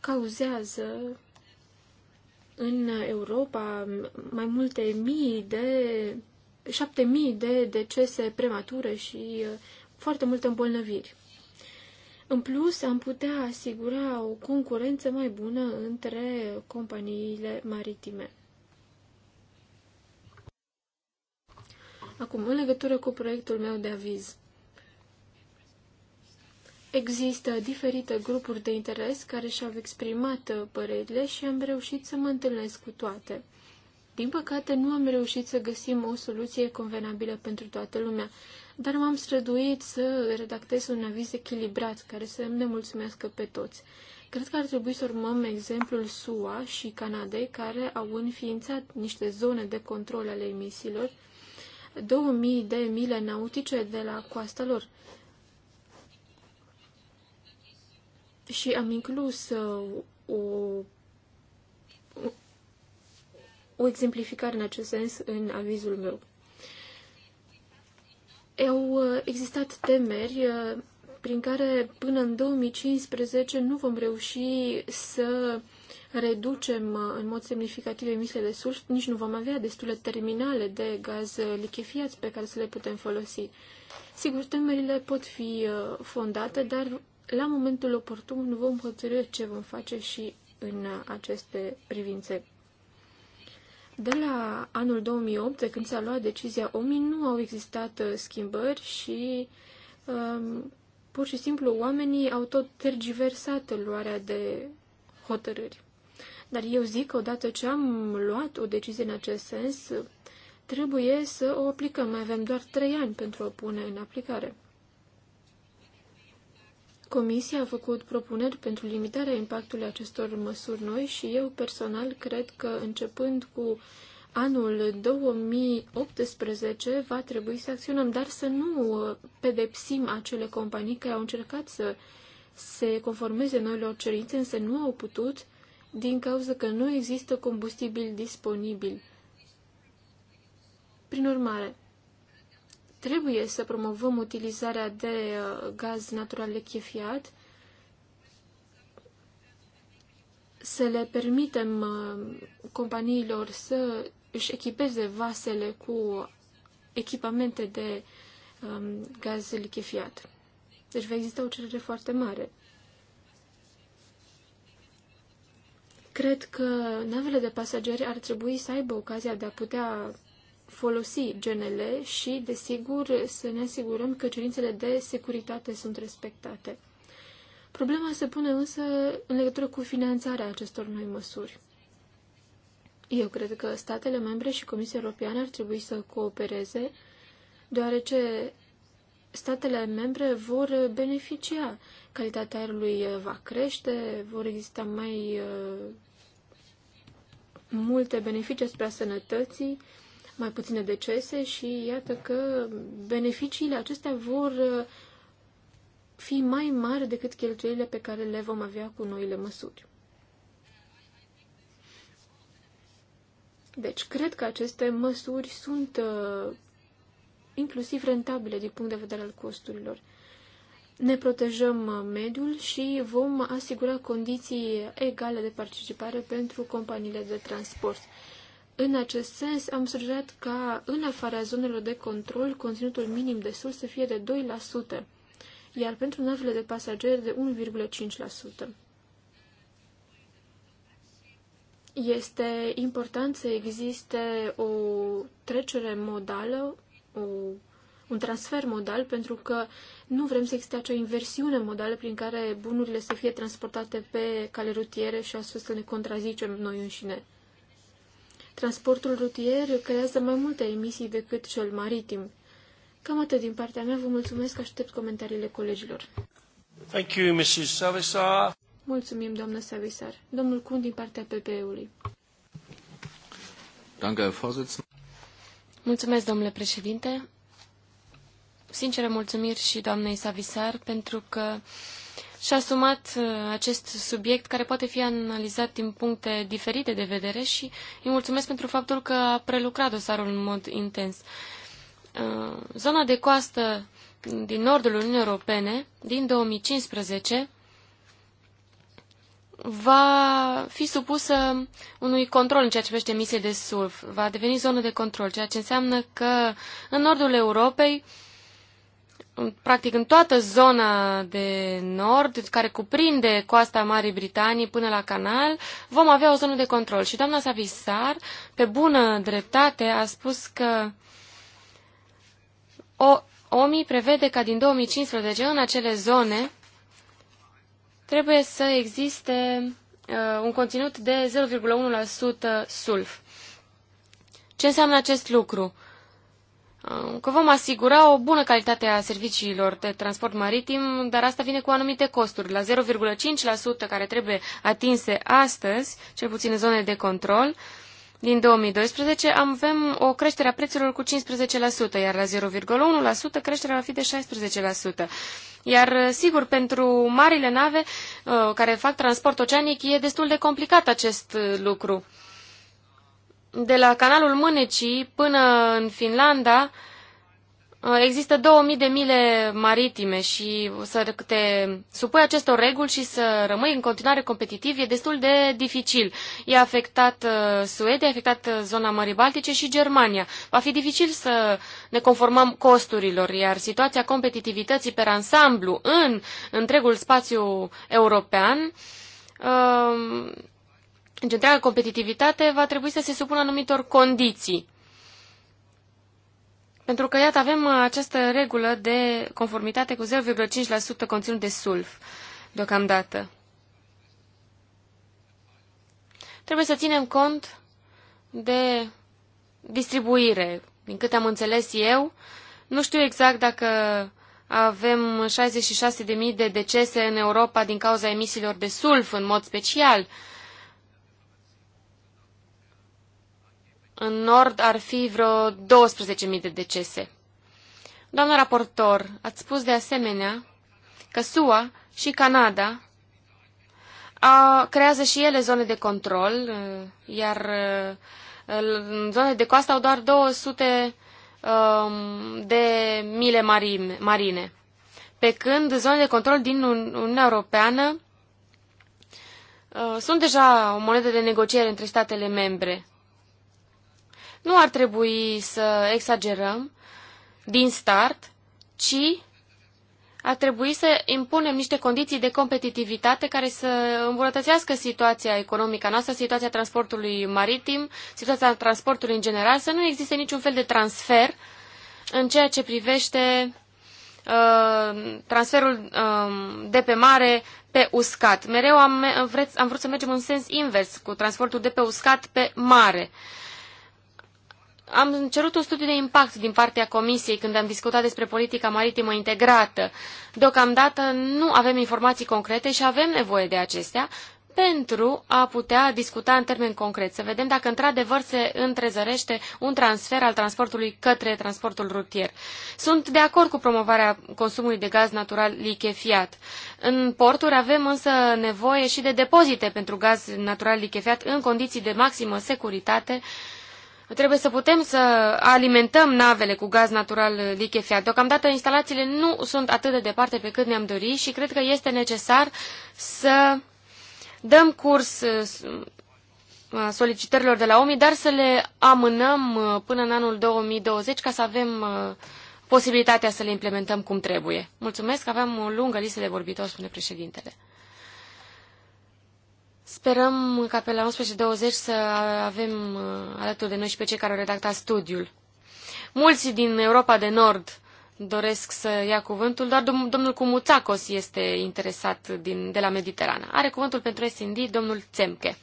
cauzează în Europa mai multe mii de, șapte mii de decese premature și foarte multe îmbolnăviri. În plus, am putea asigura o concurență mai bună între companiile maritime. Acum, în legătură cu proiectul meu de aviz. Există diferite grupuri de interes care și-au exprimat părerile și am reușit să mă întâlnesc cu toate. Din păcate, nu am reușit să găsim o soluție convenabilă pentru toată lumea, dar m-am străduit să redactez un aviz echilibrat care să ne mulțumească pe toți. Cred că ar trebui să urmăm exemplul SUA și Canadei, care au înființat niște zone de control ale emisiilor, 2000 de mile nautice de la coasta lor. Și am inclus o, uh, o, o exemplificare în acest sens în avizul meu au uh, existat temeri uh, prin care până în 2015 nu vom reuși să reducem uh, în mod semnificativ emisiile de sulf, nici nu vom avea destule terminale de gaz lichefiați pe care să le putem folosi. Sigur, temerile pot fi fondate, dar la momentul oportun vom hotărâ ce vom face și în aceste privințe. De la anul 2008, de când s-a luat decizia OMI, nu au existat uh, schimbări și um, pur și simplu oamenii au tot tergiversat luarea de hotărâri. Dar eu zic că odată ce am luat o decizie în acest sens, trebuie să o aplicăm. Mai avem doar trei ani pentru a o pune în aplicare. Comisia a făcut propuneri pentru limitarea impactului acestor măsuri noi și eu personal cred că începând cu anul 2018 va trebui să acționăm, dar să nu uh, pedepsim acele companii care au încercat să se conformeze noilor cerințe, însă nu au putut din cauza că nu există combustibil disponibil. Prin urmare, Trebuie să promovăm utilizarea de uh, gaz natural lechefiat, să le permitem uh, companiilor să își echipeze vasele cu echipamente de um, gaz lichefiat. Deci va exista o cerere foarte mare. Cred că navele de pasageri ar trebui să aibă ocazia de a putea folosi genele și, desigur, să ne asigurăm că cerințele de securitate sunt respectate. Problema se pune însă în legătură cu finanțarea acestor noi măsuri. Eu cred că statele membre și Comisia Europeană ar trebui să coopereze, deoarece statele membre vor beneficia. Calitatea aerului uh, va crește, vor exista mai uh, multe beneficii asupra sănătății, mai puține decese și iată că beneficiile acestea vor uh, fi mai mari decât cheltuielile pe care le vom avea cu noile măsuri. Deci, cred că aceste măsuri sunt uh, inclusiv rentabile din punct de vedere al costurilor. Ne protejăm uh, mediul și vom asigura condiții egale de participare pentru companiile de transport. În acest sens, am sugerat ca, în afara zonelor de control, conținutul minim de sus să fie de 2%, iar pentru navele de pasageri de 1,5%. Este important să existe o trecere modală, o, un transfer modal, pentru că nu vrem să existe acea inversiune modală prin care bunurile să fie transportate pe cale rutiere și astfel să ne contrazicem noi înșine. Transportul rutier creează mai multe emisii decât cel maritim. Cam atât din partea mea. Vă mulțumesc. Aștept comentariile colegilor. Thank you, Mrs. Savisar. Mulțumim, doamnă Savisar. Domnul Cun din partea PPE-ului. Mulțumesc, domnule președinte. Sincere mulțumiri și doamnei Savisar pentru că și-a asumat uh, acest subiect care poate fi analizat din puncte diferite de vedere și îi mulțumesc pentru faptul că a prelucrat dosarul în mod intens. Uh, zona de coastă din nordul Uniunii Europene din 2015 va fi supusă unui control în ceea ce privește emisiile de sulf. Va deveni zonă de control, ceea ce înseamnă că în nordul Europei practic în toată zona de nord, care cuprinde coasta Marii Britanii până la canal, vom avea o zonă de control. Și doamna Savisar, pe bună dreptate, a spus că o, OMI prevede ca din 2015 în acele zone trebuie să existe uh, un conținut de 0,1% sulf. Ce înseamnă acest lucru? Um, că vom asigura o bună calitate a serviciilor de transport maritim, dar asta vine cu anumite costuri. La 0,5% care trebuie atinse astăzi, cel puțin în zone de control, din 2012 avem o creștere a prețurilor cu 15%, iar la 0,1% creșterea va fi de 16%. Iar, uh, sigur, pentru marile nave uh, care fac transport oceanic e destul de complicat acest uh, lucru de la canalul Mânecii până în Finlanda uh, există 2000 de mile maritime și să te supui acestor reguli și să rămâi în continuare competitiv e destul de dificil. E afectat uh, Suedia, e afectat uh, zona Mării Baltice și Germania. Va fi dificil să ne conformăm costurilor, iar situația competitivității pe ansamblu în întregul spațiu european deci întreaga competitivitate va trebui să se supună anumitor condiții. Pentru că, iată, avem uh, această regulă de conformitate cu 0,5% conținut de sulf, deocamdată. Trebuie să ținem cont de distribuire. Din câte am înțeles eu, nu știu exact dacă avem 66.000 de decese în Europa din cauza emisiilor de sulf, în mod special, În nord ar fi vreo 12.000 de decese. Doamna raportor, ați spus de asemenea că SUA și Canada a, creează și ele zone de control, uh, iar uh, în zone de coastă au doar 200 um, de mile marine. Pe când zonele de control din Uniunea Europeană uh, sunt deja o monedă de negociere între statele membre. Nu ar trebui să exagerăm din start, ci ar trebui să impunem niște condiții de competitivitate care să îmbunătățească situația economică noastră, situația transportului maritim, situația transportului în general, să nu existe niciun fel de transfer în ceea ce privește uh, transferul uh, de pe mare pe uscat. Mereu am, am vrut să mergem în sens invers, cu transportul de pe uscat pe mare. Uh, am cerut un studiu de impact din partea Comisiei când am discutat despre politica maritimă integrată. Deocamdată nu avem informații concrete și avem nevoie de acestea pentru a putea discuta în termeni concret, să vedem dacă într-adevăr se întrezărește un transfer al transportului către transportul rutier. Sunt de acord cu promovarea consumului de gaz natural lichefiat. În porturi avem însă nevoie și de depozite pentru gaz natural lichefiat în condiții de maximă securitate, Trebuie să putem să alimentăm navele cu gaz natural lichefiat. Deocamdată instalațiile nu sunt atât de departe pe cât ne-am dorit și cred că este necesar să dăm curs uh, uh, solicitărilor de la OMI, dar să le amânăm uh, până în anul 2020 ca să avem posibilitatea să le implementăm cum trebuie. Mulțumesc, aveam o lungă listă de vorbitori, spune președintele. Sperăm ca pe la 11.20 să avem uh, alături de noi și pe cei care au redactat studiul. Mulți din Europa de Nord doresc să ia cuvântul, doar dom domnul Cumuțacos este interesat din, de la Mediterana. Are cuvântul pentru SND domnul Țemche.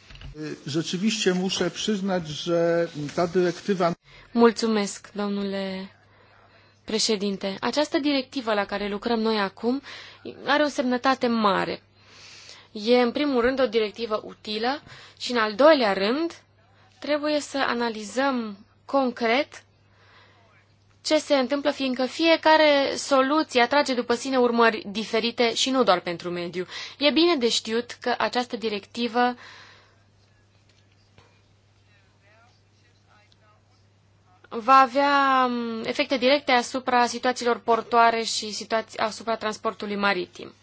Rzeczywiście muszę przyznać, że ta dyrektywa... Mulțumesc, domnule președinte. Această directivă la care lucrăm noi acum are o semnătate mare e, în primul rând, o directivă utilă și, în al doilea rând, trebuie să analizăm concret ce se întâmplă, fiindcă fiecare soluție atrage după sine urmări diferite și nu doar pentru mediu. E bine de știut că această directivă va avea mm, efecte directe asupra situațiilor portoare și asupra transportului maritim.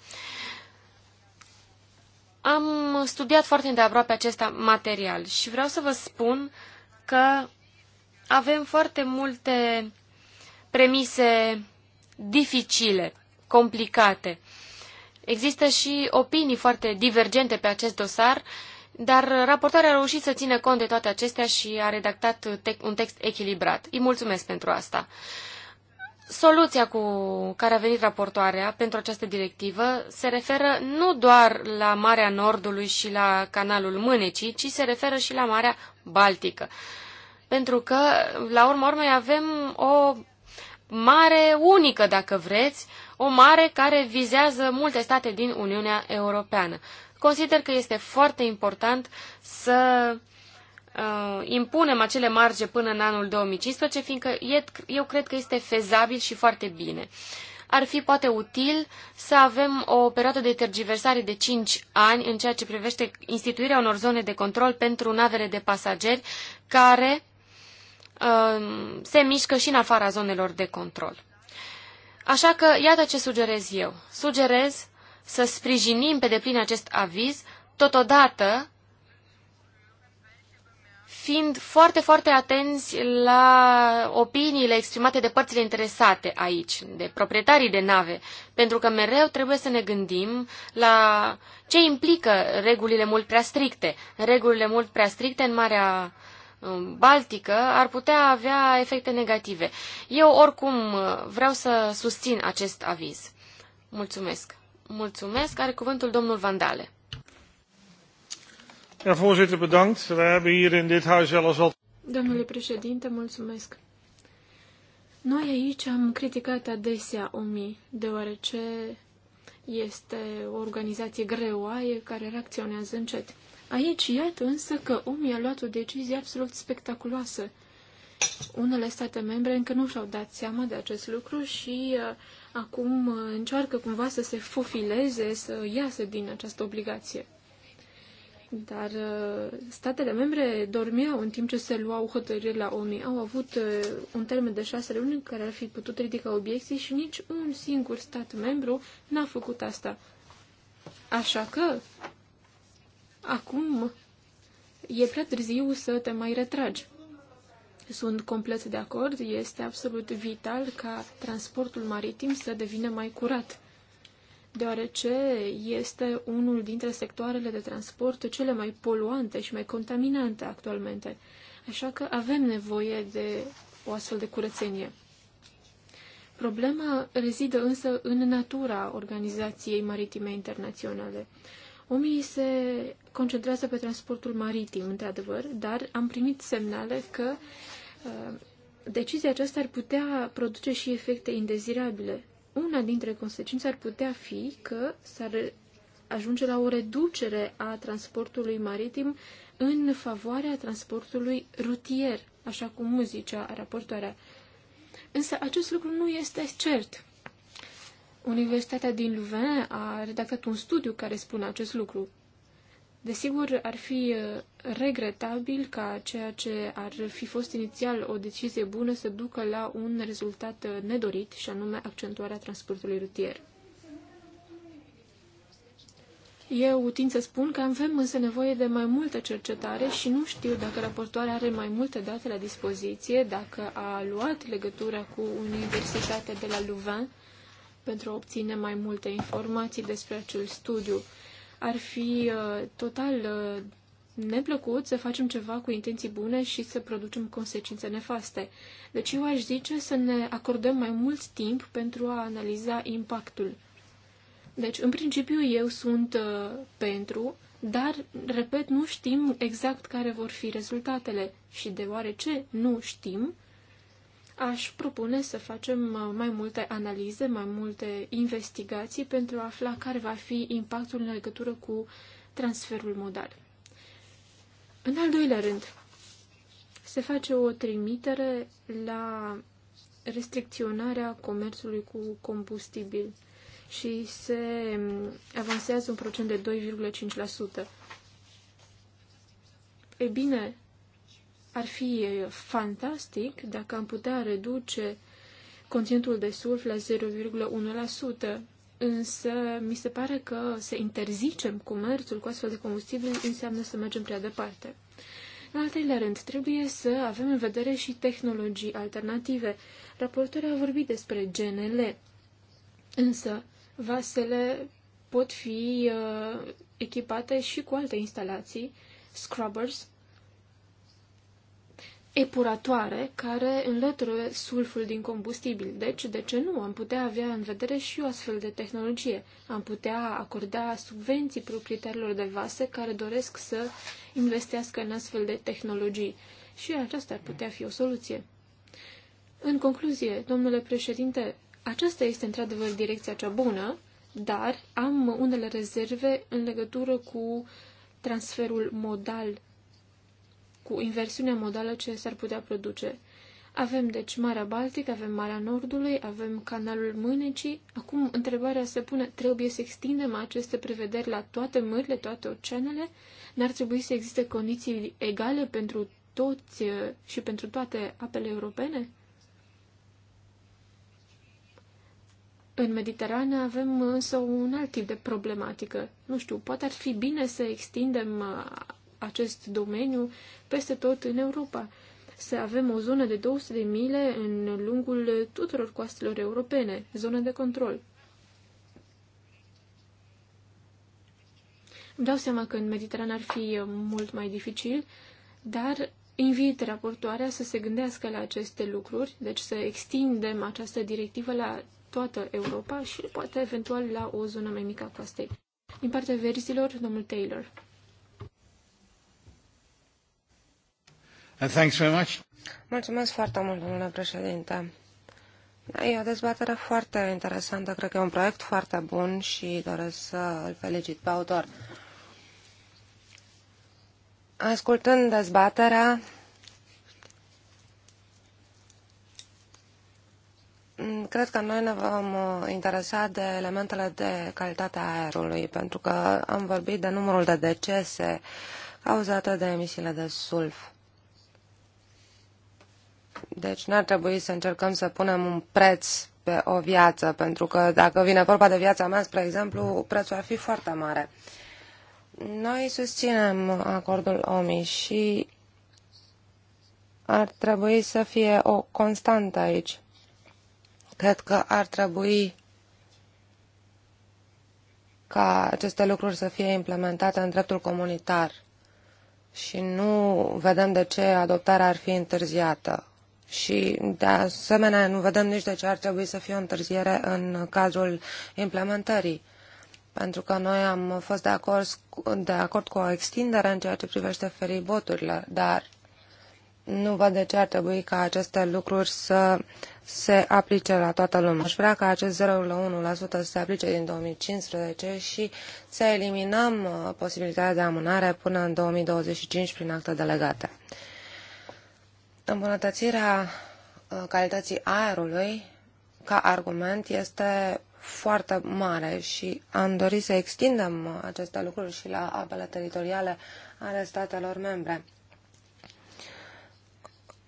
Am studiat foarte îndeaproape acest material și vreau să vă spun că avem foarte multe premise dificile, complicate. Există și opinii foarte divergente pe acest dosar, dar raportarea a reușit să țină cont de toate acestea și a redactat un text echilibrat. Îi mulțumesc pentru asta. Soluția cu care a venit raportoarea pentru această directivă se referă nu doar la Marea Nordului și la Canalul Mânecii, ci se referă și la Marea Baltică. Pentru că, la urma urmei, avem o mare unică, dacă vreți, o mare care vizează multe state din Uniunea Europeană. Consider că este foarte important să uh, impunem acele marge până în anul 2015, fiindcă eu cred că este fezabil și foarte bine. Ar fi poate util să avem o perioadă de tergiversare de 5 ani în ceea ce privește instituirea unor zone de control pentru navele de pasageri care uh, se mișcă și în afara zonelor de control. Așa că iată ce sugerez eu. Sugerez să sprijinim pe deplin acest aviz, totodată fiind foarte, foarte atenți la opiniile exprimate de părțile interesate aici, de proprietarii de nave, pentru că mereu trebuie să ne gândim la ce implică regulile mult prea stricte. Regulile mult prea stricte în Marea um, Baltică ar putea avea efecte negative. Eu oricum vreau să susțin acest aviz. Mulțumesc. Mulțumesc. Are cuvântul domnul Vandale voorzitter, bedankt. We hebben hier in dit huis wel eens wat... Domnule președinte, mulțumesc. Noi aici am criticat adesea OMI, deoarece este o organizație greoaie care reacționează încet. Aici, iată însă că OMI a luat o decizie absolut spectaculoasă. Unele state membre încă nu și-au dat seama de acest lucru și uh, acum uh, încearcă cumva să se fofileze, să iasă din această obligație. Dar uh, statele membre dormeau în timp ce se luau hotărâri la OMI. Au avut uh, un termen de șase luni în care ar fi putut ridica obiecții și nici un singur stat membru n-a făcut asta. Așa că, acum, e prea târziu să te mai retragi. Sunt complet de acord, este absolut vital ca transportul maritim să devină mai curat deoarece este unul dintre sectoarele de transport cele mai poluante și mai contaminante actualmente. Așa că avem nevoie de o astfel de curățenie. Problema rezidă însă în natura Organizației Maritime Internaționale. Omii se concentrează pe transportul maritim, într-adevăr, dar am primit semnale că uh, decizia aceasta ar putea produce și efecte indezirabile, una dintre consecințe ar putea fi că s-ar ajunge la o reducere a transportului maritim în favoarea transportului rutier, așa cum zicea raportoarea. Însă acest lucru nu este cert. Universitatea din Louvain a redactat un studiu care spune acest lucru. Desigur, ar fi uh, regretabil ca ceea ce ar fi fost inițial o decizie bună să ducă la un rezultat uh, nedorit, și anume accentuarea transportului rutier. Eu tind să spun că avem însă nevoie de mai multă cercetare și nu știu dacă raportoarea are mai multe date la dispoziție, dacă a luat legătura cu Universitatea de la Louvain pentru a obține mai multe informații despre acel studiu ar fi uh, total uh, neplăcut să facem ceva cu intenții bune și să producem consecințe nefaste. Deci eu aș zice să ne acordăm mai mult timp pentru a analiza impactul. Deci, în principiu, eu sunt uh, pentru, dar, repet, nu știm exact care vor fi rezultatele și deoarece nu știm, aș propune să facem uh, mai multe analize, mai multe investigații pentru a afla care va fi impactul în legătură cu transferul modal. În al doilea rând, se face o trimitere la restricționarea comerțului cu combustibil și se um, avansează un procent de 2,5%. E bine, ar fi fantastic dacă am putea reduce conținutul de sulf la 0,1%, însă mi se pare că să interzicem comerțul cu astfel de combustibil înseamnă să mergem prea departe. În al treilea rând, trebuie să avem în vedere și tehnologii alternative. Raportorul a vorbit despre GNL, însă vasele pot fi uh, echipate și cu alte instalații, scrubbers, epuratoare care înlătură sulful din combustibil. Deci, de ce nu? Am putea avea în vedere și o astfel de tehnologie. Am putea acorda subvenții proprietarilor de vase care doresc să investească în astfel de tehnologii. Și aceasta ar putea fi o soluție. În concluzie, domnule președinte, aceasta este într-adevăr direcția cea bună, dar am unele rezerve în legătură cu transferul modal cu inversiunea modală ce s-ar putea produce. Avem deci Marea Baltică, avem Marea Nordului, avem Canalul Mânecii. Acum întrebarea se pune, trebuie să extindem aceste prevederi la toate mările, toate oceanele? N-ar trebui să existe condiții egale pentru toți eh, și pentru toate apele europene? În Mediterană avem însă un alt tip de problematică. Nu știu, poate ar fi bine să extindem eh, acest domeniu peste tot în Europa. Să avem o zonă de 200 de mile în lungul tuturor coastelor europene, zonă de control. Îmi dau seama că în Mediterană ar fi mult mai dificil, dar invit raportoarea să se gândească la aceste lucruri, deci să extindem această directivă la toată Europa și poate eventual la o zonă mai mică a coastei. Din partea verzilor, domnul Taylor. Mulțumesc foarte mult, domnule președinte. Da, e o dezbatere foarte interesantă, cred că e un proiect foarte bun și doresc să îl felicit pe autor. Ascultând dezbaterea, Cred că noi ne vom uh, interesa de elementele de calitate a aerului, pentru că am vorbit de numărul de decese cauzate de emisiile de sulf. Deci n-ar trebui să încercăm să punem un preț pe o viață, pentru că dacă vine vorba de viața mea, spre exemplu, prețul ar fi foarte mare. Noi susținem acordul OMI și ar trebui să fie o constantă aici. Cred că ar trebui ca aceste lucruri să fie implementate în dreptul comunitar și nu vedem de ce adoptarea ar fi întârziată și, de asemenea, nu vedem nici de ce ar trebui să fie o întârziere în cadrul implementării. Pentru că noi am fost de acord, de acord cu o extindere în ceea ce privește feriboturile, dar nu văd de ce ar trebui ca aceste lucruri să se aplice la toată lumea. Aș vrea ca acest 0,1% să se aplice din 2015 și să eliminăm uh, posibilitatea de amânare până în 2025 prin acte delegate. Îmbunătățirea uh, calității aerului ca argument este foarte mare și am dorit să extindem uh, aceste lucruri și la apele teritoriale ale statelor membre.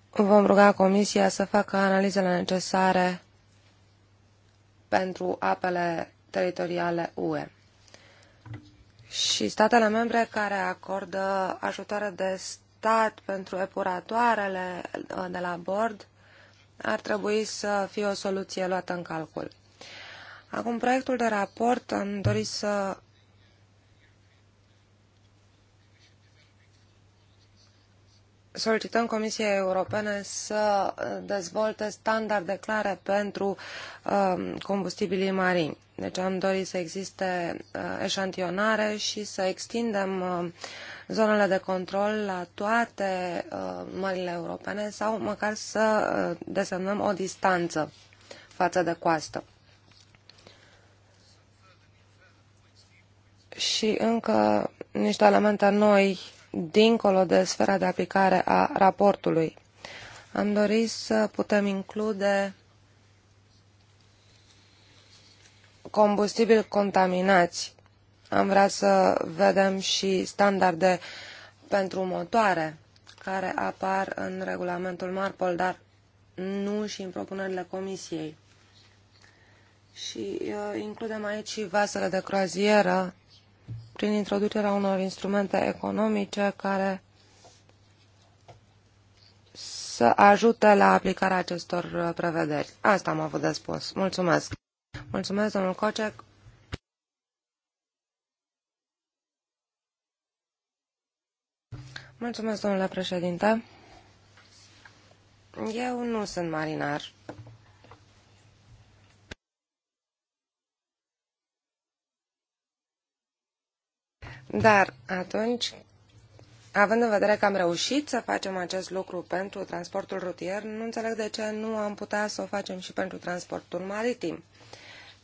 Vom ruga Comisia să facă analizele necesare pentru apele teritoriale UE. Și statele membre care acordă ajutoare de stat stat pentru epuratoarele uh, de la bord ar trebui să fie o soluție luată în calcul. Acum, proiectul de raport am dorit să solicităm Comisiei Europene să uh, dezvolte standarde clare pentru uh, combustibilii marini. Deci am dorit să existe uh, eșantionare și să extindem uh, zonele de control la toate uh, mările europene sau măcar să uh, desemnăm o distanță față de coastă. Și încă niște elemente noi dincolo de sfera de aplicare a raportului. Am dorit să putem include combustibili contaminați am vrea să vedem și standarde pentru motoare care apar în regulamentul Marpol, dar nu și în propunerile Comisiei. Și uh, includem aici și vasele de croazieră prin introducerea unor instrumente economice care să ajute la aplicarea acestor uh, prevederi. Asta am avut de spus. Mulțumesc. Mulțumesc, domnul Cocec. Mulțumesc, domnule președinte. Eu nu sunt marinar. Dar atunci, având în vedere că am reușit să facem acest lucru pentru transportul rutier, nu înțeleg de ce nu am putea să o facem și pentru transportul maritim.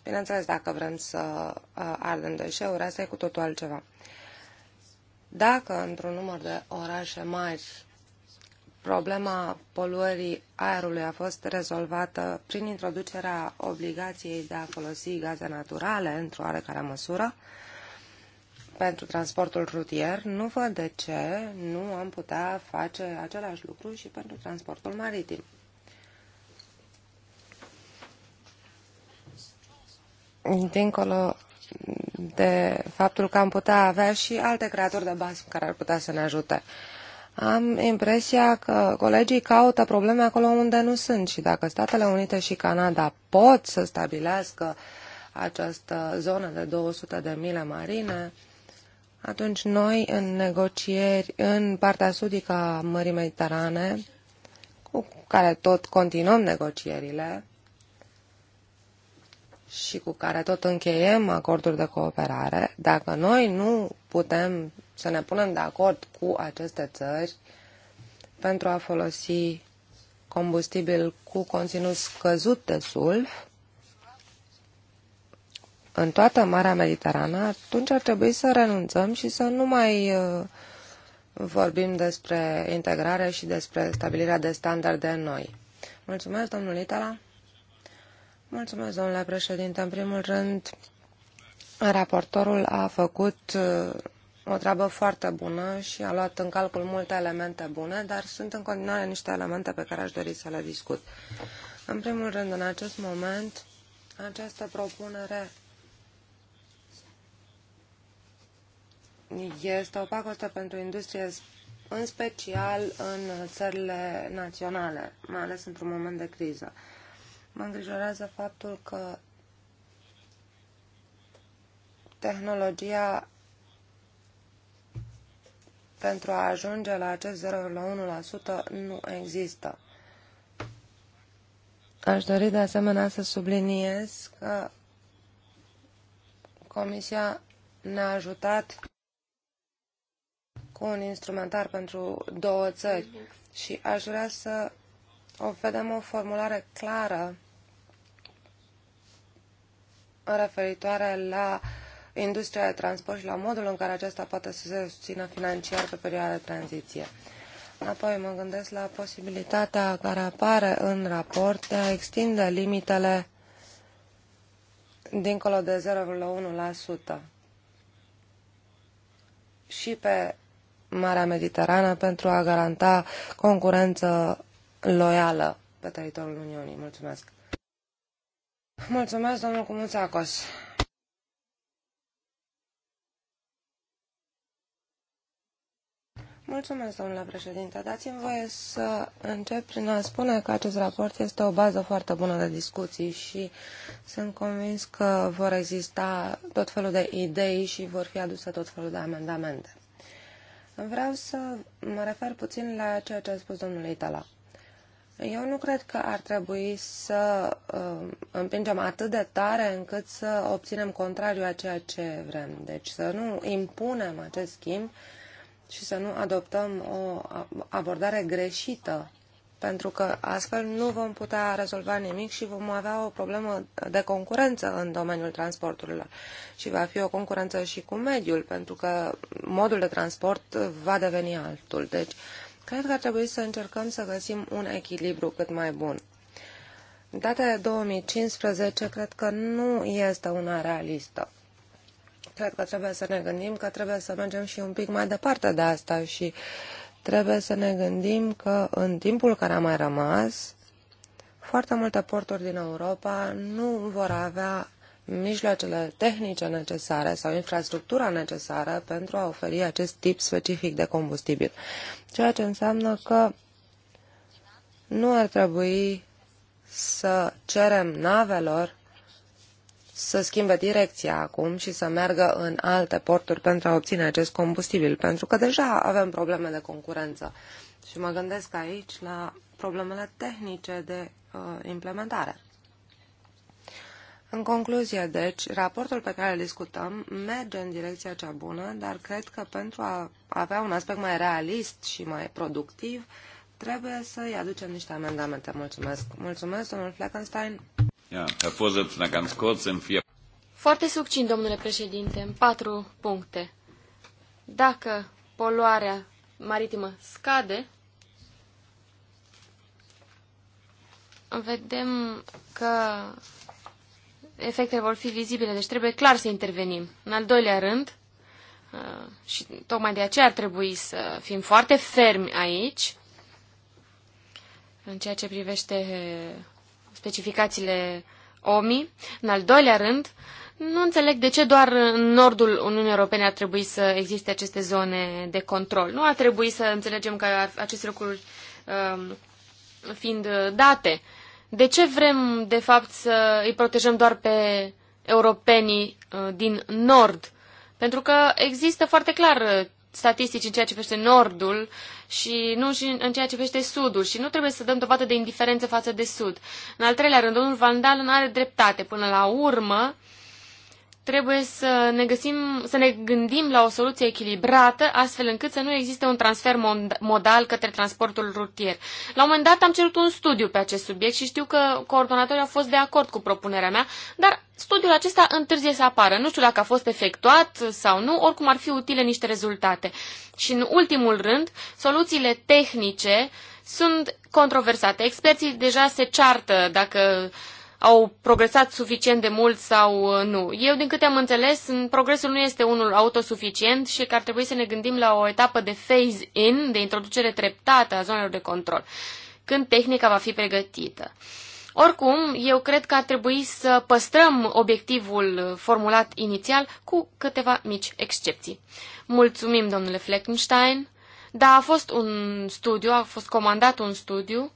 Bineînțeles, dacă vrem să uh, ardem deșeuri, asta e cu totul altceva. Dacă într-un număr de orașe mari problema poluării aerului a fost rezolvată prin introducerea obligației de a folosi gaze naturale într-o oarecare măsură pentru transportul rutier, nu văd de ce nu am putea face același lucru și pentru transportul maritim. Dincolo de faptul că am putea avea și alte creatori de bază care ar putea să ne ajute. Am impresia că colegii caută probleme acolo unde nu sunt și dacă Statele Unite și Canada pot să stabilească această zonă de 200 de mile marine, atunci noi în negocieri în partea sudică a Mării Mediterane, cu care tot continuăm negocierile, și cu care tot încheiem acorduri de cooperare, dacă noi nu putem să ne punem de acord cu aceste țări pentru a folosi combustibil cu conținut scăzut de sulf în toată Marea Mediterană, atunci ar trebui să renunțăm și să nu mai uh, vorbim despre integrare și despre stabilirea de standarde noi. Mulțumesc, domnul Itala! Mulțumesc, domnule președinte. În primul rând, raportorul a făcut uh, o treabă foarte bună și a luat în calcul multe elemente bune, dar sunt în continuare niște elemente pe care aș dori să le discut. În primul rând, în acest moment, această propunere este o pacotă pentru industrie, în special în țările naționale, mai ales într-un moment de criză. Mă îngrijorează faptul că tehnologia pentru a ajunge la acest 0,1% nu există. Aș dori de asemenea să subliniez că Comisia ne-a ajutat cu un instrumentar pentru două țări și aș vrea să o vedem o formulare clară referitoare la industria de transport și la modul în care aceasta poate să se susțină financiar pe perioada de tranziție. Apoi mă gândesc la posibilitatea care apare în raport de a extinde limitele dincolo de 0,1% și pe Marea Mediterană pentru a garanta concurență loială pe teritoriul Uniunii. Mulțumesc! Mulțumesc, domnul Cumuțacos. Mulțumesc, domnule președinte. Dați-mi voie să încep prin a spune că acest raport este o bază foarte bună de discuții și sunt convins că vor exista tot felul de idei și vor fi aduse tot felul de amendamente. Vreau să mă refer puțin la ceea ce a spus domnul Itala. Eu nu cred că ar trebui să uh, împingem atât de tare încât să obținem contrariul a ceea ce vrem. Deci să nu impunem acest schimb și să nu adoptăm o abordare greșită, pentru că astfel nu vom putea rezolva nimic și vom avea o problemă de concurență în domeniul transporturilor. Și va fi o concurență și cu mediul, pentru că modul de transport va deveni altul. Deci, uh, Cred că ar trebui să încercăm să găsim un echilibru cât mai bun. Data de 2015 cred că nu este una realistă. Cred că trebuie să ne gândim că trebuie să mergem și un pic mai departe de asta și trebuie să ne gândim că în timpul care a mai rămas, foarte multe porturi din Europa nu vor avea mijloacele tehnice necesare sau infrastructura necesară pentru a oferi acest tip specific de combustibil. Ceea ce înseamnă că nu ar trebui să cerem navelor să schimbe direcția acum și să meargă în alte porturi pentru a obține acest combustibil, pentru că deja avem probleme de concurență. Și mă gândesc aici la problemele tehnice de uh, implementare. În concluzie, deci, raportul pe care îl discutăm merge în direcția cea bună, dar cred că pentru a avea un aspect mai realist și mai productiv, trebuie să-i aducem niște amendamente. Mulțumesc. Mulțumesc, domnul Fleckenstein. Foarte succint, domnule președinte, în patru puncte. Dacă poluarea maritimă scade, vedem că efectele vor fi vizibile, deci trebuie clar să intervenim. În al doilea rând, uh, și tocmai de aceea ar trebui să fim foarte fermi aici, în ceea ce privește uh, specificațiile OMI. În al doilea rând, nu înțeleg de ce doar în nordul Uniunii Europene ar trebui să existe aceste zone de control. Nu ar trebui să înțelegem că aceste lucruri um, fiind uh, date. De ce vrem, de fapt, să îi protejăm doar pe europenii uh, din nord? Pentru că există foarte clar uh, statistici în ceea ce privește nordul și nu și în ceea ce privește sudul și nu trebuie să dăm dovadă de indiferență față de sud. În al treilea rând, domnul Van Dalen are dreptate. Până la urmă, uh, trebuie să ne, găsim, să ne gândim la o soluție echilibrată, astfel încât să nu existe un transfer modal către transportul rutier. La un moment dat am cerut un studiu pe acest subiect și știu că coordonatorii au fost de acord cu propunerea mea, dar studiul acesta întârzie să apară. Nu știu dacă a fost efectuat sau nu, oricum ar fi utile niște rezultate. Și în ultimul rând, soluțiile tehnice sunt controversate. Experții deja se ceartă dacă uh, au progresat suficient de mult sau uh, nu. Eu, din câte am înțeles, progresul nu este unul autosuficient și că ar trebui să ne gândim la o etapă de phase-in, de introducere treptată a zonelor de control, când tehnica va fi pregătită. Oricum, eu cred că ar trebui să păstrăm obiectivul formulat inițial cu câteva mici excepții. Mulțumim, domnule Fleckenstein. Da, a fost un studiu, a fost comandat un studiu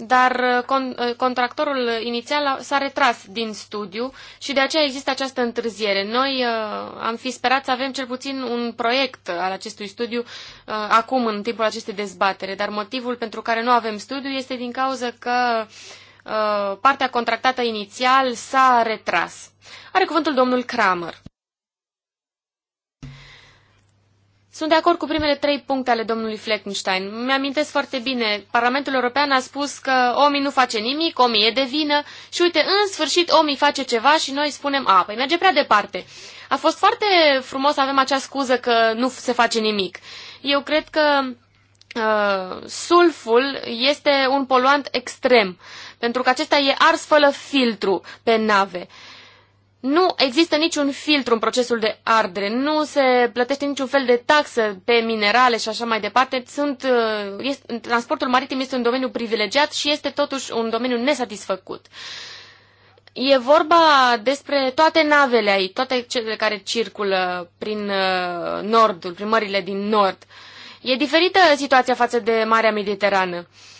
dar uh, uh, contractorul inițial s-a retras din studiu și de aceea există această întârziere. Noi uh, am fi sperat să avem cel puțin un proiect al acestui studiu acum, în timpul acestei dezbatere, dar motivul pentru care nu avem studiu este din cauza că partea contractată inițial s-a retras. Are cuvântul domnul Kramer. Sunt de acord cu primele trei puncte ale domnului Fleckenstein. Mi-amintesc foarte bine, Parlamentul European a spus că omii nu face nimic, omii e de vină și uite, în sfârșit omii face ceva și noi spunem, a, păi merge prea departe. A fost foarte frumos să avem acea scuză că nu se face nimic. Eu cred că uh, sulful este un poluant extrem, pentru că acesta e ars fără filtru pe nave. Uh, nu există niciun filtru în procesul de ardere, nu se plătește niciun fel de taxă pe minerale și așa mai departe. Sunt, uh, este, transportul maritim este un domeniu privilegiat și este totuși un domeniu nesatisfăcut. E vorba despre toate navele aici, toate cele care circulă prin uh, nordul, prin mările din nord. E diferită situația față de Marea Mediterană. Uh,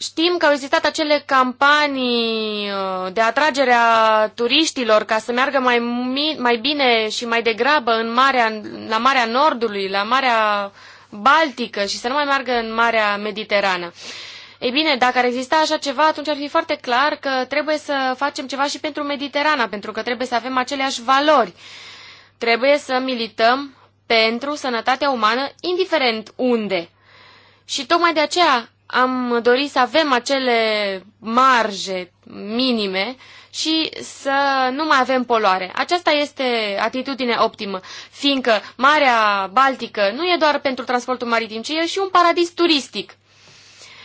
Știm că au existat acele campanii uh, de atragere a turiștilor ca să meargă mai, mai bine și mai degrabă în Marea, la Marea Nordului, la Marea Baltică și să nu mai meargă în Marea Mediterană. Ei bine, dacă ar exista așa ceva, atunci ar fi foarte clar că trebuie să facem ceva și pentru Mediterana, pentru că trebuie să avem aceleași valori. Trebuie să milităm pentru sănătatea umană, indiferent unde. Și tocmai de aceea am dorit să avem acele marje minime și să nu mai avem poluare. Aceasta este atitudine optimă, fiindcă Marea Baltică nu e doar pentru transportul maritim, ci e și un paradis turistic.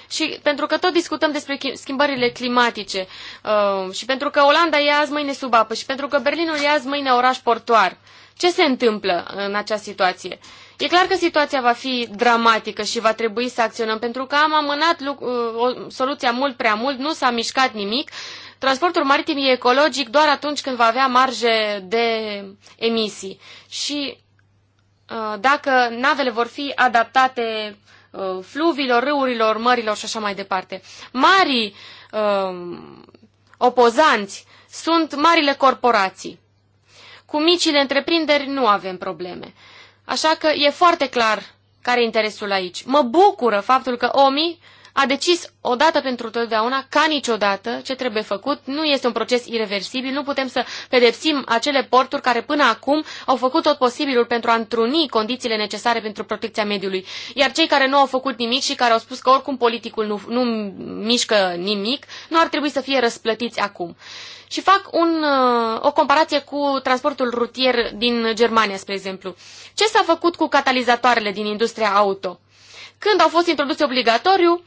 Și pentru că tot discutăm despre schimbările climatice uh, și pentru că Olanda e azi mâine sub apă și pentru că Berlinul e azi mâine oraș portuar, ce se întâmplă în această situație? Uh, E clar că situația va fi dramatică și va trebui să acționăm, pentru că am amânat uh, soluția mult prea mult, nu s-a mișcat nimic. Transportul maritim e ecologic doar atunci când va avea marge de emisii. Și uh, dacă navele vor fi adaptate uh, fluvilor, râurilor, mărilor și așa mai departe. Mari uh, opozanți sunt marile corporații. Cu micile întreprinderi nu avem probleme. Așa că e foarte clar care e interesul aici. Mă bucură faptul că OMI a decis odată pentru totdeauna, ca niciodată, ce trebuie făcut. Nu este un proces irreversibil, nu putem să pedepsim acele porturi care până acum au făcut tot posibilul pentru a întruni condițiile necesare pentru protecția mediului. Iar cei care nu au făcut nimic și care au spus că oricum politicul nu, nu mișcă nimic, nu ar trebui să fie răsplătiți acum. Și fac un, uh, o comparație cu transportul rutier din Germania, spre exemplu. Ce s-a făcut cu catalizatoarele din industria auto? Când au fost introduse obligatoriu,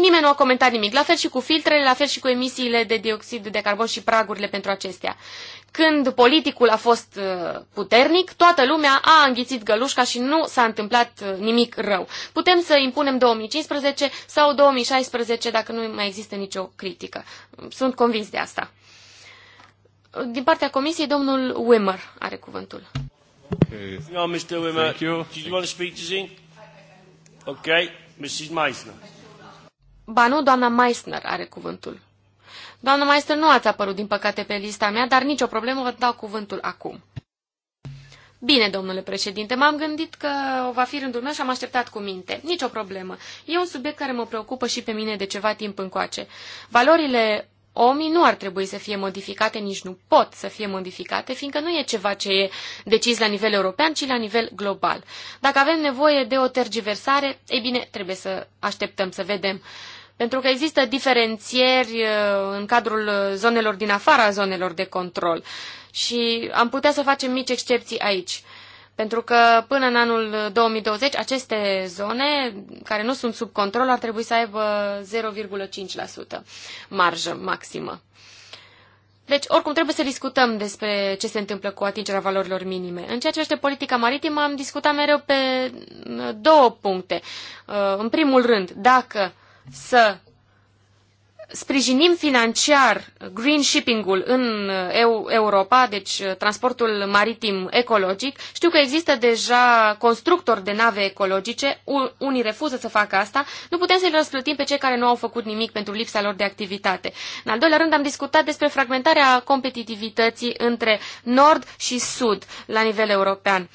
Nimeni nu a comentat nimic. La fel și cu filtrele, la fel și cu emisiile de dioxid de carbon și pragurile pentru acestea. Când politicul a fost uh, puternic, toată lumea a înghițit gălușca și nu s-a întâmplat uh, nimic rău. Putem să impunem 2015 sau 2016 dacă nu mai există nicio critică. Sunt convins de asta. Din partea comisiei, domnul Wimmer are cuvântul. Okay. No, Mr. Wimmer, did you want to speak to Zin? Okay, Mrs. Meisner. Ba nu, doamna Meissner are cuvântul. Doamna Meissner, nu ați apărut, din păcate, pe lista mea, dar nicio problemă, vă dau cuvântul acum. Bine, domnule președinte, m-am gândit că o va fi rândul meu și am așteptat cu minte. Nicio problemă. E un subiect care mă preocupă și pe mine de ceva timp încoace. Valorile omii nu ar trebui să fie modificate, nici nu pot să fie modificate, fiindcă nu e ceva ce e decis la nivel european, ci la nivel global. Dacă avem nevoie de o tergiversare, ei bine, trebuie să așteptăm să vedem. Uh, pentru că există diferențieri uh, în cadrul zonelor din afara zonelor de control și am putea să facem mici excepții aici. Pentru că până în anul 2020 aceste zone care nu sunt sub control ar trebui să aibă 0,5% marjă maximă. Deci, oricum, trebuie să discutăm despre ce se întâmplă cu atingerea valorilor minime. În ceea ce este politica maritimă, am discutat mereu pe uh, două puncte. Uh, în primul rând, dacă să sprijinim financiar green shipping-ul în uh, Europa, deci uh, transportul maritim ecologic. Știu că există deja constructori de nave ecologice, unii refuză să facă asta. Nu putem să-i răsplătim pe cei care nu au făcut nimic pentru lipsa lor de activitate. În al doilea rând am discutat despre fragmentarea competitivității între nord și sud la nivel european.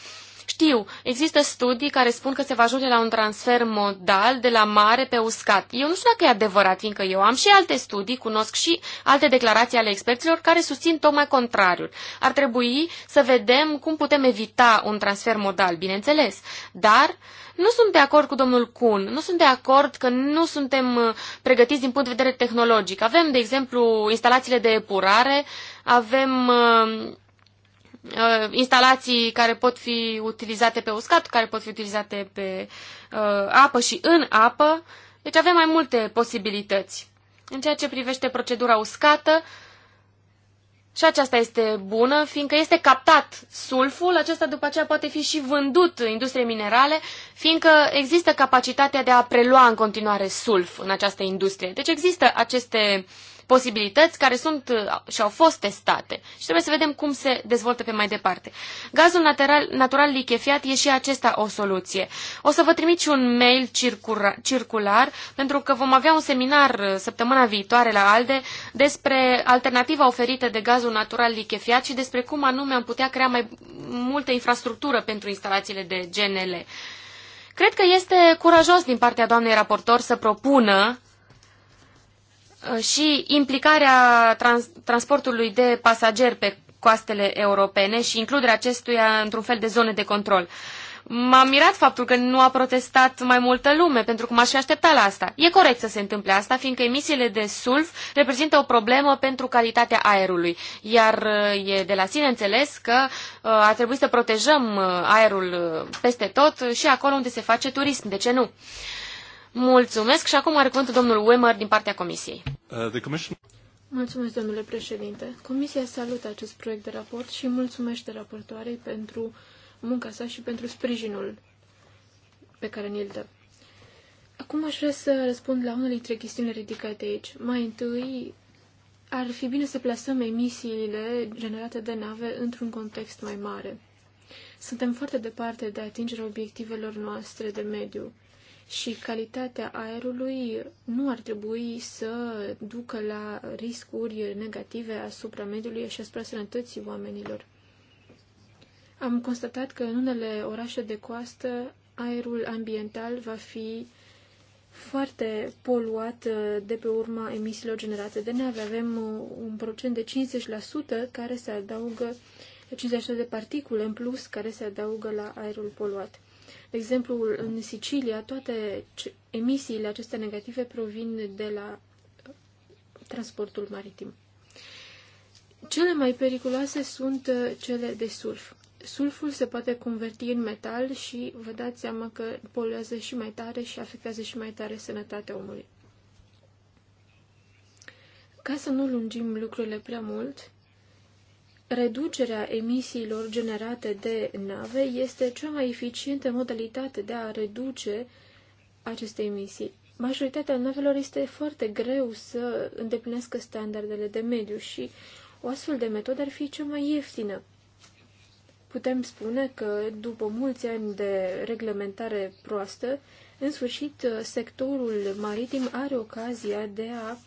Știu, există studii care spun că se va ajunge la un transfer modal de la mare pe uscat. Eu nu știu dacă e adevărat, fiindcă eu am și alte studii, cunosc și alte declarații ale experților care susțin tocmai contrariul. Ar trebui să vedem cum putem evita un transfer modal, bineînțeles, dar nu sunt de acord cu domnul Kuhn, nu sunt de acord că nu suntem uh, pregătiți din punct de vedere tehnologic. Avem, de exemplu, instalațiile de epurare, avem uh, uh, instalații care pot fi utilizate pe uscat, care pot fi utilizate pe uh, apă și în apă. Deci avem mai multe posibilități. În ceea ce privește procedura uscată, și aceasta este bună, fiindcă este captat sulful, acesta după aceea poate fi și vândut industriei minerale, fiindcă există capacitatea de a prelua în continuare sulf în această industrie. Deci există aceste uh, posibilități care sunt și au fost testate și trebuie să vedem cum se dezvoltă pe mai departe. Gazul natural, natural lichefiat e și acesta o soluție. O să vă trimit și un mail circura, circular pentru că vom avea un seminar uh, săptămâna viitoare la ALDE despre alternativa oferită de gazul natural lichefiat și despre cum anume am putea crea mai multă infrastructură pentru instalațiile de GNL. Cred că este curajos din partea doamnei raportor să propună Uh, și implicarea trans transportului de pasageri pe coastele europene și includerea acestuia într-un fel de zone de control. M-a mirat faptul că nu a protestat mai multă lume, pentru că m-aș fi așteptat la asta. E corect să se întâmple asta, fiindcă emisiile de sulf reprezintă o problemă pentru calitatea aerului, iar uh, e de la sine înțeles că uh, ar trebui să protejăm aerul peste tot și acolo unde se face turism, de ce nu? Mulțumesc și acum are cuvântul domnul Wemer din partea Comisiei. Uh, Mulțumesc, domnule președinte. Comisia salută acest proiect de raport și mulțumește raportoarei pentru munca sa și pentru sprijinul pe care ni-l dă. Acum aș vrea să răspund la unele dintre chestiunile ridicate aici. Mai întâi, ar fi bine să plasăm emisiile generate de nave într-un context mai mare. Suntem foarte departe de atingerea obiectivelor noastre de mediu și calitatea aerului nu ar trebui să ducă la riscuri negative asupra mediului și asupra sănătății oamenilor. Am constatat că în unele orașe de coastă aerul ambiental va fi foarte poluat uh, de pe urma emisiilor generate de nave. Avem uh, un procent de 50% care se adaugă, 50% de particule în plus care se adaugă la aerul poluat. De exemplu, în Sicilia, toate emisiile acestea negative provin de la uh, transportul maritim. Cele mai periculoase sunt uh, cele de sulf. Sulful se poate converti în metal și vă dați seama că poluează și mai tare și afectează și mai tare sănătatea omului. Ca să nu lungim lucrurile prea mult, Reducerea emisiilor generate de nave este cea mai eficientă modalitate de a reduce aceste emisii. Majoritatea navelor este foarte greu să îndeplinească standardele de mediu și o astfel de metodă ar fi cea mai ieftină. Putem spune că, după mulți ani de reglementare proastă, în sfârșit, sectorul maritim are ocazia de a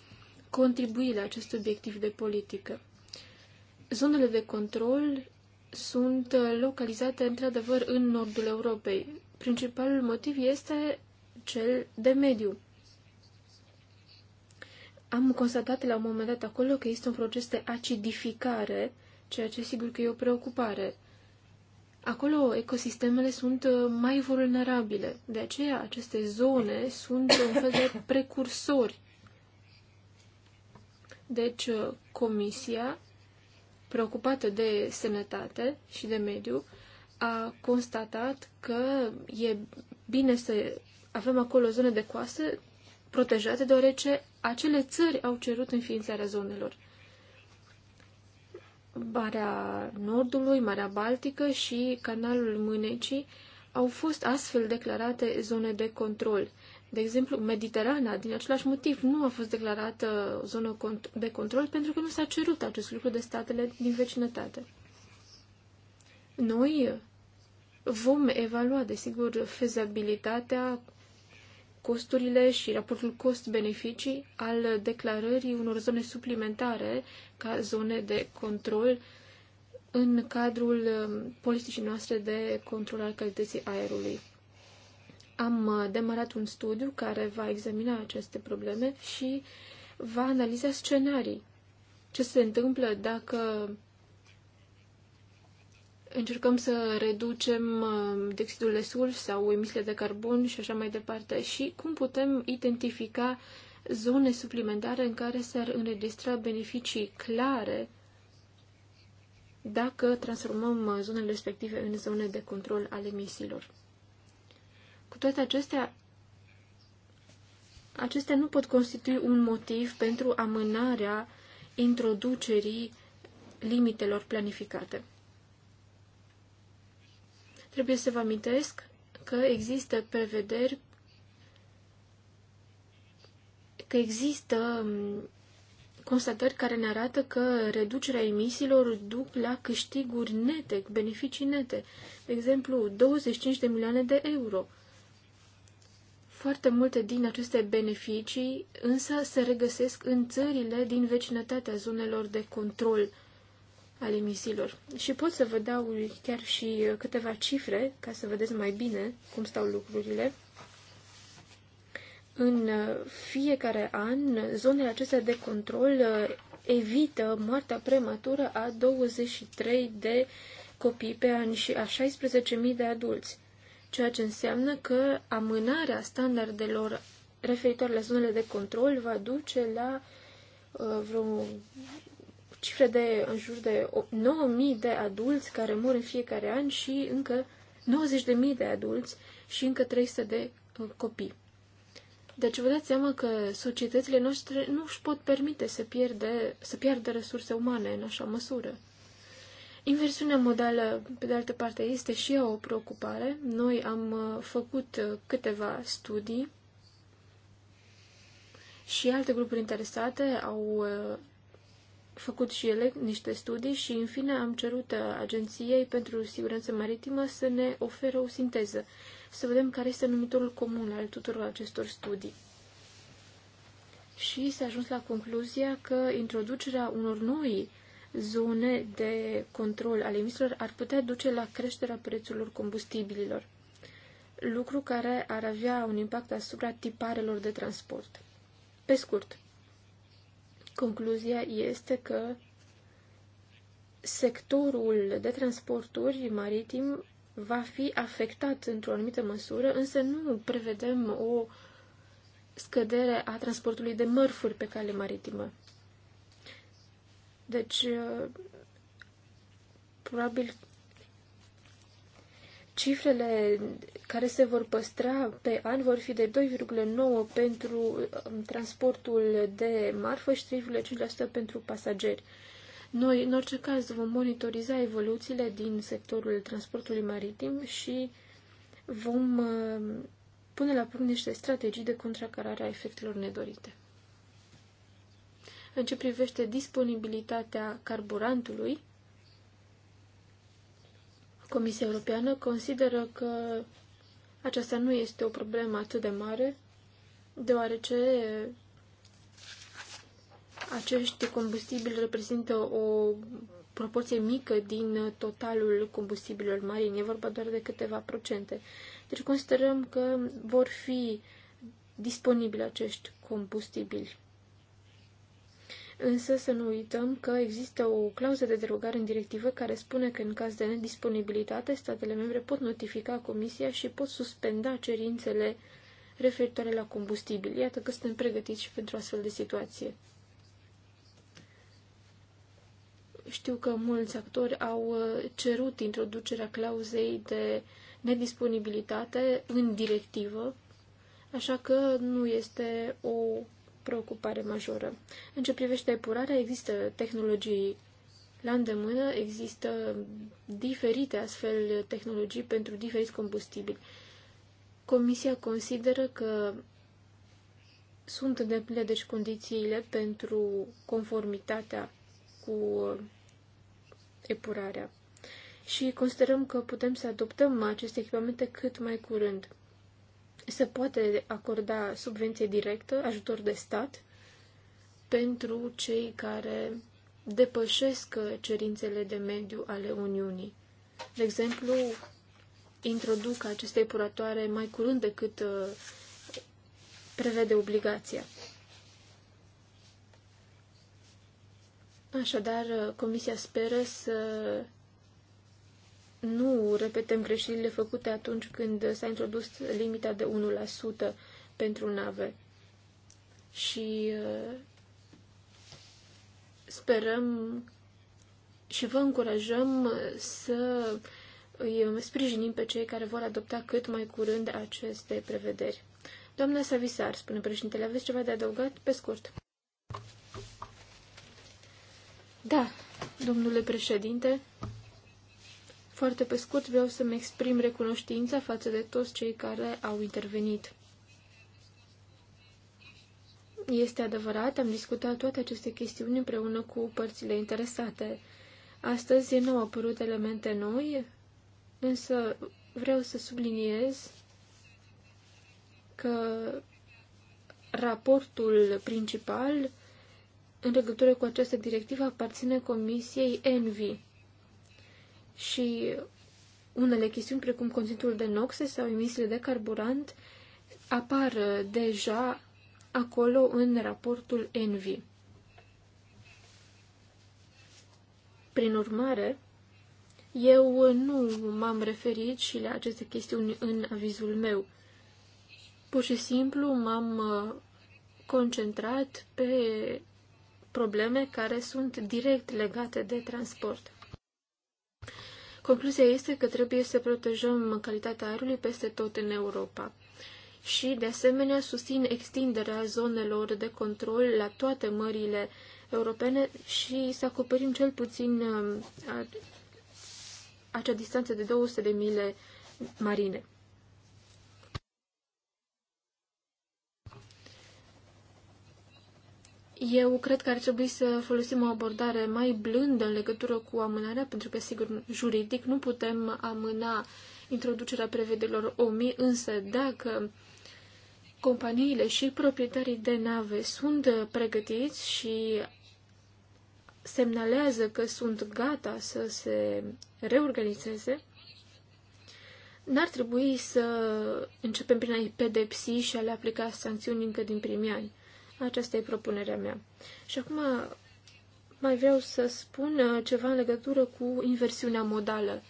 contribui la acest obiectiv de politică zonele de control sunt uh, localizate într-adevăr în nordul Europei. Principalul motiv este cel de mediu. Am constatat la un moment dat acolo că este un proces de acidificare, ceea ce sigur că e o preocupare. Acolo ecosistemele sunt uh, mai vulnerabile, de aceea aceste zone sunt un fel de precursori. Deci, uh, Comisia preocupată de sănătate și de mediu, a constatat că e bine să avem acolo zone de coastă protejate, deoarece acele țări au cerut înființarea zonelor. Marea Nordului, Marea Baltică și Canalul Mânecii au fost astfel declarate zone de control de exemplu, Mediterana, din același motiv, nu a fost declarată zonă de control pentru că nu s-a cerut acest lucru de statele din vecinătate. Noi vom evalua, desigur, fezabilitatea, costurile și raportul cost-beneficii al declarării unor zone suplimentare ca zone de control în cadrul um, politicii noastre de control al calității aerului. Am uh, demarat un studiu care va examina aceste probleme și va analiza scenarii. Ce se întâmplă dacă încercăm să reducem uh, dioxidul de sulf sau emisiile de carbon și așa mai departe și cum putem identifica zone suplimentare în care s-ar înregistra beneficii clare dacă transformăm uh, zonele respective în zone de control al emisiilor. Cu toate acestea, acestea nu pot constitui un motiv pentru amânarea introducerii limitelor planificate. Trebuie să vă amintesc că există prevederi că există um, constatări care ne arată că reducerea emisiilor duc la câștiguri nete, beneficii nete. De exemplu, 25 de milioane de euro – foarte multe din aceste beneficii însă se regăsesc în țările din vecinătatea zonelor de control al emisiilor. Și pot să vă dau chiar și câteva cifre ca să vedeți mai bine cum stau lucrurile. În fiecare an, zonele acestea de control uh, evită moartea prematură a 23 de copii pe an și a 16.000 de adulți ceea ce înseamnă că amânarea standardelor referitoare la zonele de control va duce la uh, vreo cifre de în jur de 9.000 de adulți care mor în fiecare an și încă 90.000 de adulți și încă 300 de uh, copii. Deci vă dați seama că societățile noastre nu își pot permite să, pierde, să piardă resurse umane în așa măsură. Inversiunea modală, pe de altă parte, este și ea o preocupare. Noi am uh, făcut uh, câteva studii și alte grupuri interesate au uh, făcut și ele niște studii și, în fine, am cerut Agenției pentru Siguranță Maritimă să ne ofere o sinteză, să vedem care este numitorul comun al tuturor acestor studii. Și s-a ajuns la concluzia că introducerea unor noi zone de control ale emisiilor ar putea duce la creșterea prețurilor combustibililor, lucru care ar avea un impact asupra tiparelor de transport. Pe scurt, concluzia este că sectorul de transporturi maritim va fi afectat într-o anumită măsură, însă nu prevedem o scădere a transportului de mărfuri pe cale maritimă. Deci, uh, probabil cifrele care se vor păstra pe an vor fi de 2,9 pentru um, transportul de marfă și 3,5% pentru pasageri. Noi, în orice caz, vom monitoriza evoluțiile din sectorul transportului maritim și vom uh, pune la punct niște strategii de contracarare a efectelor nedorite. În ce privește disponibilitatea carburantului, Comisia Europeană consideră că aceasta nu este o problemă atât de mare, deoarece acești combustibili reprezintă o proporție mică din totalul combustibilor marini, e vorba doar de câteva procente. Deci considerăm că vor fi disponibili acești combustibili. Însă să nu uităm că există o clauză de derogare în directivă care spune că în caz de nedisponibilitate, statele membre pot notifica Comisia și pot suspenda cerințele referitoare la combustibil. Iată că suntem pregătiți și pentru astfel de situație. Știu că mulți actori au uh, cerut introducerea clauzei de nedisponibilitate în directivă, așa că nu este o preocupare majoră. În ce privește epurarea, există tehnologii la îndemână, există diferite astfel tehnologii pentru diferiți combustibili. Comisia consideră că sunt îndeplinite deci condițiile pentru conformitatea cu epurarea și considerăm că putem să adoptăm aceste echipamente cât mai curând se poate acorda subvenție directă, ajutor de stat, pentru cei care depășesc cerințele de mediu ale Uniunii. De exemplu, introduc aceste epuratoare mai curând decât uh, prevede obligația. Așadar, uh, Comisia speră să nu repetăm greșelile făcute atunci când s-a introdus limita de 1% pentru nave. Și uh, sperăm și vă încurajăm să îi sprijinim pe cei care vor adopta cât mai curând aceste prevederi. Doamna Savisar, spune președintele, aveți ceva de adăugat? Pe scurt. Da, domnule președinte, foarte pe scurt vreau să-mi exprim recunoștința față de toți cei care au intervenit. Este adevărat, am discutat toate aceste chestiuni împreună cu părțile interesate. Astăzi nu au apărut elemente noi, însă vreau să subliniez că raportul principal în legătură cu această directivă aparține Comisiei ENVI și unele chestiuni, precum conținutul de noxe sau emisiile de carburant, apar deja acolo în raportul ENVI. Prin urmare, eu nu m-am referit și la aceste chestiuni în avizul meu. Pur și simplu m-am uh, concentrat pe probleme care sunt direct legate de transport. Concluzia este că trebuie să protejăm calitatea aerului peste tot în Europa. Și, de asemenea, susțin extinderea zonelor de control la toate mările europene și să acoperim cel puțin um, acea distanță de 200 de mile marine. Eu cred că ar trebui să folosim o abordare mai blândă în legătură cu amânarea, pentru că, sigur, juridic nu putem amâna introducerea prevederilor OMI, însă dacă companiile și proprietarii de nave sunt pregătiți și semnalează că sunt gata să se reorganizeze, n-ar trebui să începem prin a-i pedepsi și a le aplica sancțiuni încă din primii ani. Aceasta e propunerea mea. Și acum mai vreau să spun uh, ceva în legătură cu inversiunea modală.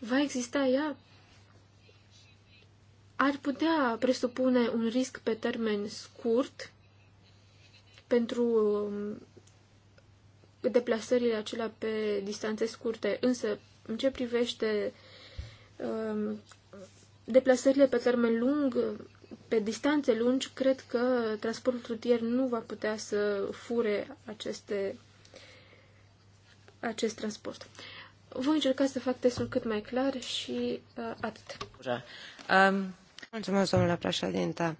Va exista ea? Ar putea presupune un risc pe termen scurt pentru um, deplasările acelea pe distanțe scurte, însă în ce privește um, deplasările pe termen lung, pe distanțe lungi, cred că transportul rutier nu va putea să fure aceste, acest transport. Voi încerca să fac testul cât mai clar și uh, atât. Um, mulțumesc, domnule președinte.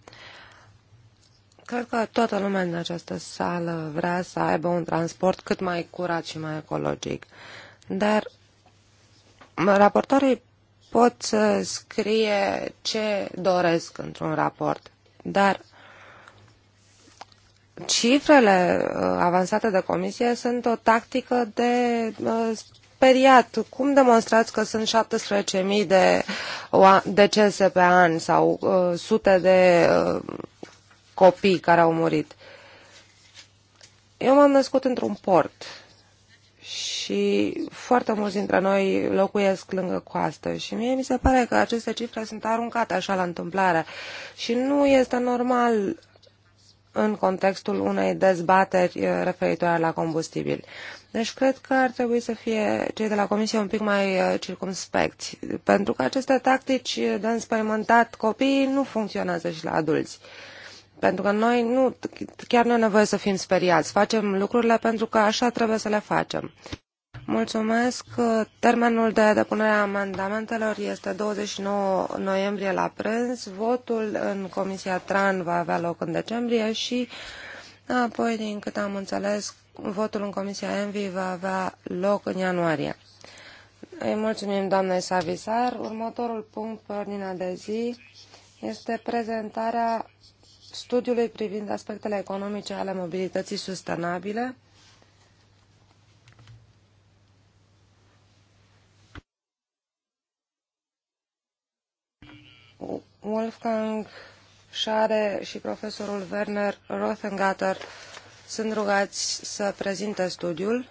Cred că toată lumea în această sală vrea să aibă un transport cât mai curat și mai ecologic. Dar raportorii pot să scrie ce doresc într-un raport, dar cifrele uh, avansate de comisie sunt o tactică de uh, speriat. Cum demonstrați că sunt 17.000 de decese pe an sau uh, sute de copii care au murit? Eu m-am născut într-un port și foarte mulți dintre noi locuiesc lângă coastă și mie mi se pare că aceste cifre sunt aruncate așa la întâmplare și nu este normal în contextul unei dezbateri eh, referitoare la combustibil. Deci cred că ar trebui să fie cei de la Comisie un pic mai eh, circumspecti, pentru că aceste tactici de înspăimântat copiii nu funcționează și la adulți. Uh, pentru că noi nu, chiar nu e nevoie să fim speriați. Facem lucrurile pentru că așa trebuie să le facem. Mulțumesc. Termenul de depunere a amendamentelor este 29 noiembrie la prânz. Votul în Comisia TRAN va avea loc în decembrie și apoi, din câte am înțeles, votul în Comisia ENVI va avea loc în ianuarie. Îi mulțumim doamnei Savisar. Următorul punct pe ordinea de zi este prezentarea studiului privind aspectele economice ale mobilității sustenabile, Wolfgang Schare și profesorul Werner Rothengatter sunt rugați să prezinte studiul.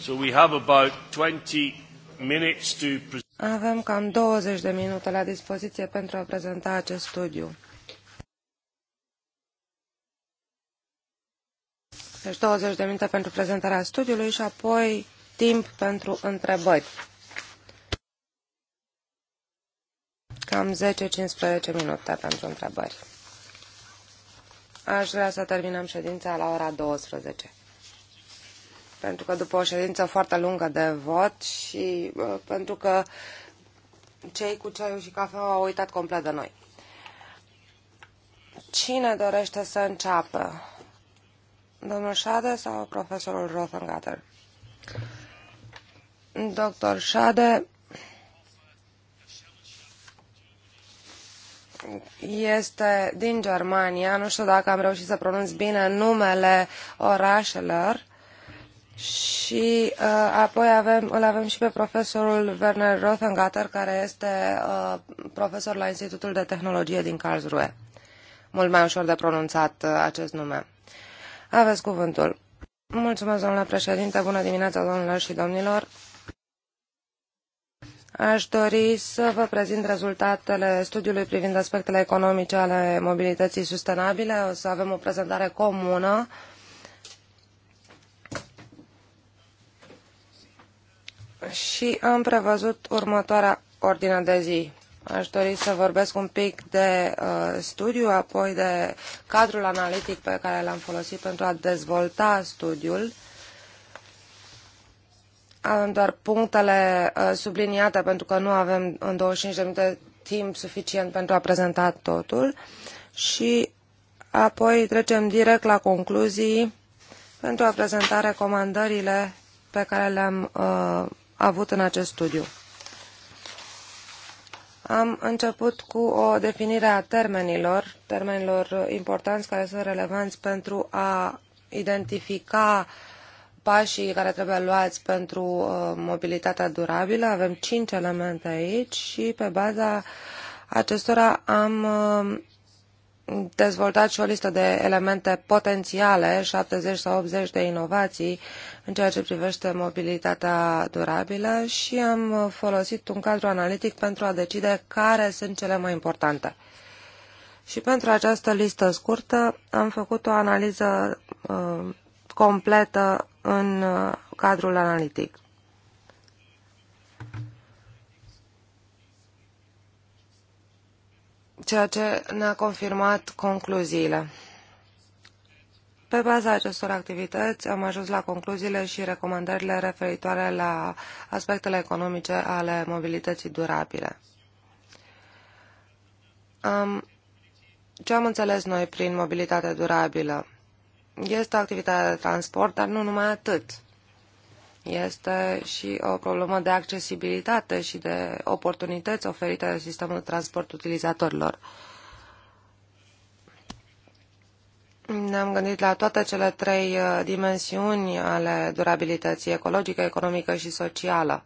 So we have about 20 minutes to avem cam 20 de minute la dispoziție pentru a prezenta acest studiu. Deci 20 de minute pentru prezentarea studiului și apoi timp pentru întrebări. Cam 10-15 minute pentru întrebări. Aș vrea să terminăm ședința la ora 12 pentru că după o ședință foarte lungă de vot și uh, pentru că cei cu ceaiul și cafeaua au uitat complet de noi. Cine dorește să înceapă? Domnul Șade sau profesorul Rothengatter? Doctor Șade este din Germania. Nu știu dacă am reușit să pronunț bine numele orașelor și uh, apoi avem, îl avem și pe profesorul Werner Rothengatter, care este uh, profesor la Institutul de Tehnologie din Karlsruhe. Mult mai ușor de pronunțat uh, acest nume. Aveți cuvântul. Mulțumesc, domnule președinte. Bună dimineața, domnilor și domnilor. Aș dori să vă prezint rezultatele studiului privind aspectele economice ale mobilității sustenabile. O să avem o prezentare comună uh, și am prevăzut următoarea ordine de zi. Aș dori să vorbesc un pic de uh, studiu, apoi de cadrul analitic pe care l-am folosit pentru a dezvolta studiul. Avem doar punctele uh, subliniate pentru că nu avem în 25 de minute timp suficient pentru a prezenta totul și apoi trecem direct la concluzii pentru a prezenta recomandările pe care le-am uh, avut în acest studiu. Am început cu o definire a termenilor, termenilor importanți care sunt relevanți pentru a identifica pașii care trebuie luați pentru uh, mobilitatea durabilă. Avem cinci elemente aici și pe baza acestora am uh, dezvoltat și o listă de elemente potențiale, 70 sau 80 de inovații în ceea ce privește mobilitatea durabilă și am folosit un cadru analitic pentru a decide care sunt cele mai importante. Și pentru această listă scurtă am făcut o analiză uh, completă în uh, cadrul analitic. ceea ce ne-a confirmat concluziile. Pe baza acestor activități am ajuns la concluziile și recomandările referitoare la aspectele economice ale mobilității durabile. Um, ce am înțeles noi prin mobilitate durabilă? Este o activitate de transport, dar nu numai atât. Este și o problemă de accesibilitate și de oportunități oferite de sistemul de transport utilizatorilor. Ne-am gândit la toate cele trei uh, dimensiuni ale durabilității ecologică, economică și socială.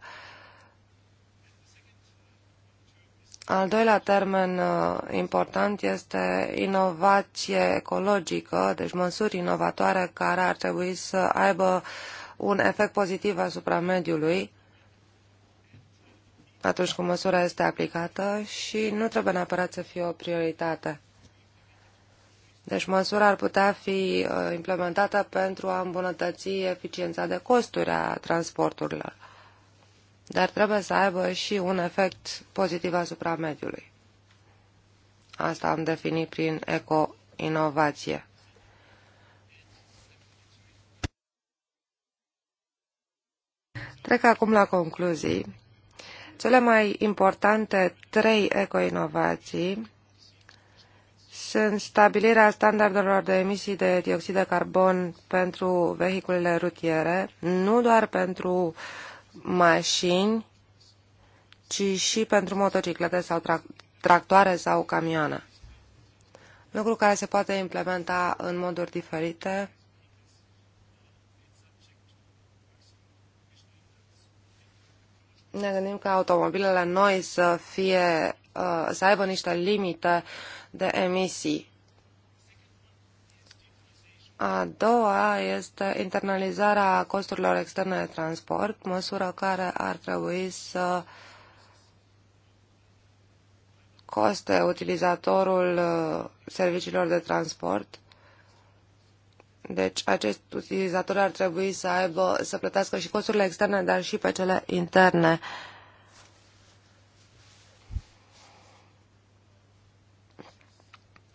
Al doilea termen uh, important este inovație ecologică, deci măsuri inovatoare care ar trebui să aibă un efect pozitiv asupra mediului atunci când măsura este aplicată și nu trebuie neapărat să fie o prioritate. Deci măsura ar putea fi uh, implementată pentru a îmbunătăți eficiența de costuri a transporturilor, dar trebuie să aibă și un efect pozitiv asupra mediului. Asta am definit prin eco-inovație. Trec acum la concluzii. Cele mai importante trei ecoinovații sunt stabilirea standardelor de emisii de dioxid de carbon pentru vehiculele rutiere, nu doar pentru mașini, ci și pentru motociclete sau tra- tractoare sau camioane. Lucru care se poate implementa în moduri diferite ne gândim că automobilele noi să fie uh, să aibă niște limite de emisii. A doua este internalizarea costurilor externe de transport, măsură care ar trebui să coste utilizatorul uh, serviciilor de transport deci acești utilizatori ar trebui să aibă, să plătească și costurile externe, dar și pe cele interne.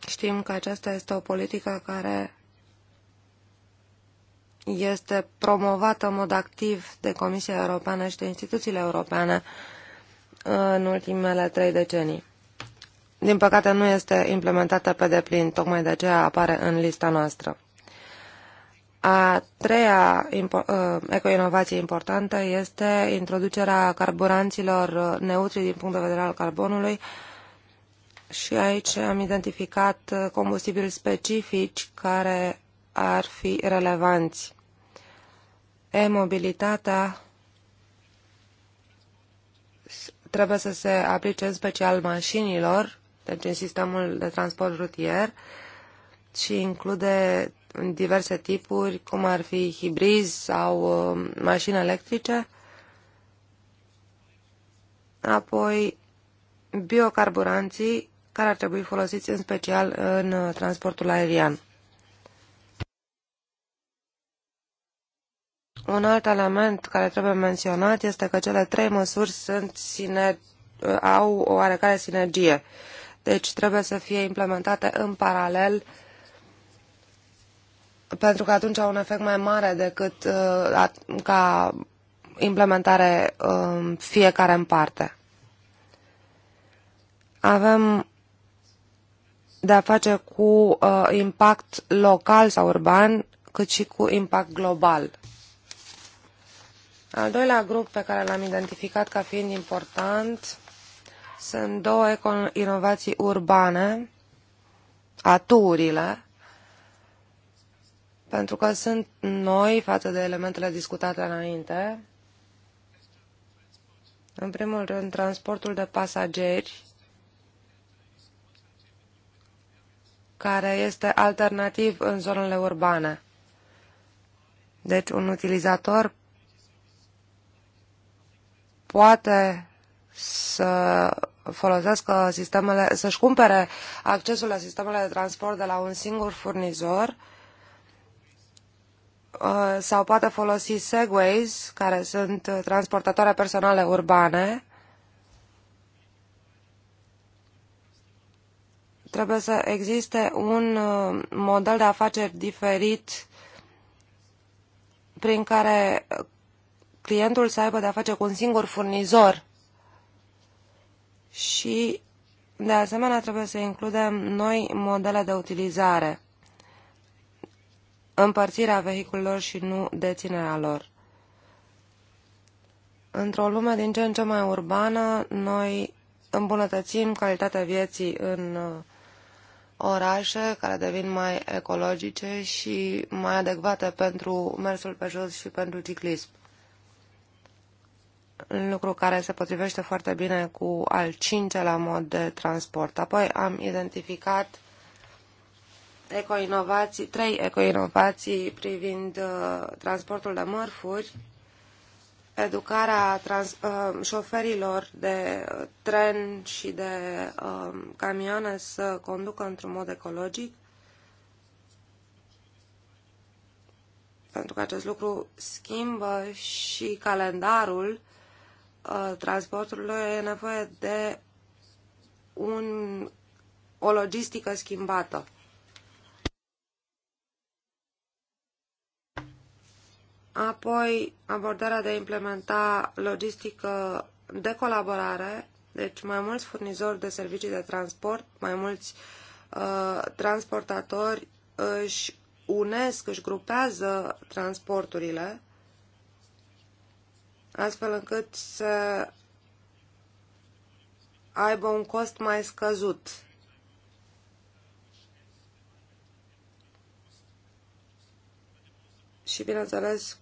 Știm că aceasta este o politică care este promovată în mod activ de Comisia Europeană și de instituțiile europene în ultimele trei decenii. Din păcate nu este implementată pe deplin, tocmai de aceea apare în lista noastră. A treia ă, ecoinovație importantă este introducerea carburanților ă, neutri din punct de vedere al carbonului și aici am identificat ă, combustibili specifici care ar fi relevanți. E-mobilitatea trebuie să se aplice în special mașinilor, deci în sistemul de transport rutier, și include în diverse tipuri, cum ar fi hibrizi sau uh, mașini electrice. Apoi, biocarburanții, care ar trebui folosiți în special în uh, transportul aerian. Un alt element care trebuie menționat este că cele trei măsuri sunt au o oarecare sinergie. Deci trebuie să fie implementate în paralel pentru că atunci au un efect mai mare decât uh, ca implementare um, fiecare în parte. Avem de a face cu uh, impact local sau urban, cât și cu impact global. Al doilea grup pe care l-am identificat ca fiind important sunt două inovații urbane, aturile, pentru că sunt noi față de elementele discutate înainte. În primul rând, transportul de pasageri, care este alternativ în zonele urbane. Deci, un utilizator poate să folosească sistemele, să-și cumpere accesul la sistemele de transport de la un singur furnizor Uh, sau poate folosi segways, care sunt uh, transportatoare personale urbane. Trebuie să existe un uh, model de afaceri diferit prin care clientul să aibă de a face cu un singur furnizor și de asemenea trebuie să includem noi modele de utilizare împărțirea vehiculelor și nu deținerea lor. Într-o lume din ce în ce mai urbană, noi îmbunătățim calitatea vieții în uh, orașe care devin mai ecologice și mai adecvate pentru mersul pe jos și pentru ciclism. Lucru care se potrivește foarte bine cu al cincelea mod de transport. Apoi am identificat ecoinovații, trei ecoinovații privind uh, transportul de mărfuri, educarea trans, uh, șoferilor de uh, tren și de uh, camioane să conducă într-un mod ecologic, pentru că acest lucru schimbă și calendarul uh, transportului, e nevoie de un, o logistică schimbată. Apoi, abordarea de a implementa logistică de colaborare, deci mai mulți furnizori de servicii de transport, mai mulți uh, transportatori își unesc, își grupează transporturile, astfel încât să aibă un cost mai scăzut. Și, bineînțeles,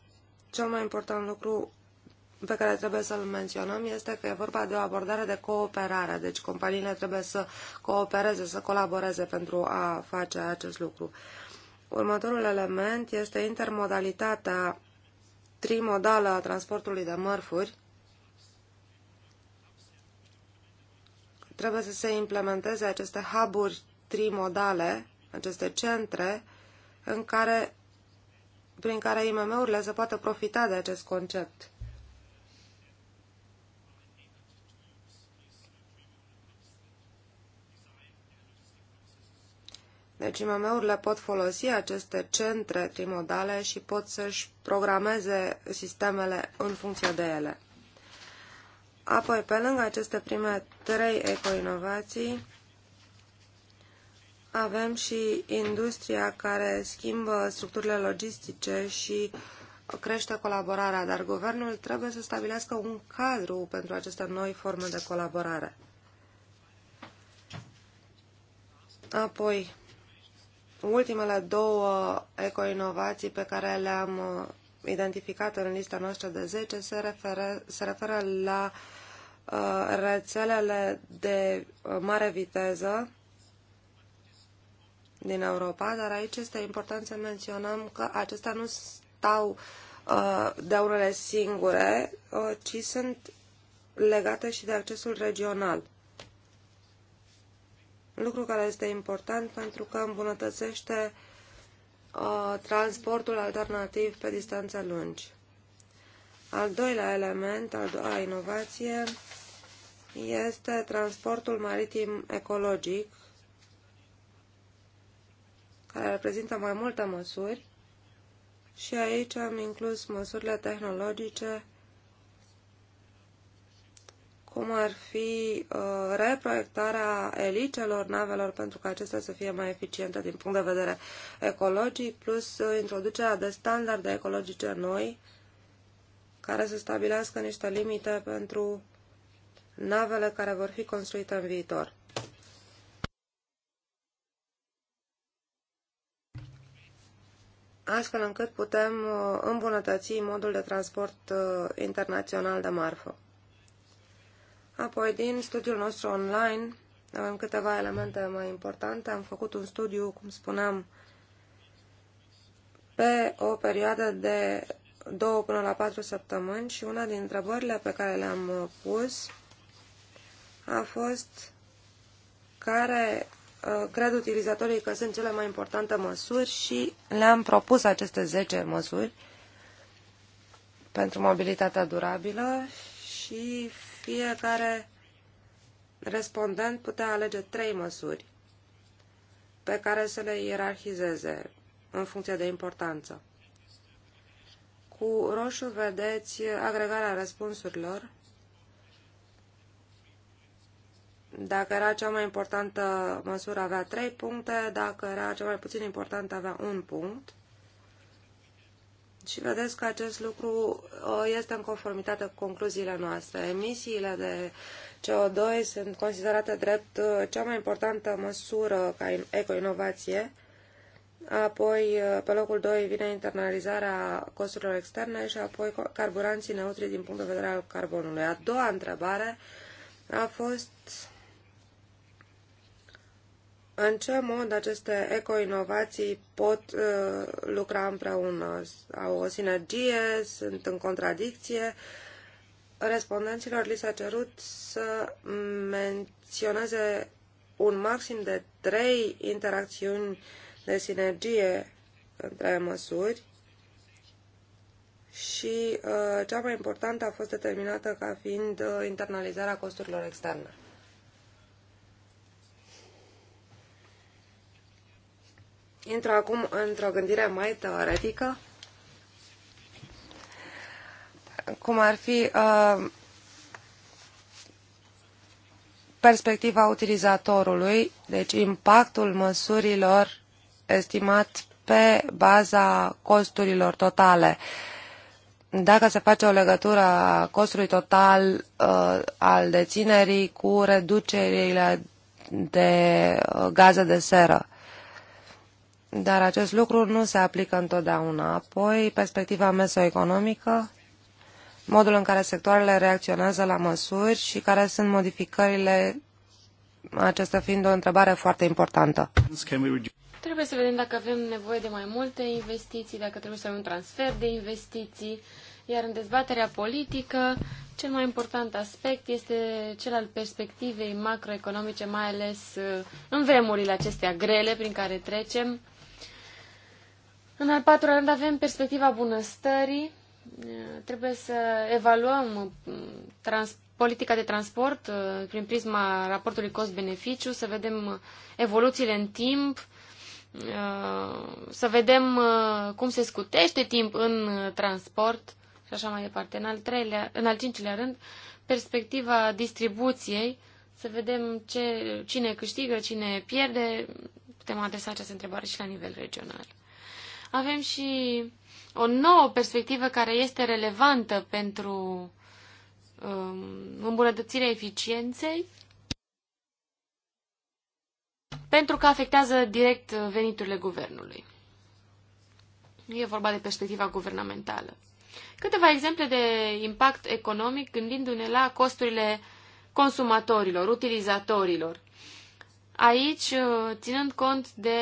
cel mai important lucru pe care trebuie să-l menționăm este că e vorba de o abordare de cooperare, deci companiile trebuie să coopereze, să colaboreze pentru a face acest lucru. Următorul element este intermodalitatea trimodală a transportului de mărfuri. Trebuie să se implementeze aceste hub-uri trimodale, aceste centre, în care prin care IMM-urile să poată profita de acest concept. Deci IMM-urile pot folosi aceste centre trimodale și pot să-și programeze sistemele în funcție de ele. Apoi, pe lângă aceste prime trei ecoinovații, avem și industria care schimbă structurile logistice și crește colaborarea, dar guvernul trebuie să stabilească un cadru pentru aceste noi forme de colaborare. Apoi, ultimele două ecoinovații pe care le-am uh, identificat în lista noastră de 10 se referă, se referă la uh, rețelele de uh, mare viteză din Europa, dar aici este important să menționăm că acestea nu stau uh, de unele singure, uh, ci sunt legate și de accesul regional. Lucru care este important pentru că îmbunătățește uh, transportul alternativ pe distanțe lungi. Al doilea element, al doua inovație, este transportul maritim ecologic, care reprezintă mai multe măsuri și aici am inclus măsurile tehnologice cum ar fi uh, reproiectarea elicelor navelor pentru ca acestea să fie mai eficiente din punct de vedere ecologic, plus uh, introducerea de standarde ecologice noi care să stabilească niște limite pentru navele care vor fi construite în viitor. astfel încât putem uh, îmbunătăți modul de transport uh, internațional de marfă. Apoi, din studiul nostru online, avem câteva elemente mai importante. Am făcut un studiu, cum spuneam, pe o perioadă de 2 până la 4 săptămâni și una din întrebările pe care le-am uh, pus a fost care Uh, cred utilizatorii că sunt cele mai importante măsuri și le-am propus aceste 10 măsuri pentru mobilitatea durabilă și fiecare respondent putea alege trei măsuri pe care să le ierarhizeze în funcție de importanță. Cu roșu vedeți agregarea răspunsurilor Dacă era cea mai importantă măsură, avea 3 puncte. Dacă era cea mai puțin importantă, avea 1 punct. Și vedeți că acest lucru este în conformitate cu concluziile noastre. Emisiile de CO2 sunt considerate drept uh, cea mai importantă măsură ca ecoinovație. Apoi, uh, pe locul 2 vine internalizarea costurilor externe și apoi carburanții neutri din punct de vedere al carbonului. A doua întrebare a fost în ce mod aceste eco eco-inovații pot uh, lucra împreună? Au o sinergie? Sunt în contradicție? Respondenților li s-a cerut să menționeze un maxim de trei interacțiuni de sinergie între măsuri și uh, cea mai importantă a fost determinată ca fiind uh, internalizarea costurilor externe. intru acum într-o gândire mai teoretică, cum ar fi uh, perspectiva utilizatorului, deci impactul măsurilor estimat pe baza costurilor totale. Dacă se face o legătură a costului total uh, al deținerii cu reducerile de uh, gaze de seră. Dar acest lucru nu se aplică întotdeauna. Apoi, perspectiva mesoeconomică, modul în care sectoarele reacționează la măsuri și care sunt modificările, acesta fiind o întrebare foarte importantă. Trebuie să vedem dacă avem nevoie de mai multe investiții, dacă trebuie să avem un transfer de investiții, iar în dezbaterea politică, cel mai important aspect este cel al perspectivei macroeconomice, mai ales uh, în vremurile acestea grele prin care trecem, în al patrulea rând avem perspectiva bunăstării. Trebuie să evaluăm trans- politica de transport uh, prin prisma raportului cost-beneficiu, să vedem evoluțiile în timp, uh, să vedem uh, cum se scutește timp în transport și așa mai departe. În al, treilea, în al cincilea rând, perspectiva distribuției, să vedem ce, cine câștigă, cine pierde. Putem adresa această întrebare și la nivel regional. Avem și o nouă perspectivă care este relevantă pentru um, îmbunătățirea eficienței, pentru că afectează direct veniturile guvernului. E vorba de perspectiva guvernamentală. Câteva exemple de impact economic gândindu-ne la costurile consumatorilor, utilizatorilor. Aici, uh, ținând cont de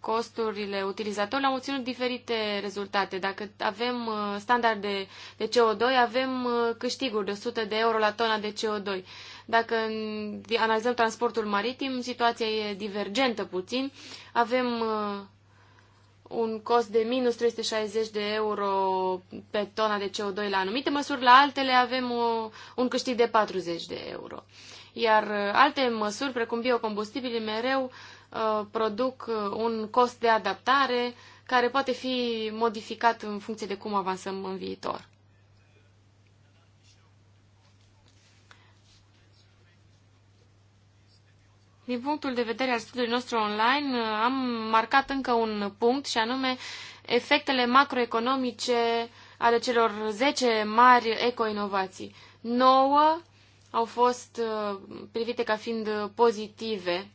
costurile utilizatorilor, am obținut diferite rezultate. Dacă avem uh, standarde de CO2, avem uh, câștiguri de 100 de euro la tona de CO2. Dacă analizăm transportul maritim, situația e divergentă puțin. Avem un cost de minus 360 de euro pe tona de CO2 la anumite măsuri, la altele avem o, un câștig de 40 de euro iar uh, alte măsuri, precum biocombustibili, mereu uh, produc uh, un cost de adaptare care poate fi modificat în funcție de cum avansăm în viitor. Din punctul de vedere al studiului nostru online, am marcat încă un punct și anume efectele macroeconomice ale celor 10 mari ecoinovații. 9 au fost uh, privite ca fiind uh, pozitive,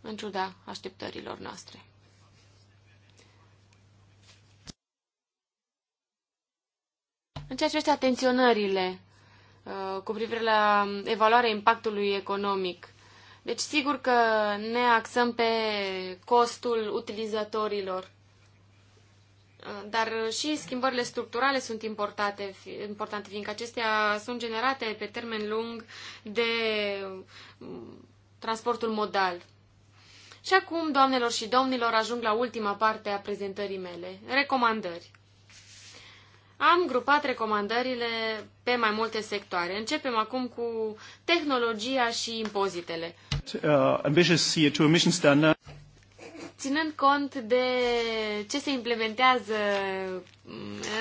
în ciuda așteptărilor noastre. În ceea ce privește atenționările uh, cu privire la evaluarea impactului economic, deci sigur că ne axăm pe costul utilizatorilor dar și schimbările structurale sunt importante, importante, fiindcă acestea sunt generate pe termen lung de mm, transportul modal. Și acum, doamnelor și domnilor, ajung la ultima parte a prezentării mele, recomandări. Am grupat recomandările pe mai multe sectoare. Începem acum cu tehnologia și impozitele. Uh, ambitious CO2 emission standard ținând cont de ce se implementează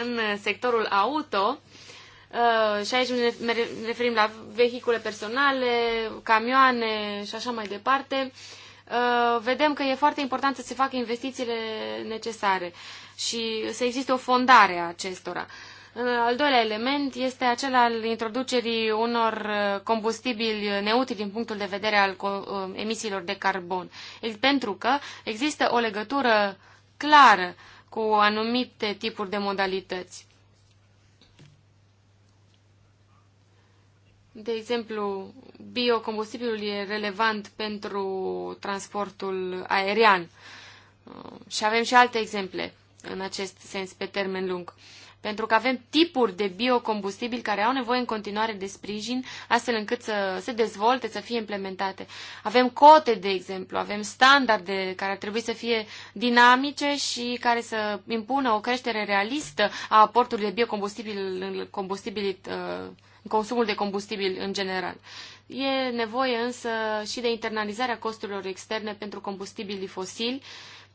în sectorul auto, uh, și aici ne referim la vehicule personale, camioane și așa mai departe, uh, vedem că e foarte important să se facă investițiile necesare și să existe o fondare a acestora. Al doilea element este acela al introducerii unor uh, combustibili neutili din punctul de vedere al uh, emisiilor de carbon. Pentru că există o legătură clară cu anumite tipuri de modalități. De exemplu, biocombustibilul e relevant pentru transportul aerian uh, și avem și alte exemple în acest sens pe termen lung pentru că avem tipuri de biocombustibili care au nevoie în continuare de sprijin, astfel încât să se dezvolte, să fie implementate. Avem cote, de exemplu, avem standarde care ar trebui să fie dinamice și care să impună o creștere realistă a aportului de biocombustibil în combustibilii uh, în consumul de combustibil în general. E nevoie însă și de internalizarea costurilor externe pentru combustibilii fosili.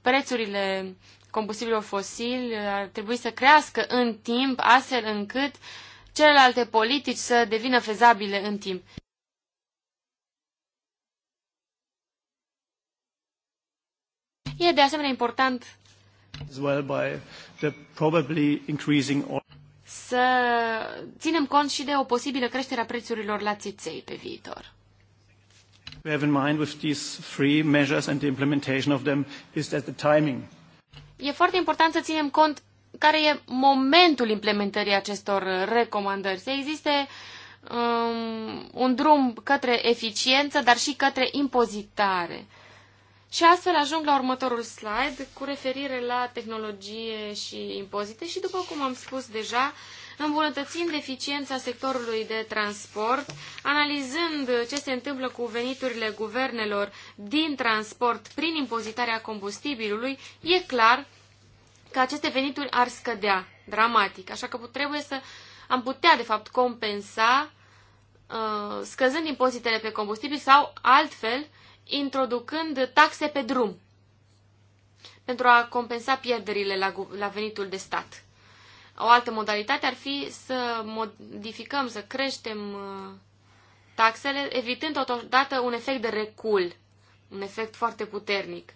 Prețurile combustibilor fosili ar trebui să crească în timp, astfel încât celelalte politici să devină fezabile în timp. E de asemenea important să ținem cont și de o posibilă creștere a prețurilor la țiței pe viitor. We have in mind with these three measures and the implementation of them is that the timing e foarte important să ținem cont care e momentul implementării acestor recomandări. Să existe um, un drum către eficiență, dar și către impozitare. Și astfel ajung la următorul slide cu referire la tehnologie și impozite și după cum am spus deja, uh, îmbunătățind eficiența sectorului de transport, analizând ce se întâmplă cu veniturile guvernelor din transport prin impozitarea combustibilului, e clar că aceste venituri ar scădea dramatic. Așa că trebuie să am putea, de fapt, compensa uh, scăzând impozitele pe combustibil sau altfel introducând taxe pe drum pentru a compensa pierderile la, la venitul de stat. O altă modalitate ar fi să modificăm, să creștem uh, taxele, evitând totodată un efect de recul, un efect foarte puternic.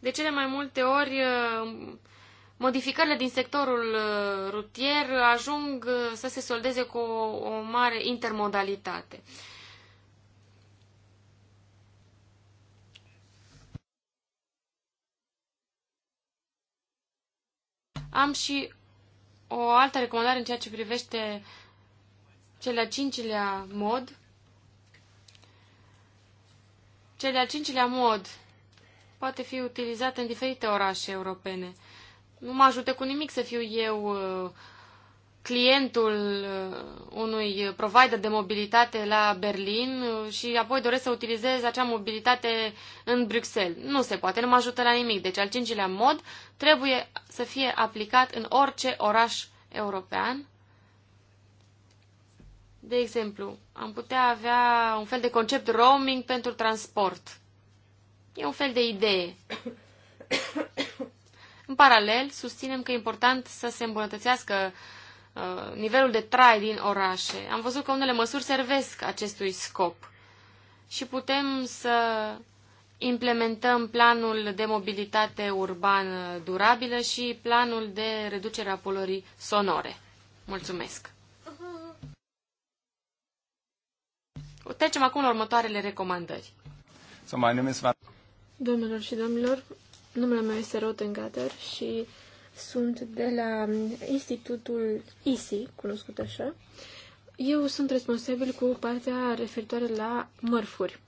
De cele mai multe ori, uh, modificările din sectorul uh, rutier ajung să se soldeze cu o mare intermodalitate. Am și o altă recomandare în ceea ce privește cele al cincilea mod. Cele al cincilea mod poate fi utilizat în diferite orașe europene. Nu mă ajute cu nimic să fiu eu uh, clientul uh, unui provider de mobilitate la Berlin uh, și apoi doresc să utilizez acea mobilitate în Bruxelles. Nu se poate, nu mă ajută la nimic. Deci al cincilea mod trebuie să fie aplicat în orice oraș european. De exemplu, am putea avea un fel de concept roaming pentru transport. E un fel de idee. <coughs> În paralel, susținem că e important să se îmbunătățească uh, Uh, nivelul de trai din orașe. Am văzut că unele măsuri servesc acestui scop și putem să implementăm planul de mobilitate urbană durabilă și planul de reducere a polorii sonore. Mulțumesc! Trecem acum la următoarele recomandări. Domnilor și domnilor, numele meu este Rotengater și sunt de la Institutul ISI, cunoscut așa. Eu sunt responsabil cu partea referitoare la mărfuri.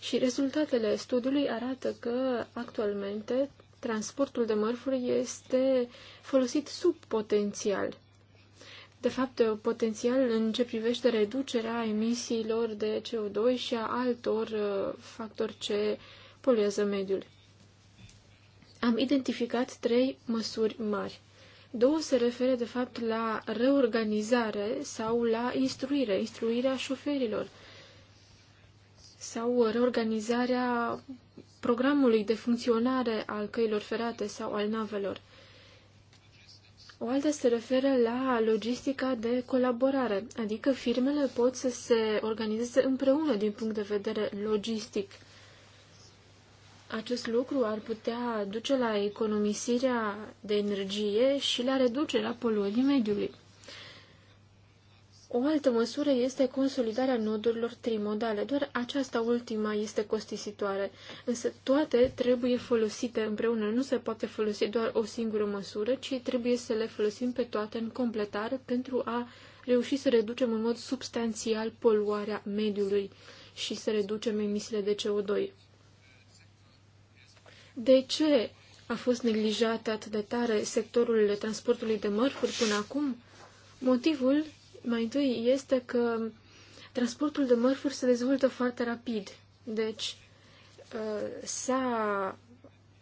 Și rezultatele studiului arată că actualmente transportul de mărfuri este folosit sub potențial. De fapt, potențial în ce privește reducerea emisiilor de CO2 și a altor uh, factori ce poluează mediul am identificat trei măsuri mari. Două se referă, de fapt, la reorganizare sau la instruire, instruirea șoferilor sau reorganizarea programului de funcționare al căilor ferate sau al navelor. O alta se referă la logistica de colaborare, adică firmele pot să se organizeze împreună din punct de vedere logistic – acest lucru ar putea duce la economisirea de energie și la reducerea poluării mediului. O altă măsură este consolidarea nodurilor trimodale. Doar aceasta ultima este costisitoare, însă toate trebuie folosite împreună. Nu se poate folosi doar o singură măsură, ci trebuie să le folosim pe toate în completare pentru a reuși să reducem în mod substanțial poluarea mediului și să reducem emisiile de CO2. De ce a fost neglijat atât de tare sectorul transportului de mărfuri până acum? Motivul, mai întâi, este că transportul de mărfuri se dezvoltă foarte rapid. Deci, uh, s-a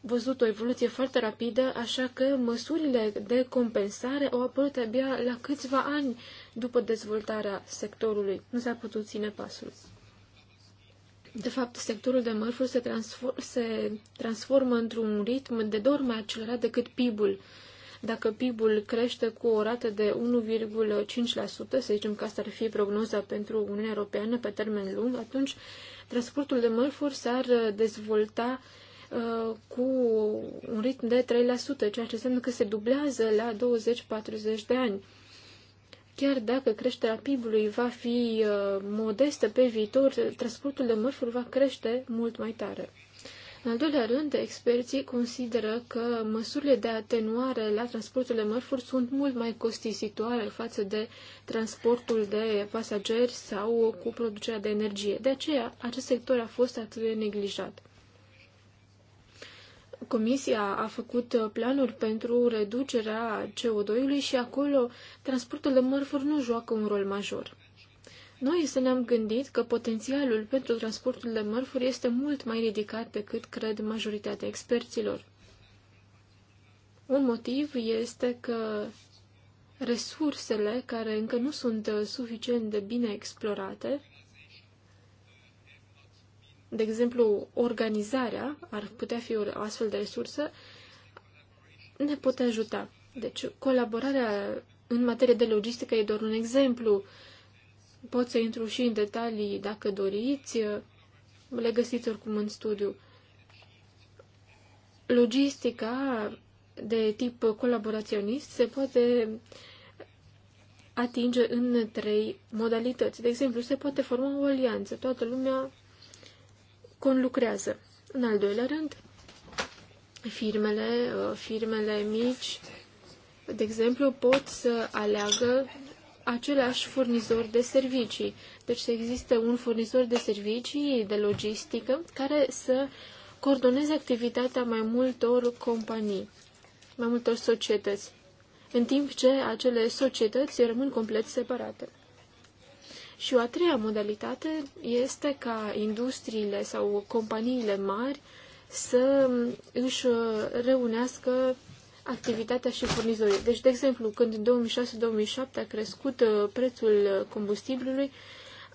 văzut o evoluție foarte rapidă, așa că măsurile de compensare au apărut abia la câțiva ani după dezvoltarea sectorului. Nu s-a putut ține pasul. De fapt, sectorul de mărfuri se, transform, se transformă într-un ritm de două ori mai accelerat decât PIB-ul. Dacă PIB-ul crește cu o rată de 1,5%, să zicem că asta ar fi prognoza pentru Uniunea Europeană pe termen lung, atunci transportul de mărfuri s-ar dezvolta uh, cu un ritm de 3%, ceea ce înseamnă că se dublează la 20-40 de ani. Chiar dacă creșterea PIB-ului va fi uh, modestă pe viitor, transportul de mărfuri va crește mult mai tare. În al doilea rând, experții consideră că măsurile de atenuare la transportul de mărfuri sunt mult mai costisitoare față de transportul de pasageri sau cu producerea de energie. De aceea, acest sector a fost atât de neglijat. Comisia a făcut uh, planuri pentru reducerea CO2-ului și acolo transportul de mărfuri nu joacă un rol major. Noi să ne-am gândit că potențialul pentru transportul de mărfuri este mult mai ridicat decât cred majoritatea experților. Un motiv este că resursele care încă nu sunt uh, suficient de bine explorate de exemplu, organizarea ar putea fi o astfel de resursă, ne pot ajuta. Deci, colaborarea în materie de logistică e doar un exemplu. Pot să intru și în detalii dacă doriți. Le găsiți oricum în studiu. Logistica de tip colaboraționist se poate atinge în trei modalități. De exemplu, se poate forma o alianță. Toată lumea conlucrează. În al doilea rând, firmele, uh, firmele mici, de exemplu, pot să aleagă același furnizor de servicii. Deci să existe un furnizor de servicii, de logistică, care să coordoneze activitatea mai multor companii, mai multor societăți, în timp ce acele societăți rămân complet separate. Și o a treia modalitate este ca industriile sau companiile mari să își reunească activitatea și furnizorii. Deci, de exemplu, când în 2006-2007 a crescut uh, prețul combustibilului,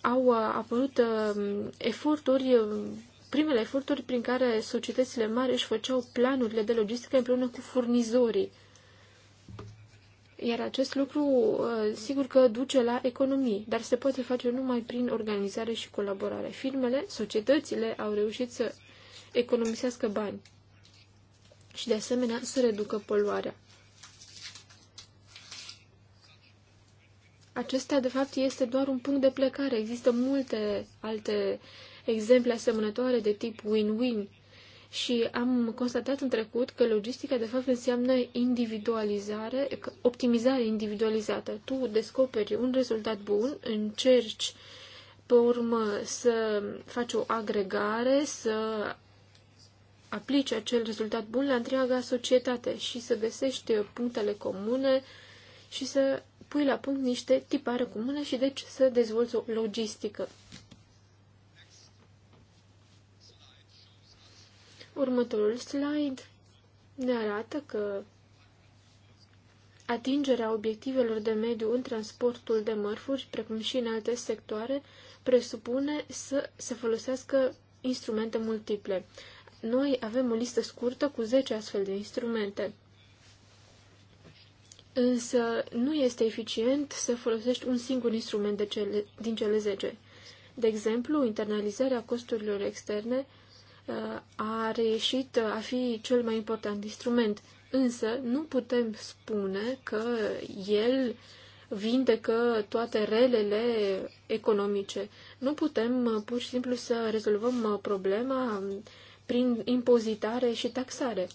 au uh, apărut uh, eforturi, primele eforturi prin care societățile mari își făceau planurile de logistică împreună cu furnizorii iar acest lucru, uh, sigur că duce la economii, dar se poate face numai prin organizare și colaborare. Firmele, societățile au reușit să economisească bani și, de asemenea, să reducă poluarea. Acesta, de fapt, este doar un punct de plecare. Există multe alte exemple asemănătoare de tip win-win și am constatat în trecut că logistica de fapt înseamnă individualizare, optimizare individualizată. Tu descoperi un rezultat bun, încerci pe urmă să faci o agregare, să aplici acel rezultat bun la întreaga societate și să găsești punctele comune și să pui la punct niște tipare comune și deci să dezvolți o logistică. Următorul slide ne arată că atingerea obiectivelor de mediu în transportul de mărfuri, precum și în alte sectoare, presupune să se folosească instrumente multiple. Noi avem o listă scurtă cu 10 astfel de instrumente. Însă nu este eficient să folosești un singur instrument de cele, din cele 10. De exemplu, internalizarea costurilor externe a reieșit a fi cel mai important instrument. Însă nu putem spune că el vindecă toate relele economice. Nu putem uh, pur și simplu să rezolvăm uh, problema um, prin impozitare și taxare.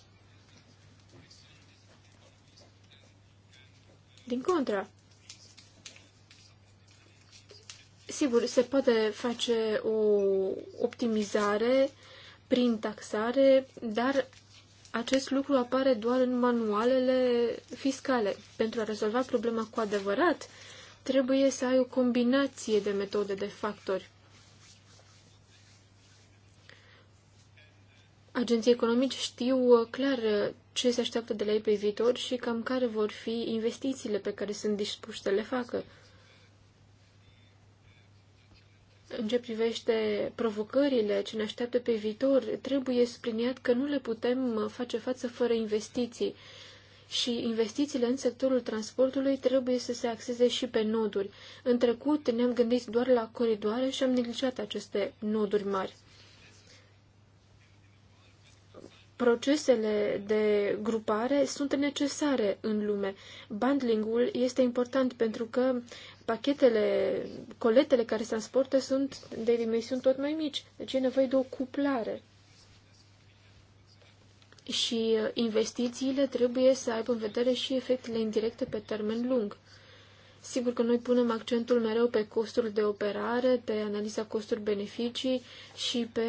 Din contra, sigur, se poate face o optimizare prin taxare, dar acest lucru apare doar în manualele fiscale. Pentru a rezolva problema cu adevărat, trebuie să ai o combinație de metode de factori. Agenții economici știu uh, clar uh, ce se așteaptă de la ei pe viitor și cam care vor fi investițiile pe care sunt dispuși să le facă. în ce privește provocările ce ne așteaptă pe viitor, trebuie subliniat că nu le putem face față fără investiții. Și investițiile în sectorul transportului trebuie să se axeze și pe noduri. În trecut ne-am gândit doar la coridoare și am neglijat aceste noduri mari. Procesele de grupare sunt necesare în lume. Bundlingul este important pentru că pachetele, coletele care se transportă sunt de dimensiuni tot mai mici, deci e nevoie de o cuplare. Și uh, investițiile trebuie să aibă în vedere și efectele indirecte pe termen lung. Sigur că noi punem accentul mereu pe costuri de operare, pe analiza costuri-beneficii și pe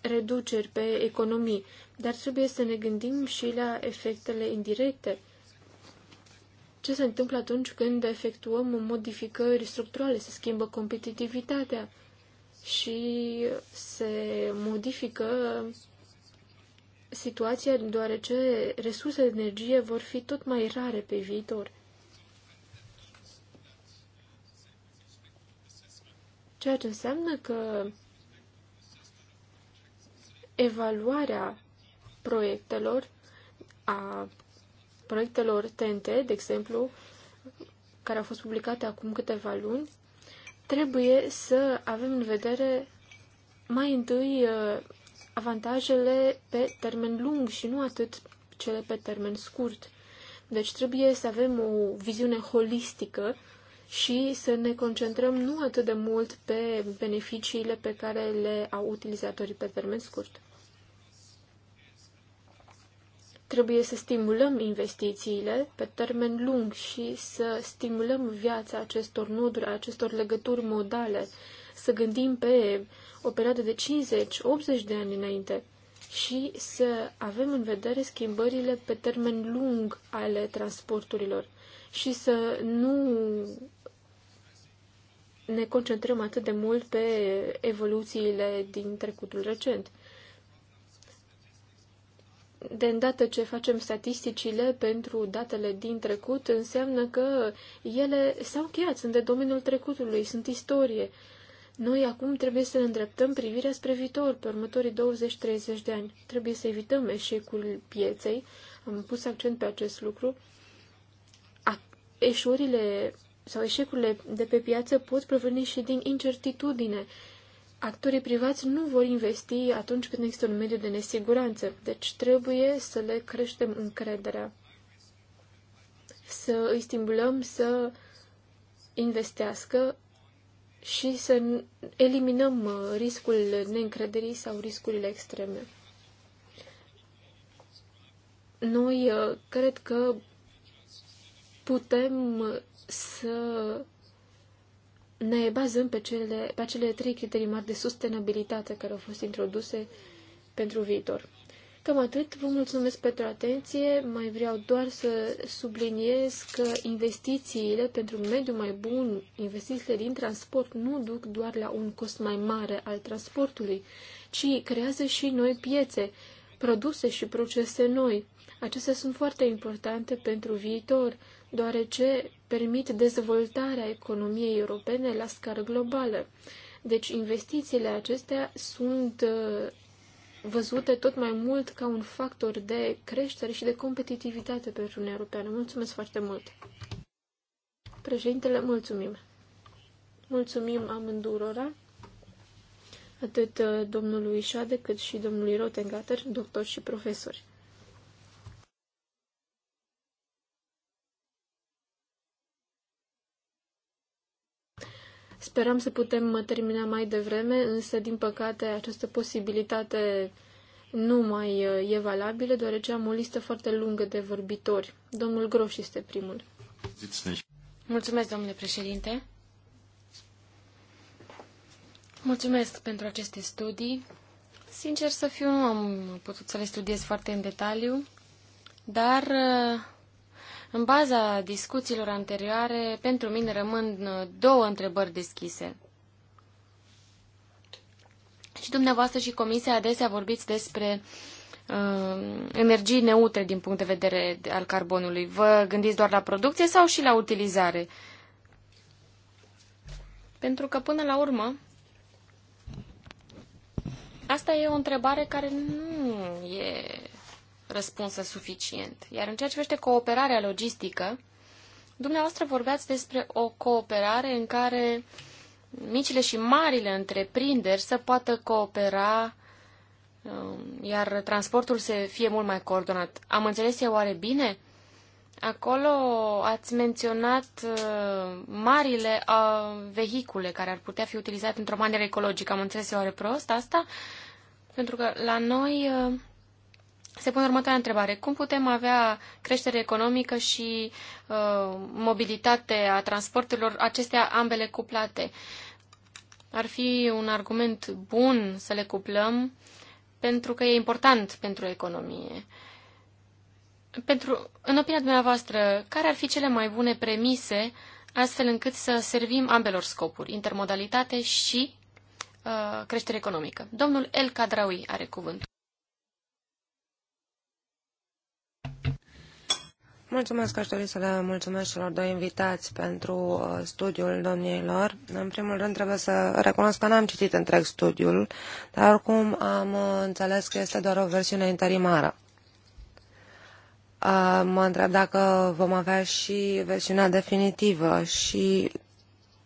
reduceri, pe economii, dar trebuie să ne gândim și la efectele indirecte ce se întâmplă atunci când efectuăm modificări structurale, se schimbă competitivitatea și se modifică situația deoarece resursele de energie vor fi tot mai rare pe viitor. Ceea ce înseamnă că evaluarea proiectelor a proiectelor TNT, de exemplu, care au fost publicate acum câteva luni, trebuie să avem în vedere mai întâi uh, avantajele pe termen lung și nu atât cele pe termen scurt. Deci trebuie să avem o viziune holistică și să ne concentrăm nu atât de mult pe beneficiile pe care le au utilizatorii pe termen scurt. Trebuie să stimulăm investițiile pe termen lung și să stimulăm viața acestor noduri, acestor legături modale, să gândim pe o perioadă de 50-80 de ani înainte și să avem în vedere schimbările pe termen lung ale transporturilor și să nu ne concentrăm atât de mult pe evoluțiile din trecutul recent de îndată ce facem statisticile pentru datele din trecut, înseamnă că ele s-au încheiat, sunt de domeniul trecutului, sunt istorie. Noi acum trebuie să ne îndreptăm privirea spre viitor, pe următorii 20-30 de ani. Trebuie să evităm eșecul pieței, am pus accent pe acest lucru. Eșurile sau eșecurile de pe piață pot proveni și din incertitudine actorii privați nu vor investi atunci când există un mediu de nesiguranță, deci trebuie să le creștem încrederea, să îi stimulăm să investească și să eliminăm uh, riscul neîncrederii sau riscurile extreme. Noi uh, cred că putem uh, să ne bazăm pe, cele, pe acele trei criterii mari de sustenabilitate care au fost introduse pentru viitor. Cam atât. Vă mulțumesc pentru atenție. Mai vreau doar să subliniez că investițiile pentru un mediu mai bun, investițiile din transport, nu duc doar la un cost mai mare al transportului, ci creează și noi piețe, produse și procese noi. Acestea sunt foarte importante pentru viitor deoarece permit dezvoltarea economiei europene la scară globală. Deci investițiile acestea sunt uh, văzute tot mai mult ca un factor de creștere și de competitivitate pentru Uniunea Europeană. Mulțumesc foarte mult! Președintele, mulțumim! Mulțumim amândurora, atât uh, domnului Șade cât și domnului Rotengater, doctor și profesori. Speram să putem termina mai devreme, însă, din păcate, această posibilitate nu mai uh, e valabilă, deoarece am o listă foarte lungă de vorbitori. Domnul Groș este primul. Mulțumesc, domnule președinte. Mulțumesc pentru aceste studii. Sincer să fiu, nu am putut să le studiez foarte în detaliu, dar uh, în baza discuțiilor anterioare, pentru mine rămân uh, două întrebări deschise. Și dumneavoastră și Comisia adesea vorbiți despre uh, energii neutre din punct de vedere al carbonului. Vă gândiți doar la producție sau și la utilizare? Pentru că, până la urmă, asta e o întrebare care nu e răspunsă suficient. Iar în ceea ce privește cooperarea logistică, dumneavoastră vorbeați despre o cooperare în care micile și marile întreprinderi să poată coopera, um, iar transportul să fie mult mai coordonat. Am înțeles eu oare bine? Acolo ați menționat uh, marile uh, vehicule care ar putea fi utilizate într-o manieră ecologică. Am înțeles eu oare prost asta? Pentru că la noi uh, se pune următoarea întrebare. Cum putem avea creștere economică și uh, mobilitate a transporturilor, acestea ambele cuplate? Ar fi un argument bun să le cuplăm pentru că e important pentru economie. Pentru, în opinia dumneavoastră, care ar fi cele mai bune premise astfel încât să servim ambelor scopuri, intermodalitate și uh, creștere economică? Domnul El Cadraui are cuvântul. Mulțumesc, aș dori să le mulțumesc celor doi invitați pentru uh, studiul domniilor. În primul rând trebuie să recunosc că n-am citit întreg studiul, dar oricum am uh, înțeles că este doar o versiune interimară. Uh, mă întreb dacă vom avea și versiunea definitivă și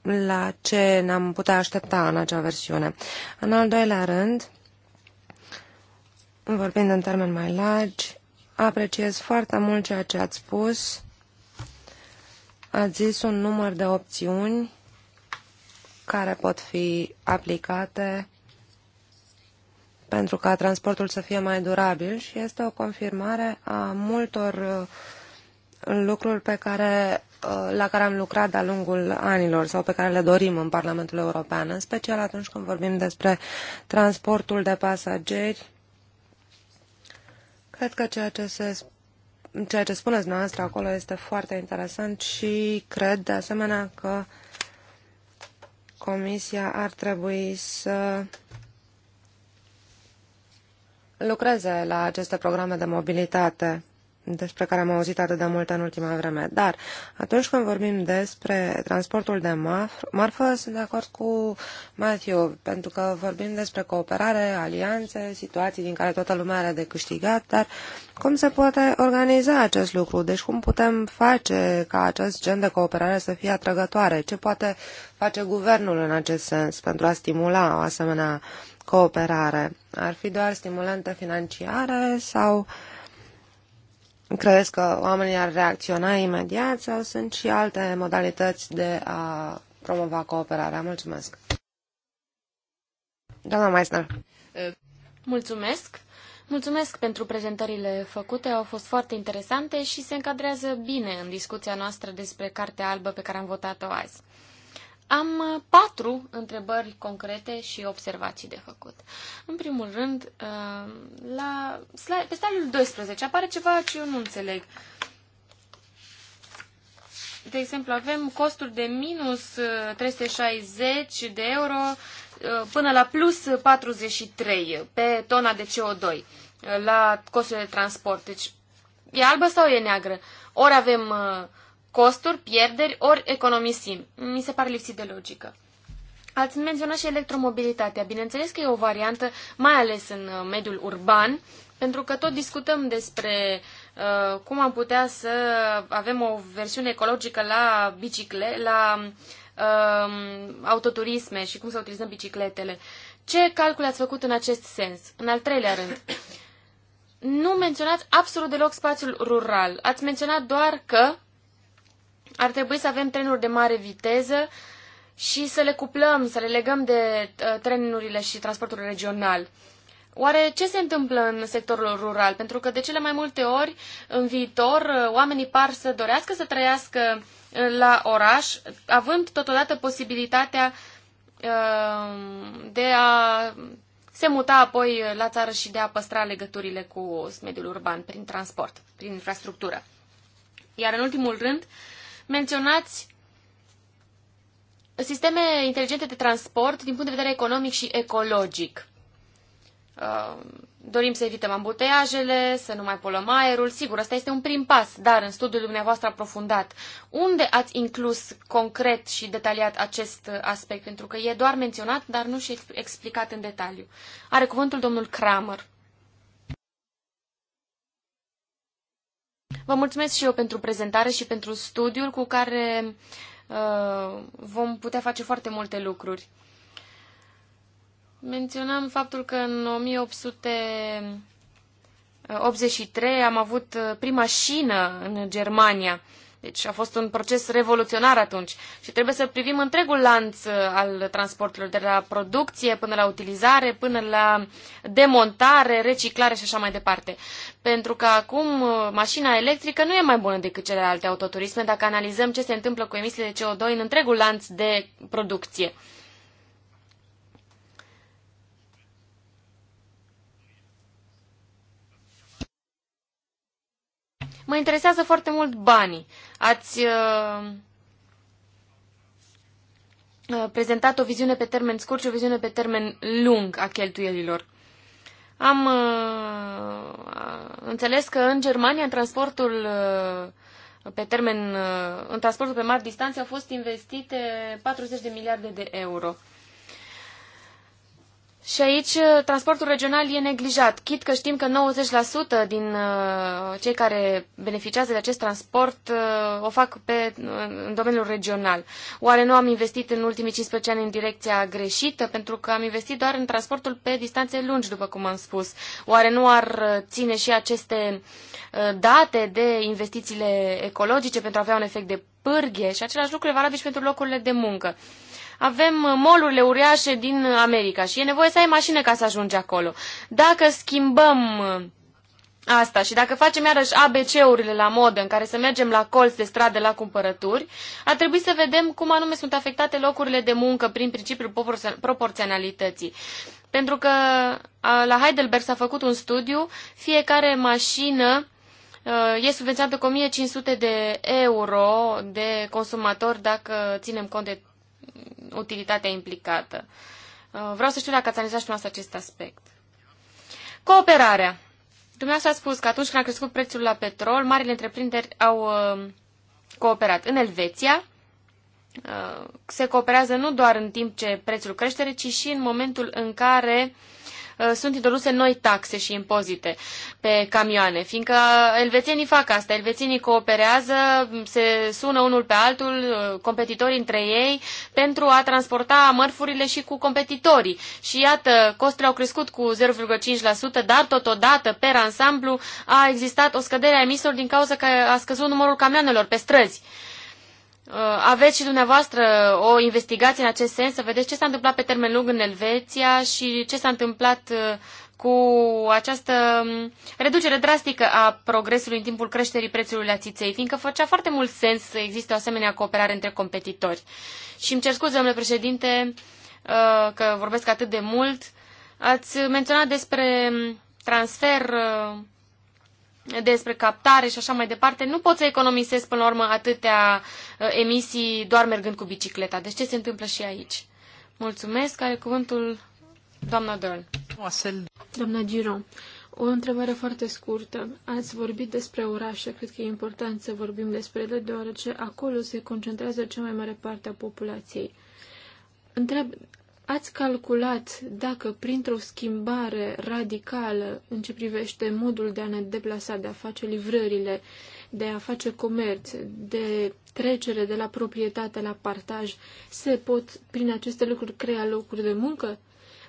la ce ne-am putea aștepta în acea versiune. În al doilea rând, vorbind în termeni mai largi, Apreciez foarte mult ceea ce ați spus. Ați zis un număr de opțiuni care pot fi aplicate pentru ca transportul să fie mai durabil și este o confirmare a multor uh, lucruri pe care, uh, la care am lucrat de-a lungul anilor sau pe care le dorim în Parlamentul European, în special atunci când vorbim despre transportul de pasageri Cred că ceea ce, se, ceea ce spuneți noastră acolo este foarte interesant și cred de asemenea că Comisia ar trebui să lucreze la aceste programe de mobilitate despre care am auzit atât de mult în ultima vreme. Dar atunci când vorbim despre transportul de marfă, sunt de acord cu Matthew, pentru că vorbim despre cooperare, alianțe, situații din care toată lumea are de câștigat, dar cum se poate organiza acest lucru? Deci cum putem face ca acest gen de cooperare să fie atrăgătoare? Ce poate face guvernul în acest sens pentru a stimula o asemenea cooperare? Ar fi doar stimulante financiare sau uh, credeți că oamenii ar reacționa imediat sau sunt și alte modalități de a promova cooperarea? Mulțumesc! Doamna Meissner. Mulțumesc! Mulțumesc pentru prezentările făcute, au fost foarte interesante și se încadrează bine în discuția noastră despre Cartea Albă pe care am votat-o azi. Am uh, patru întrebări concrete și observații de făcut. În primul rând, uh, la, pe slide 12 apare ceva ce eu nu înțeleg. De exemplu, avem costuri de minus 360 uh, de euro până la plus 43 pe tona de CO2 la costurile de transport. Deci, e albă sau e neagră? Ori avem uh, Costuri, pierderi, ori economisim. Mi se pare lipsit de logică. Ați menționat și electromobilitatea. Bineînțeles că e o variantă, mai ales în uh, mediul urban, pentru că tot discutăm despre uh, cum am putea să avem o versiune ecologică la bicicle, la uh, autoturisme și cum să utilizăm bicicletele. Ce calcule ați făcut în acest sens? În al treilea rând, nu menționați absolut deloc spațiul rural. Ați menționat doar că ar trebui să avem trenuri de mare viteză și să le cuplăm, să le legăm de uh, trenurile și transportul regional. Oare ce se întâmplă în sectorul rural? Pentru că de cele mai multe ori, în viitor, uh, oamenii par să dorească să trăiască uh, la oraș, având totodată posibilitatea de a se muta apoi la țară și de a păstra legăturile cu mediul urban prin transport, prin infrastructură. Iar în ultimul rând, menționați sisteme inteligente de transport din punct de vedere economic și ecologic. Uh, dorim să evităm ambuteiajele, să nu mai poluăm aerul. Sigur, asta este un prim pas, dar în studiul dumneavoastră aprofundat, unde ați inclus concret și detaliat acest aspect? Pentru că e doar menționat, dar nu și explicat în detaliu. Are cuvântul domnul Kramer. Vă mulțumesc și eu pentru prezentare și pentru studiul cu care uh, vom putea face foarte multe lucruri. Menționam faptul că în 1883 uh, am avut uh, prima șină în Germania deci a fost un proces revoluționar atunci și trebuie să privim întregul lanț uh, al transporturilor, de la producție până la utilizare, până la demontare, reciclare și așa mai departe. Pentru că acum uh, mașina electrică nu e mai bună decât celelalte autoturisme dacă analizăm ce se întâmplă cu emisiile de CO2 în întregul lanț de producție. Mă interesează foarte mult banii. Ați uh, uh, prezentat o viziune pe termen scurt și o viziune pe termen lung a cheltuielilor. Am uh, uh înțeles că în Germania în transportul uh, pe termen, uh, în transportul pe mari distanțe au fost investite 40 de miliarde de euro. Și aici uh, transportul regional e neglijat, chit că știm că 90% din uh, cei care beneficiază de acest transport uh, o fac pe, în domeniul regional. Oare nu am investit în ultimii 15 ani în direcția greșită? Pentru că am investit doar în transportul pe distanțe lungi, după cum am spus. Oare nu ar ține și aceste date de investițiile ecologice pentru a avea un efect de pârghie? Și același lucru e valabil și pentru locurile de muncă avem uh, molurile uriașe din uh, America și e nevoie să ai mașină ca să ajungi acolo. Dacă schimbăm uh, asta și dacă facem iarăși ABC-urile la modă în care să mergem la colț de stradă la cumpărături, ar trebui să vedem cum anume sunt afectate locurile de muncă prin principiul proporționalității. Pentru că la Heidelberg s-a făcut un studiu, fiecare mașină e subvenționată cu 1500 de euro de consumator dacă ținem cont de utilitatea implicată. Uh, vreau să știu dacă ați analizat și dumneavoastră acest aspect. Cooperarea. Dumneavoastră a spus că atunci când a crescut prețul la petrol, marile întreprinderi au uh, cooperat. În Elveția uh, se cooperează nu doar în timp ce prețul crește, ci și în momentul în care uh, Uh, sunt introduse noi taxe și impozite pe camioane, fiindcă elvețienii fac asta, elvețienii cooperează, se sună unul pe altul, uh, competitorii între ei, pentru a transporta mărfurile și cu competitorii. Și iată, costurile au crescut cu 0,5%, dar totodată, per ansamblu, a existat o scădere a emisiilor din cauza că a scăzut numărul camioanelor pe străzi. Uh, aveți și dumneavoastră o investigație în acest sens, să vedeți ce s-a întâmplat pe termen lung în Elveția și ce s-a întâmplat uh, cu această um, reducere drastică a progresului în timpul creșterii prețului la țiței, fiindcă făcea foarte mult sens să existe o asemenea cooperare între competitori. Și îmi cer scuze, domnule președinte, uh, că vorbesc atât de mult. Ați menționat despre um, transfer despre captare și așa mai departe, nu pot să economisesc până la urmă atâtea uh, emisii doar mergând cu bicicleta. Deci ce se întâmplă și aici? Mulțumesc, are cuvântul doamna Dorn. Doamna Giro, o întrebare foarte scurtă. Ați vorbit despre orașe, cred că e important să vorbim despre ele, deoarece acolo se concentrează cea mai mare parte a populației. Întreb Ați calculat dacă printr-o schimbare radicală în ce privește modul de a ne deplasa, de a face livrările, de a face comerț, de trecere de la proprietate la partaj, se pot prin aceste lucruri crea locuri de muncă?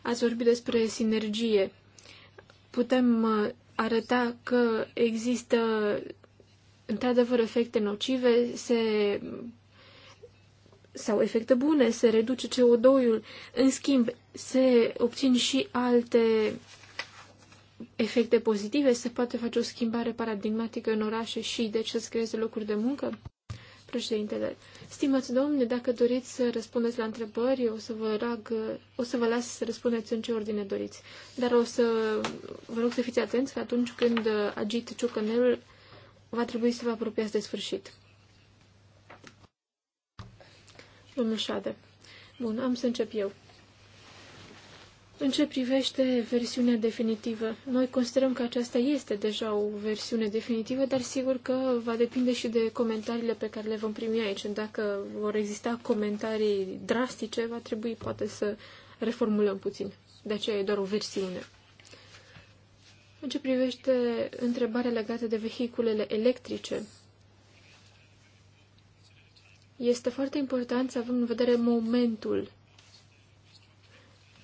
Ați vorbit despre sinergie. Putem uh, arăta că există într-adevăr efecte nocive, se sau efecte bune, se reduce CO2-ul, în schimb se obțin și alte efecte pozitive, se poate face o schimbare paradigmatică în orașe și deci să-ți creeze locuri de muncă? Președintele, stimați domne, dacă doriți să răspundeți la întrebări, o să vă rag, o să vă las să răspundeți în ce ordine doriți. Dar o să vă rog să fiți atenți că atunci când agit ciocănelul, va trebui să vă apropiați de sfârșit. Domnul Șade. Bun, am să încep eu. În ce privește versiunea definitivă, noi considerăm că aceasta este deja o versiune definitivă, dar sigur că va depinde și de comentariile pe care le vom primi aici. Dacă vor exista comentarii drastice, va trebui poate să reformulăm puțin. De aceea e doar o versiune. În ce privește întrebarea legată de vehiculele electrice, este foarte important să avem în vedere momentul.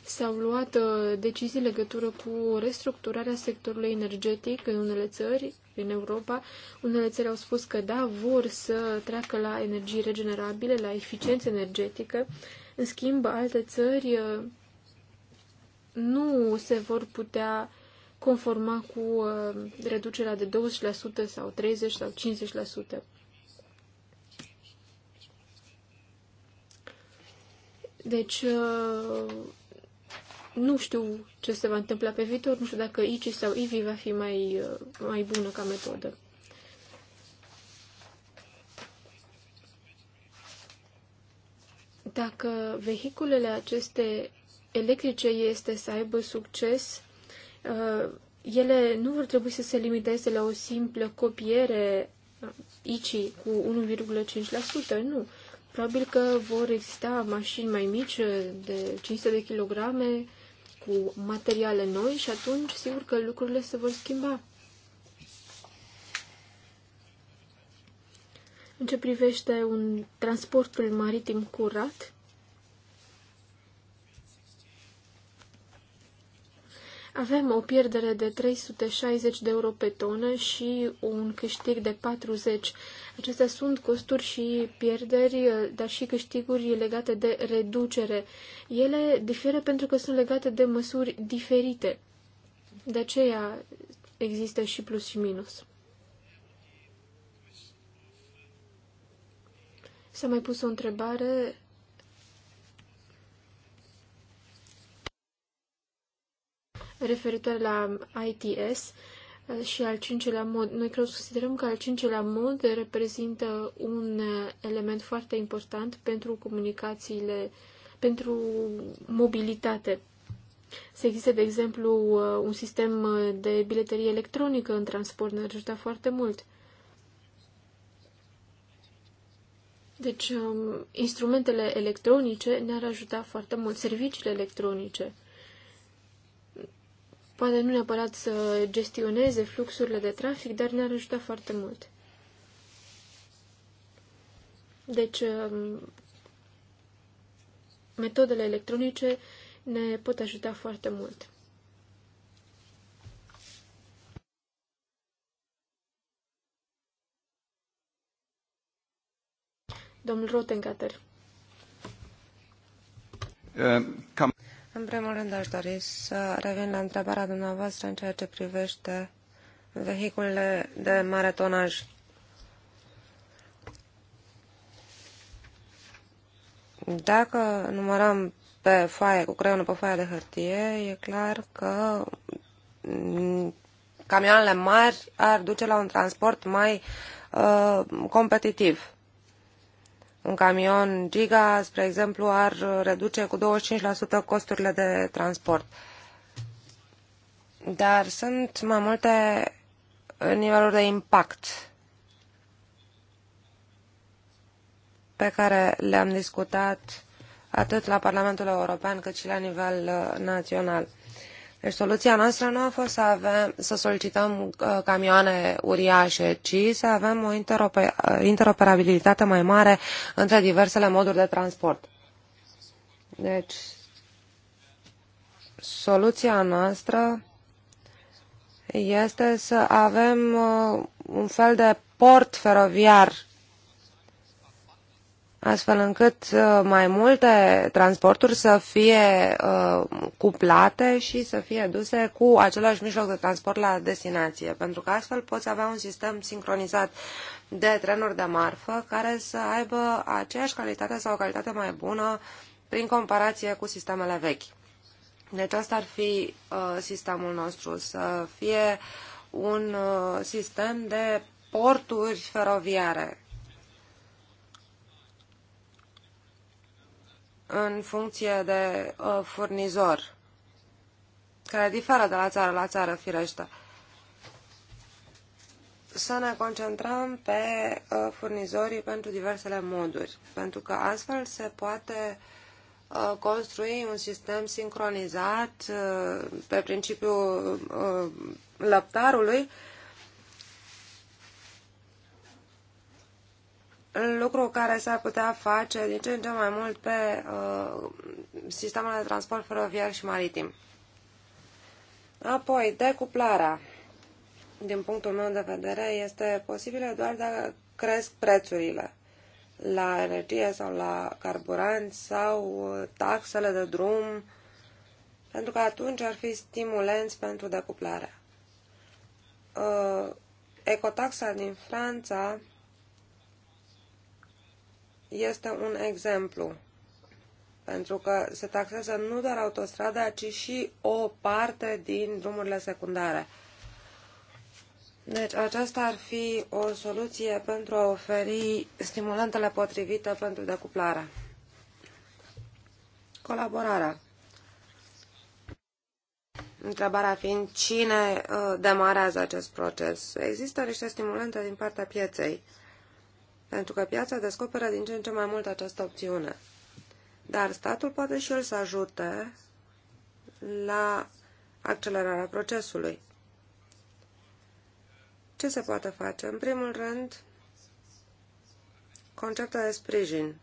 S-au luat uh, decizii legătură cu restructurarea sectorului energetic în unele țări, în Europa. Unele țări au spus că da, vor să treacă la energii regenerabile, la eficiență energetică. În schimb, alte țări uh, nu se vor putea conforma cu uh, reducerea de 20% sau 30% sau 50%. Deci, uh, nu știu ce se va întâmpla pe viitor, nu știu dacă ICI sau IVI va fi mai, uh, mai bună ca metodă. Dacă vehiculele aceste electrice este să aibă succes, uh, ele nu vor trebui să se limiteze la o simplă copiere ICI cu 1,5%, nu. Probabil că vor exista mașini mai mici, eh, de 500 de kilograme, cu materiale noi și atunci sigur că lucrurile se vor schimba. În ce privește un transportul maritim curat, Avem o pierdere de 360 de euro pe tonă și un câștig de 40. Acestea sunt costuri și pierderi, dar și câștiguri legate de reducere. Ele diferă pentru că sunt legate de măsuri diferite. De aceea există și plus și minus. S-a mai pus o întrebare referitoare la ITS uh, și al cincilea mod. Noi cred, considerăm că al cincilea mod reprezintă un uh, element foarte important pentru comunicațiile, pentru mobilitate. Se există, de exemplu, uh, un sistem de biletărie electronică în transport, ne-ar ajuta foarte mult. Deci, um, instrumentele electronice ne-ar ajuta foarte mult, serviciile electronice. Poate nu neapărat să gestioneze fluxurile de trafic, dar ne-ar ajuta foarte mult. Deci, um, metodele electronice ne pot ajuta foarte mult. Domnul Rotengater. Uh, Cam... În primul rând aș dori să revin la întrebarea dumneavoastră în ceea ce privește vehiculele de mare tonaj. Dacă numărăm pe foaie, cu creionul pe foaia de hârtie, e clar că mm, camioanele mari ar duce la un transport mai uh, competitiv. Un camion Giga, spre exemplu, ar reduce cu 25% costurile de transport. Dar sunt mai multe niveluri de impact pe care le-am discutat atât la Parlamentul European cât și la nivel uh, național. Deci soluția noastră nu a fost să, avem, să solicităm uh, camioane uriașe, ci să avem o uh, interoperabilitate mai mare între diversele moduri de transport. Deci, soluția noastră este să avem uh, un fel de port feroviar astfel încât uh, mai multe transporturi să fie uh, cuplate și să fie duse cu același mijloc de transport la destinație, pentru că astfel poți avea un sistem sincronizat de trenuri de marfă care să aibă aceeași calitate sau o calitate mai bună prin comparație cu sistemele vechi. Deci asta ar fi uh, sistemul nostru, să fie un sistem de porturi feroviare în funcție de uh, furnizor, care diferă de la țară la țară, firește. Să ne concentrăm pe uh, furnizorii pentru diversele moduri, pentru că astfel se poate uh, construi un sistem sincronizat uh, pe principiul uh, lăptarului lucru care s-ar putea face din ce în ce mai mult pe uh, sistemul de transport feroviar și maritim. Apoi, decuplarea, din punctul meu de vedere, este posibilă doar dacă cresc prețurile la energie sau la carburant sau taxele de drum, pentru că atunci ar fi stimulenți pentru decuplarea. Uh, ecotaxa din Franța este un exemplu, pentru că se taxează nu doar autostrada, ci și o parte din drumurile secundare. Deci aceasta ar fi o soluție pentru a oferi stimulantele potrivite pentru decuplare. Colaborarea. Întrebarea fiind cine uh, demarează acest proces. Există niște stimulante din partea pieței pentru că piața descoperă din ce în ce mai mult această opțiune. Dar statul poate și el să ajute la accelerarea procesului. Ce se poate face? În primul rând, conceptul de sprijin.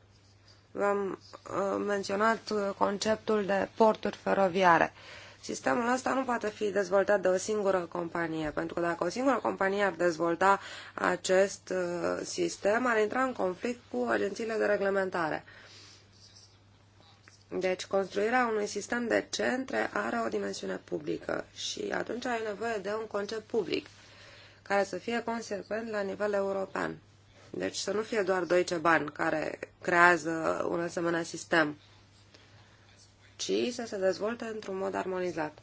V-am uh, menționat uh, conceptul de porturi feroviare. Uh, Sistemul ăsta nu poate fi dezvoltat de o singură companie, pentru că dacă o singură companie ar dezvolta acest uh, sistem, ar intra în conflict cu agențiile de reglementare. Deci, construirea unui sistem de centre are o dimensiune publică și atunci ai nevoie de un concept public care să fie consecvent la nivel european. Deci să nu fie doar doi ce bani care creează un asemenea sistem ci să se dezvolte într-un mod armonizat.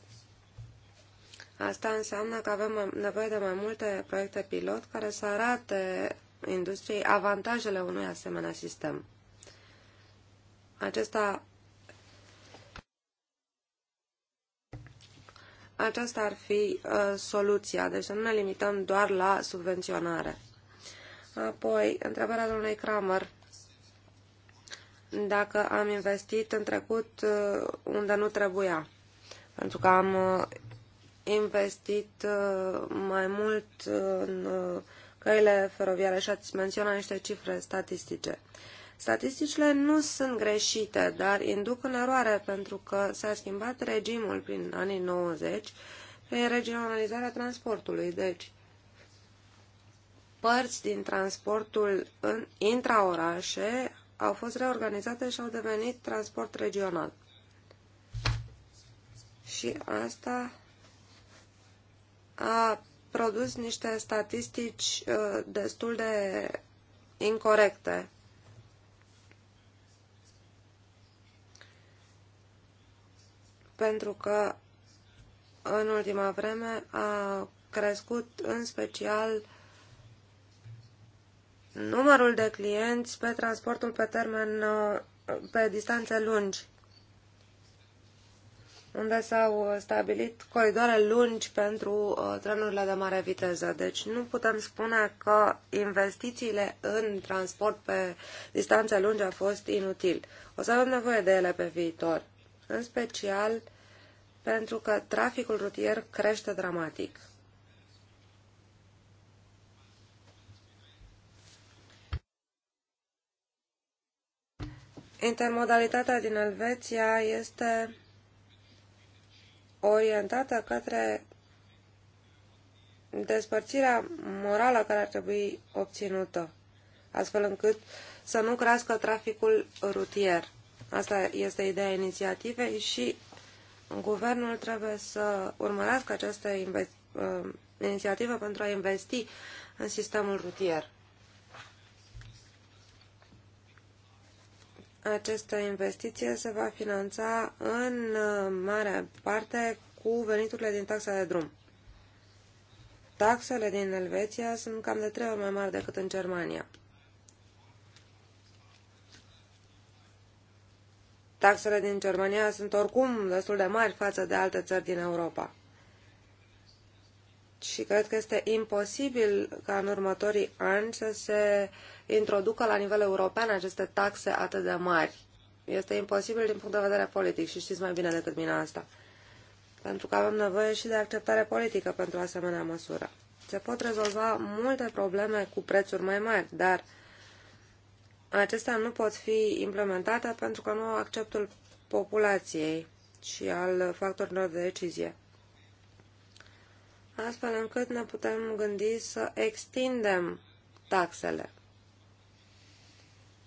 Asta înseamnă că avem nevoie de mai multe proiecte pilot care să arate industriei avantajele unui asemenea sistem. Acesta aceasta ar fi uh, soluția, deci să nu ne limităm doar la subvenționare. Apoi, întrebarea domnului Kramer dacă am investit în trecut uh, unde nu trebuia. Pentru că am uh, investit uh, mai mult în căile feroviare și ați menționat niște cifre statistice. Statisticile nu sunt greșite, dar induc în eroare pentru că s-a schimbat regimul prin anii 90 prin regionalizarea transportului. Deci, părți din transportul în intraorașe au fost reorganizate și au devenit transport regional. Și asta a produs niște statistici uh, destul de incorrecte. Pentru că în ultima vreme a crescut în special uh, numărul de clienți pe transportul pe termen, uh, pe distanțe lungi, unde s-au uh, stabilit coridoare lungi pentru uh, trenurile de mare viteză. Deci nu putem spune că investițiile în transport pe distanțe lungi a fost inutil. O să avem nevoie de ele pe viitor, în special pentru că traficul rutier crește dramatic. Intermodalitatea din Elveția este orientată către despărțirea morală care ar trebui obținută, astfel încât să nu crească traficul rutier. Asta este ideea inițiativei și guvernul trebuie să urmărească această uh, inițiativă pentru a investi în sistemul rutier. această investiție se va finanța în uh, mare parte cu veniturile din taxa de drum. Taxele din Elveția sunt cam de trei ori mai mari decât în Germania. Taxele din Germania sunt oricum destul de mari față de alte țări din Europa și cred că este imposibil ca în următorii ani să se introducă la nivel european aceste taxe atât de mari. Este imposibil din punct de vedere politic și știți mai bine decât mine asta. Pentru că avem nevoie și de acceptare politică pentru asemenea măsură. Se pot rezolva multe probleme cu prețuri mai mari, dar acestea nu pot fi implementate pentru că nu au acceptul populației și al factorilor de decizie astfel încât ne putem gândi să extindem taxele.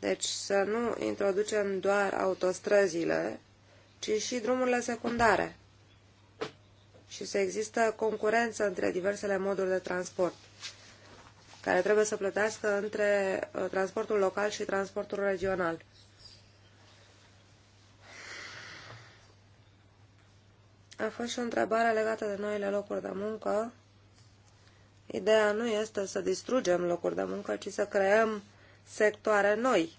Deci să nu introducem doar autostrăzile, ci și drumurile secundare și să există concurență între diversele moduri de transport care trebuie să plătească între uh, transportul local și transportul regional. A fost și o întrebare legată de noile locuri de muncă. Ideea nu este să distrugem locuri de muncă, ci să creăm sectoare noi.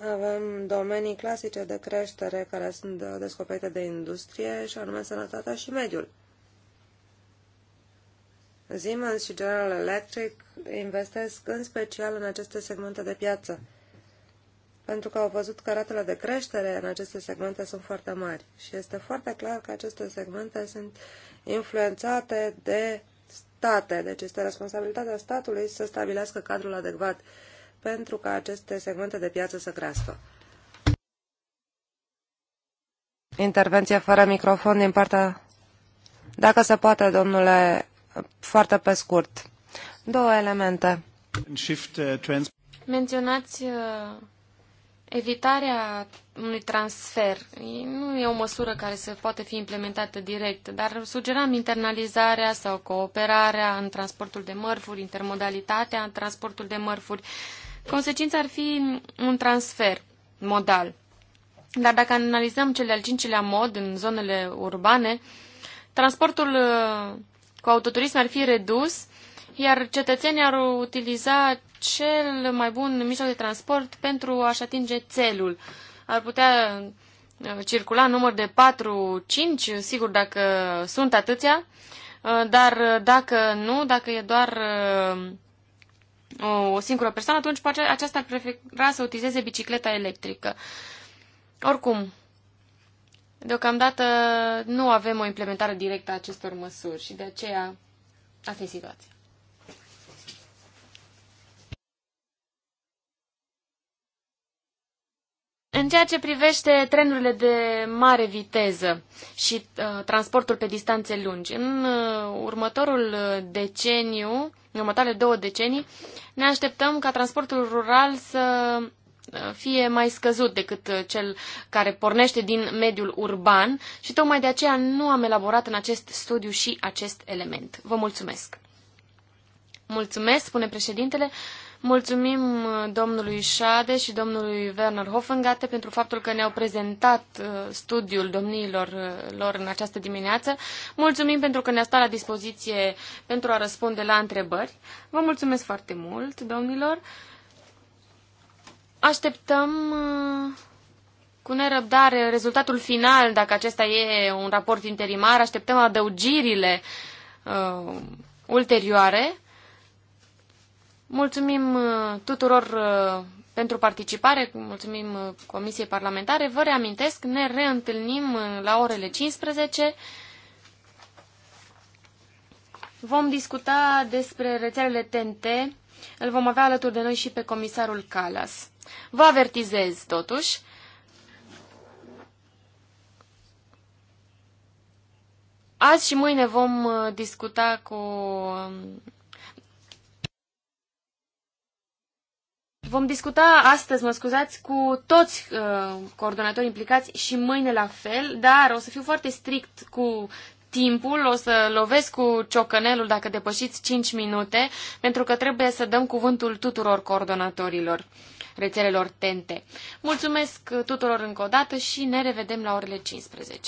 Avem domenii clasice de creștere care sunt descoperite de industrie, și anume sănătatea și mediul. Siemens și General Electric investesc în special în aceste segmente de piață pentru că au văzut că ratele de creștere în aceste segmente sunt foarte mari și este foarte clar că aceste segmente sunt influențate de state, deci este responsabilitatea statului să stabilească cadrul adecvat pentru ca aceste segmente de piață să crească. Intervenție fără microfon din partea... Dacă se poate, domnule, foarte pe scurt. Două elemente. Uh, Menționați uh, evitarea unui transfer nu e o măsură care se poate fi implementată direct, dar sugeram internalizarea sau cooperarea în transportul de mărfuri, intermodalitatea în transportul de mărfuri. Consecința ar fi un transfer modal. Dar dacă analizăm cele al cincilea mod în zonele urbane, transportul uh, cu autoturism ar fi redus, iar cetățenii ar utiliza cel mai bun mijloc de transport pentru a-și atinge țelul. Ar putea uh, circula număr de 4-5, sigur dacă sunt atâția, uh, dar dacă nu, dacă e doar uh, o singură persoană, atunci aceasta ar prefera să utilizeze bicicleta electrică. Oricum, deocamdată nu avem o implementare directă a acestor măsuri și de aceea asta e situația. În ceea ce privește trenurile de mare viteză și uh, transportul pe distanțe lungi, în uh, următorul uh, deceniu, în următoarele două decenii, ne așteptăm ca transportul rural să uh, fie mai scăzut decât uh, cel care pornește din mediul urban și tocmai de aceea nu am elaborat în acest studiu și acest element. Vă mulțumesc! Mulțumesc, spune președintele. Uh, Mulțumim uh, domnului Șade și domnului Werner Hoffengate pentru faptul că ne-au prezentat uh, studiul domniilor uh, lor în această dimineață. Mulțumim pentru că ne-a stat la dispoziție pentru a răspunde la întrebări. Vă mulțumesc foarte mult, domnilor. Așteptăm cu nerăbdare rezultatul final, dacă acesta e un raport interimar. Așteptăm adăugirile uh, ulterioare Mulțumim uh, tuturor uh, pentru participare, mulțumim uh, Comisiei Parlamentare. Vă reamintesc, ne reîntâlnim la orele 15. Vom discuta despre rețelele TNT. Îl vom avea alături de noi și pe comisarul Calas. Vă avertizez, totuși, Azi și mâine vom discuta cu um, Vom discuta astăzi, mă scuzați, cu toți uh, coordonatorii implicați și mâine la fel, dar o să fiu foarte strict cu timpul, o să lovesc cu ciocănelul dacă depășiți 5 minute, pentru că trebuie să dăm cuvântul tuturor coordonatorilor rețelelor tente. Mulțumesc tuturor încă o dată și ne revedem la orele 15.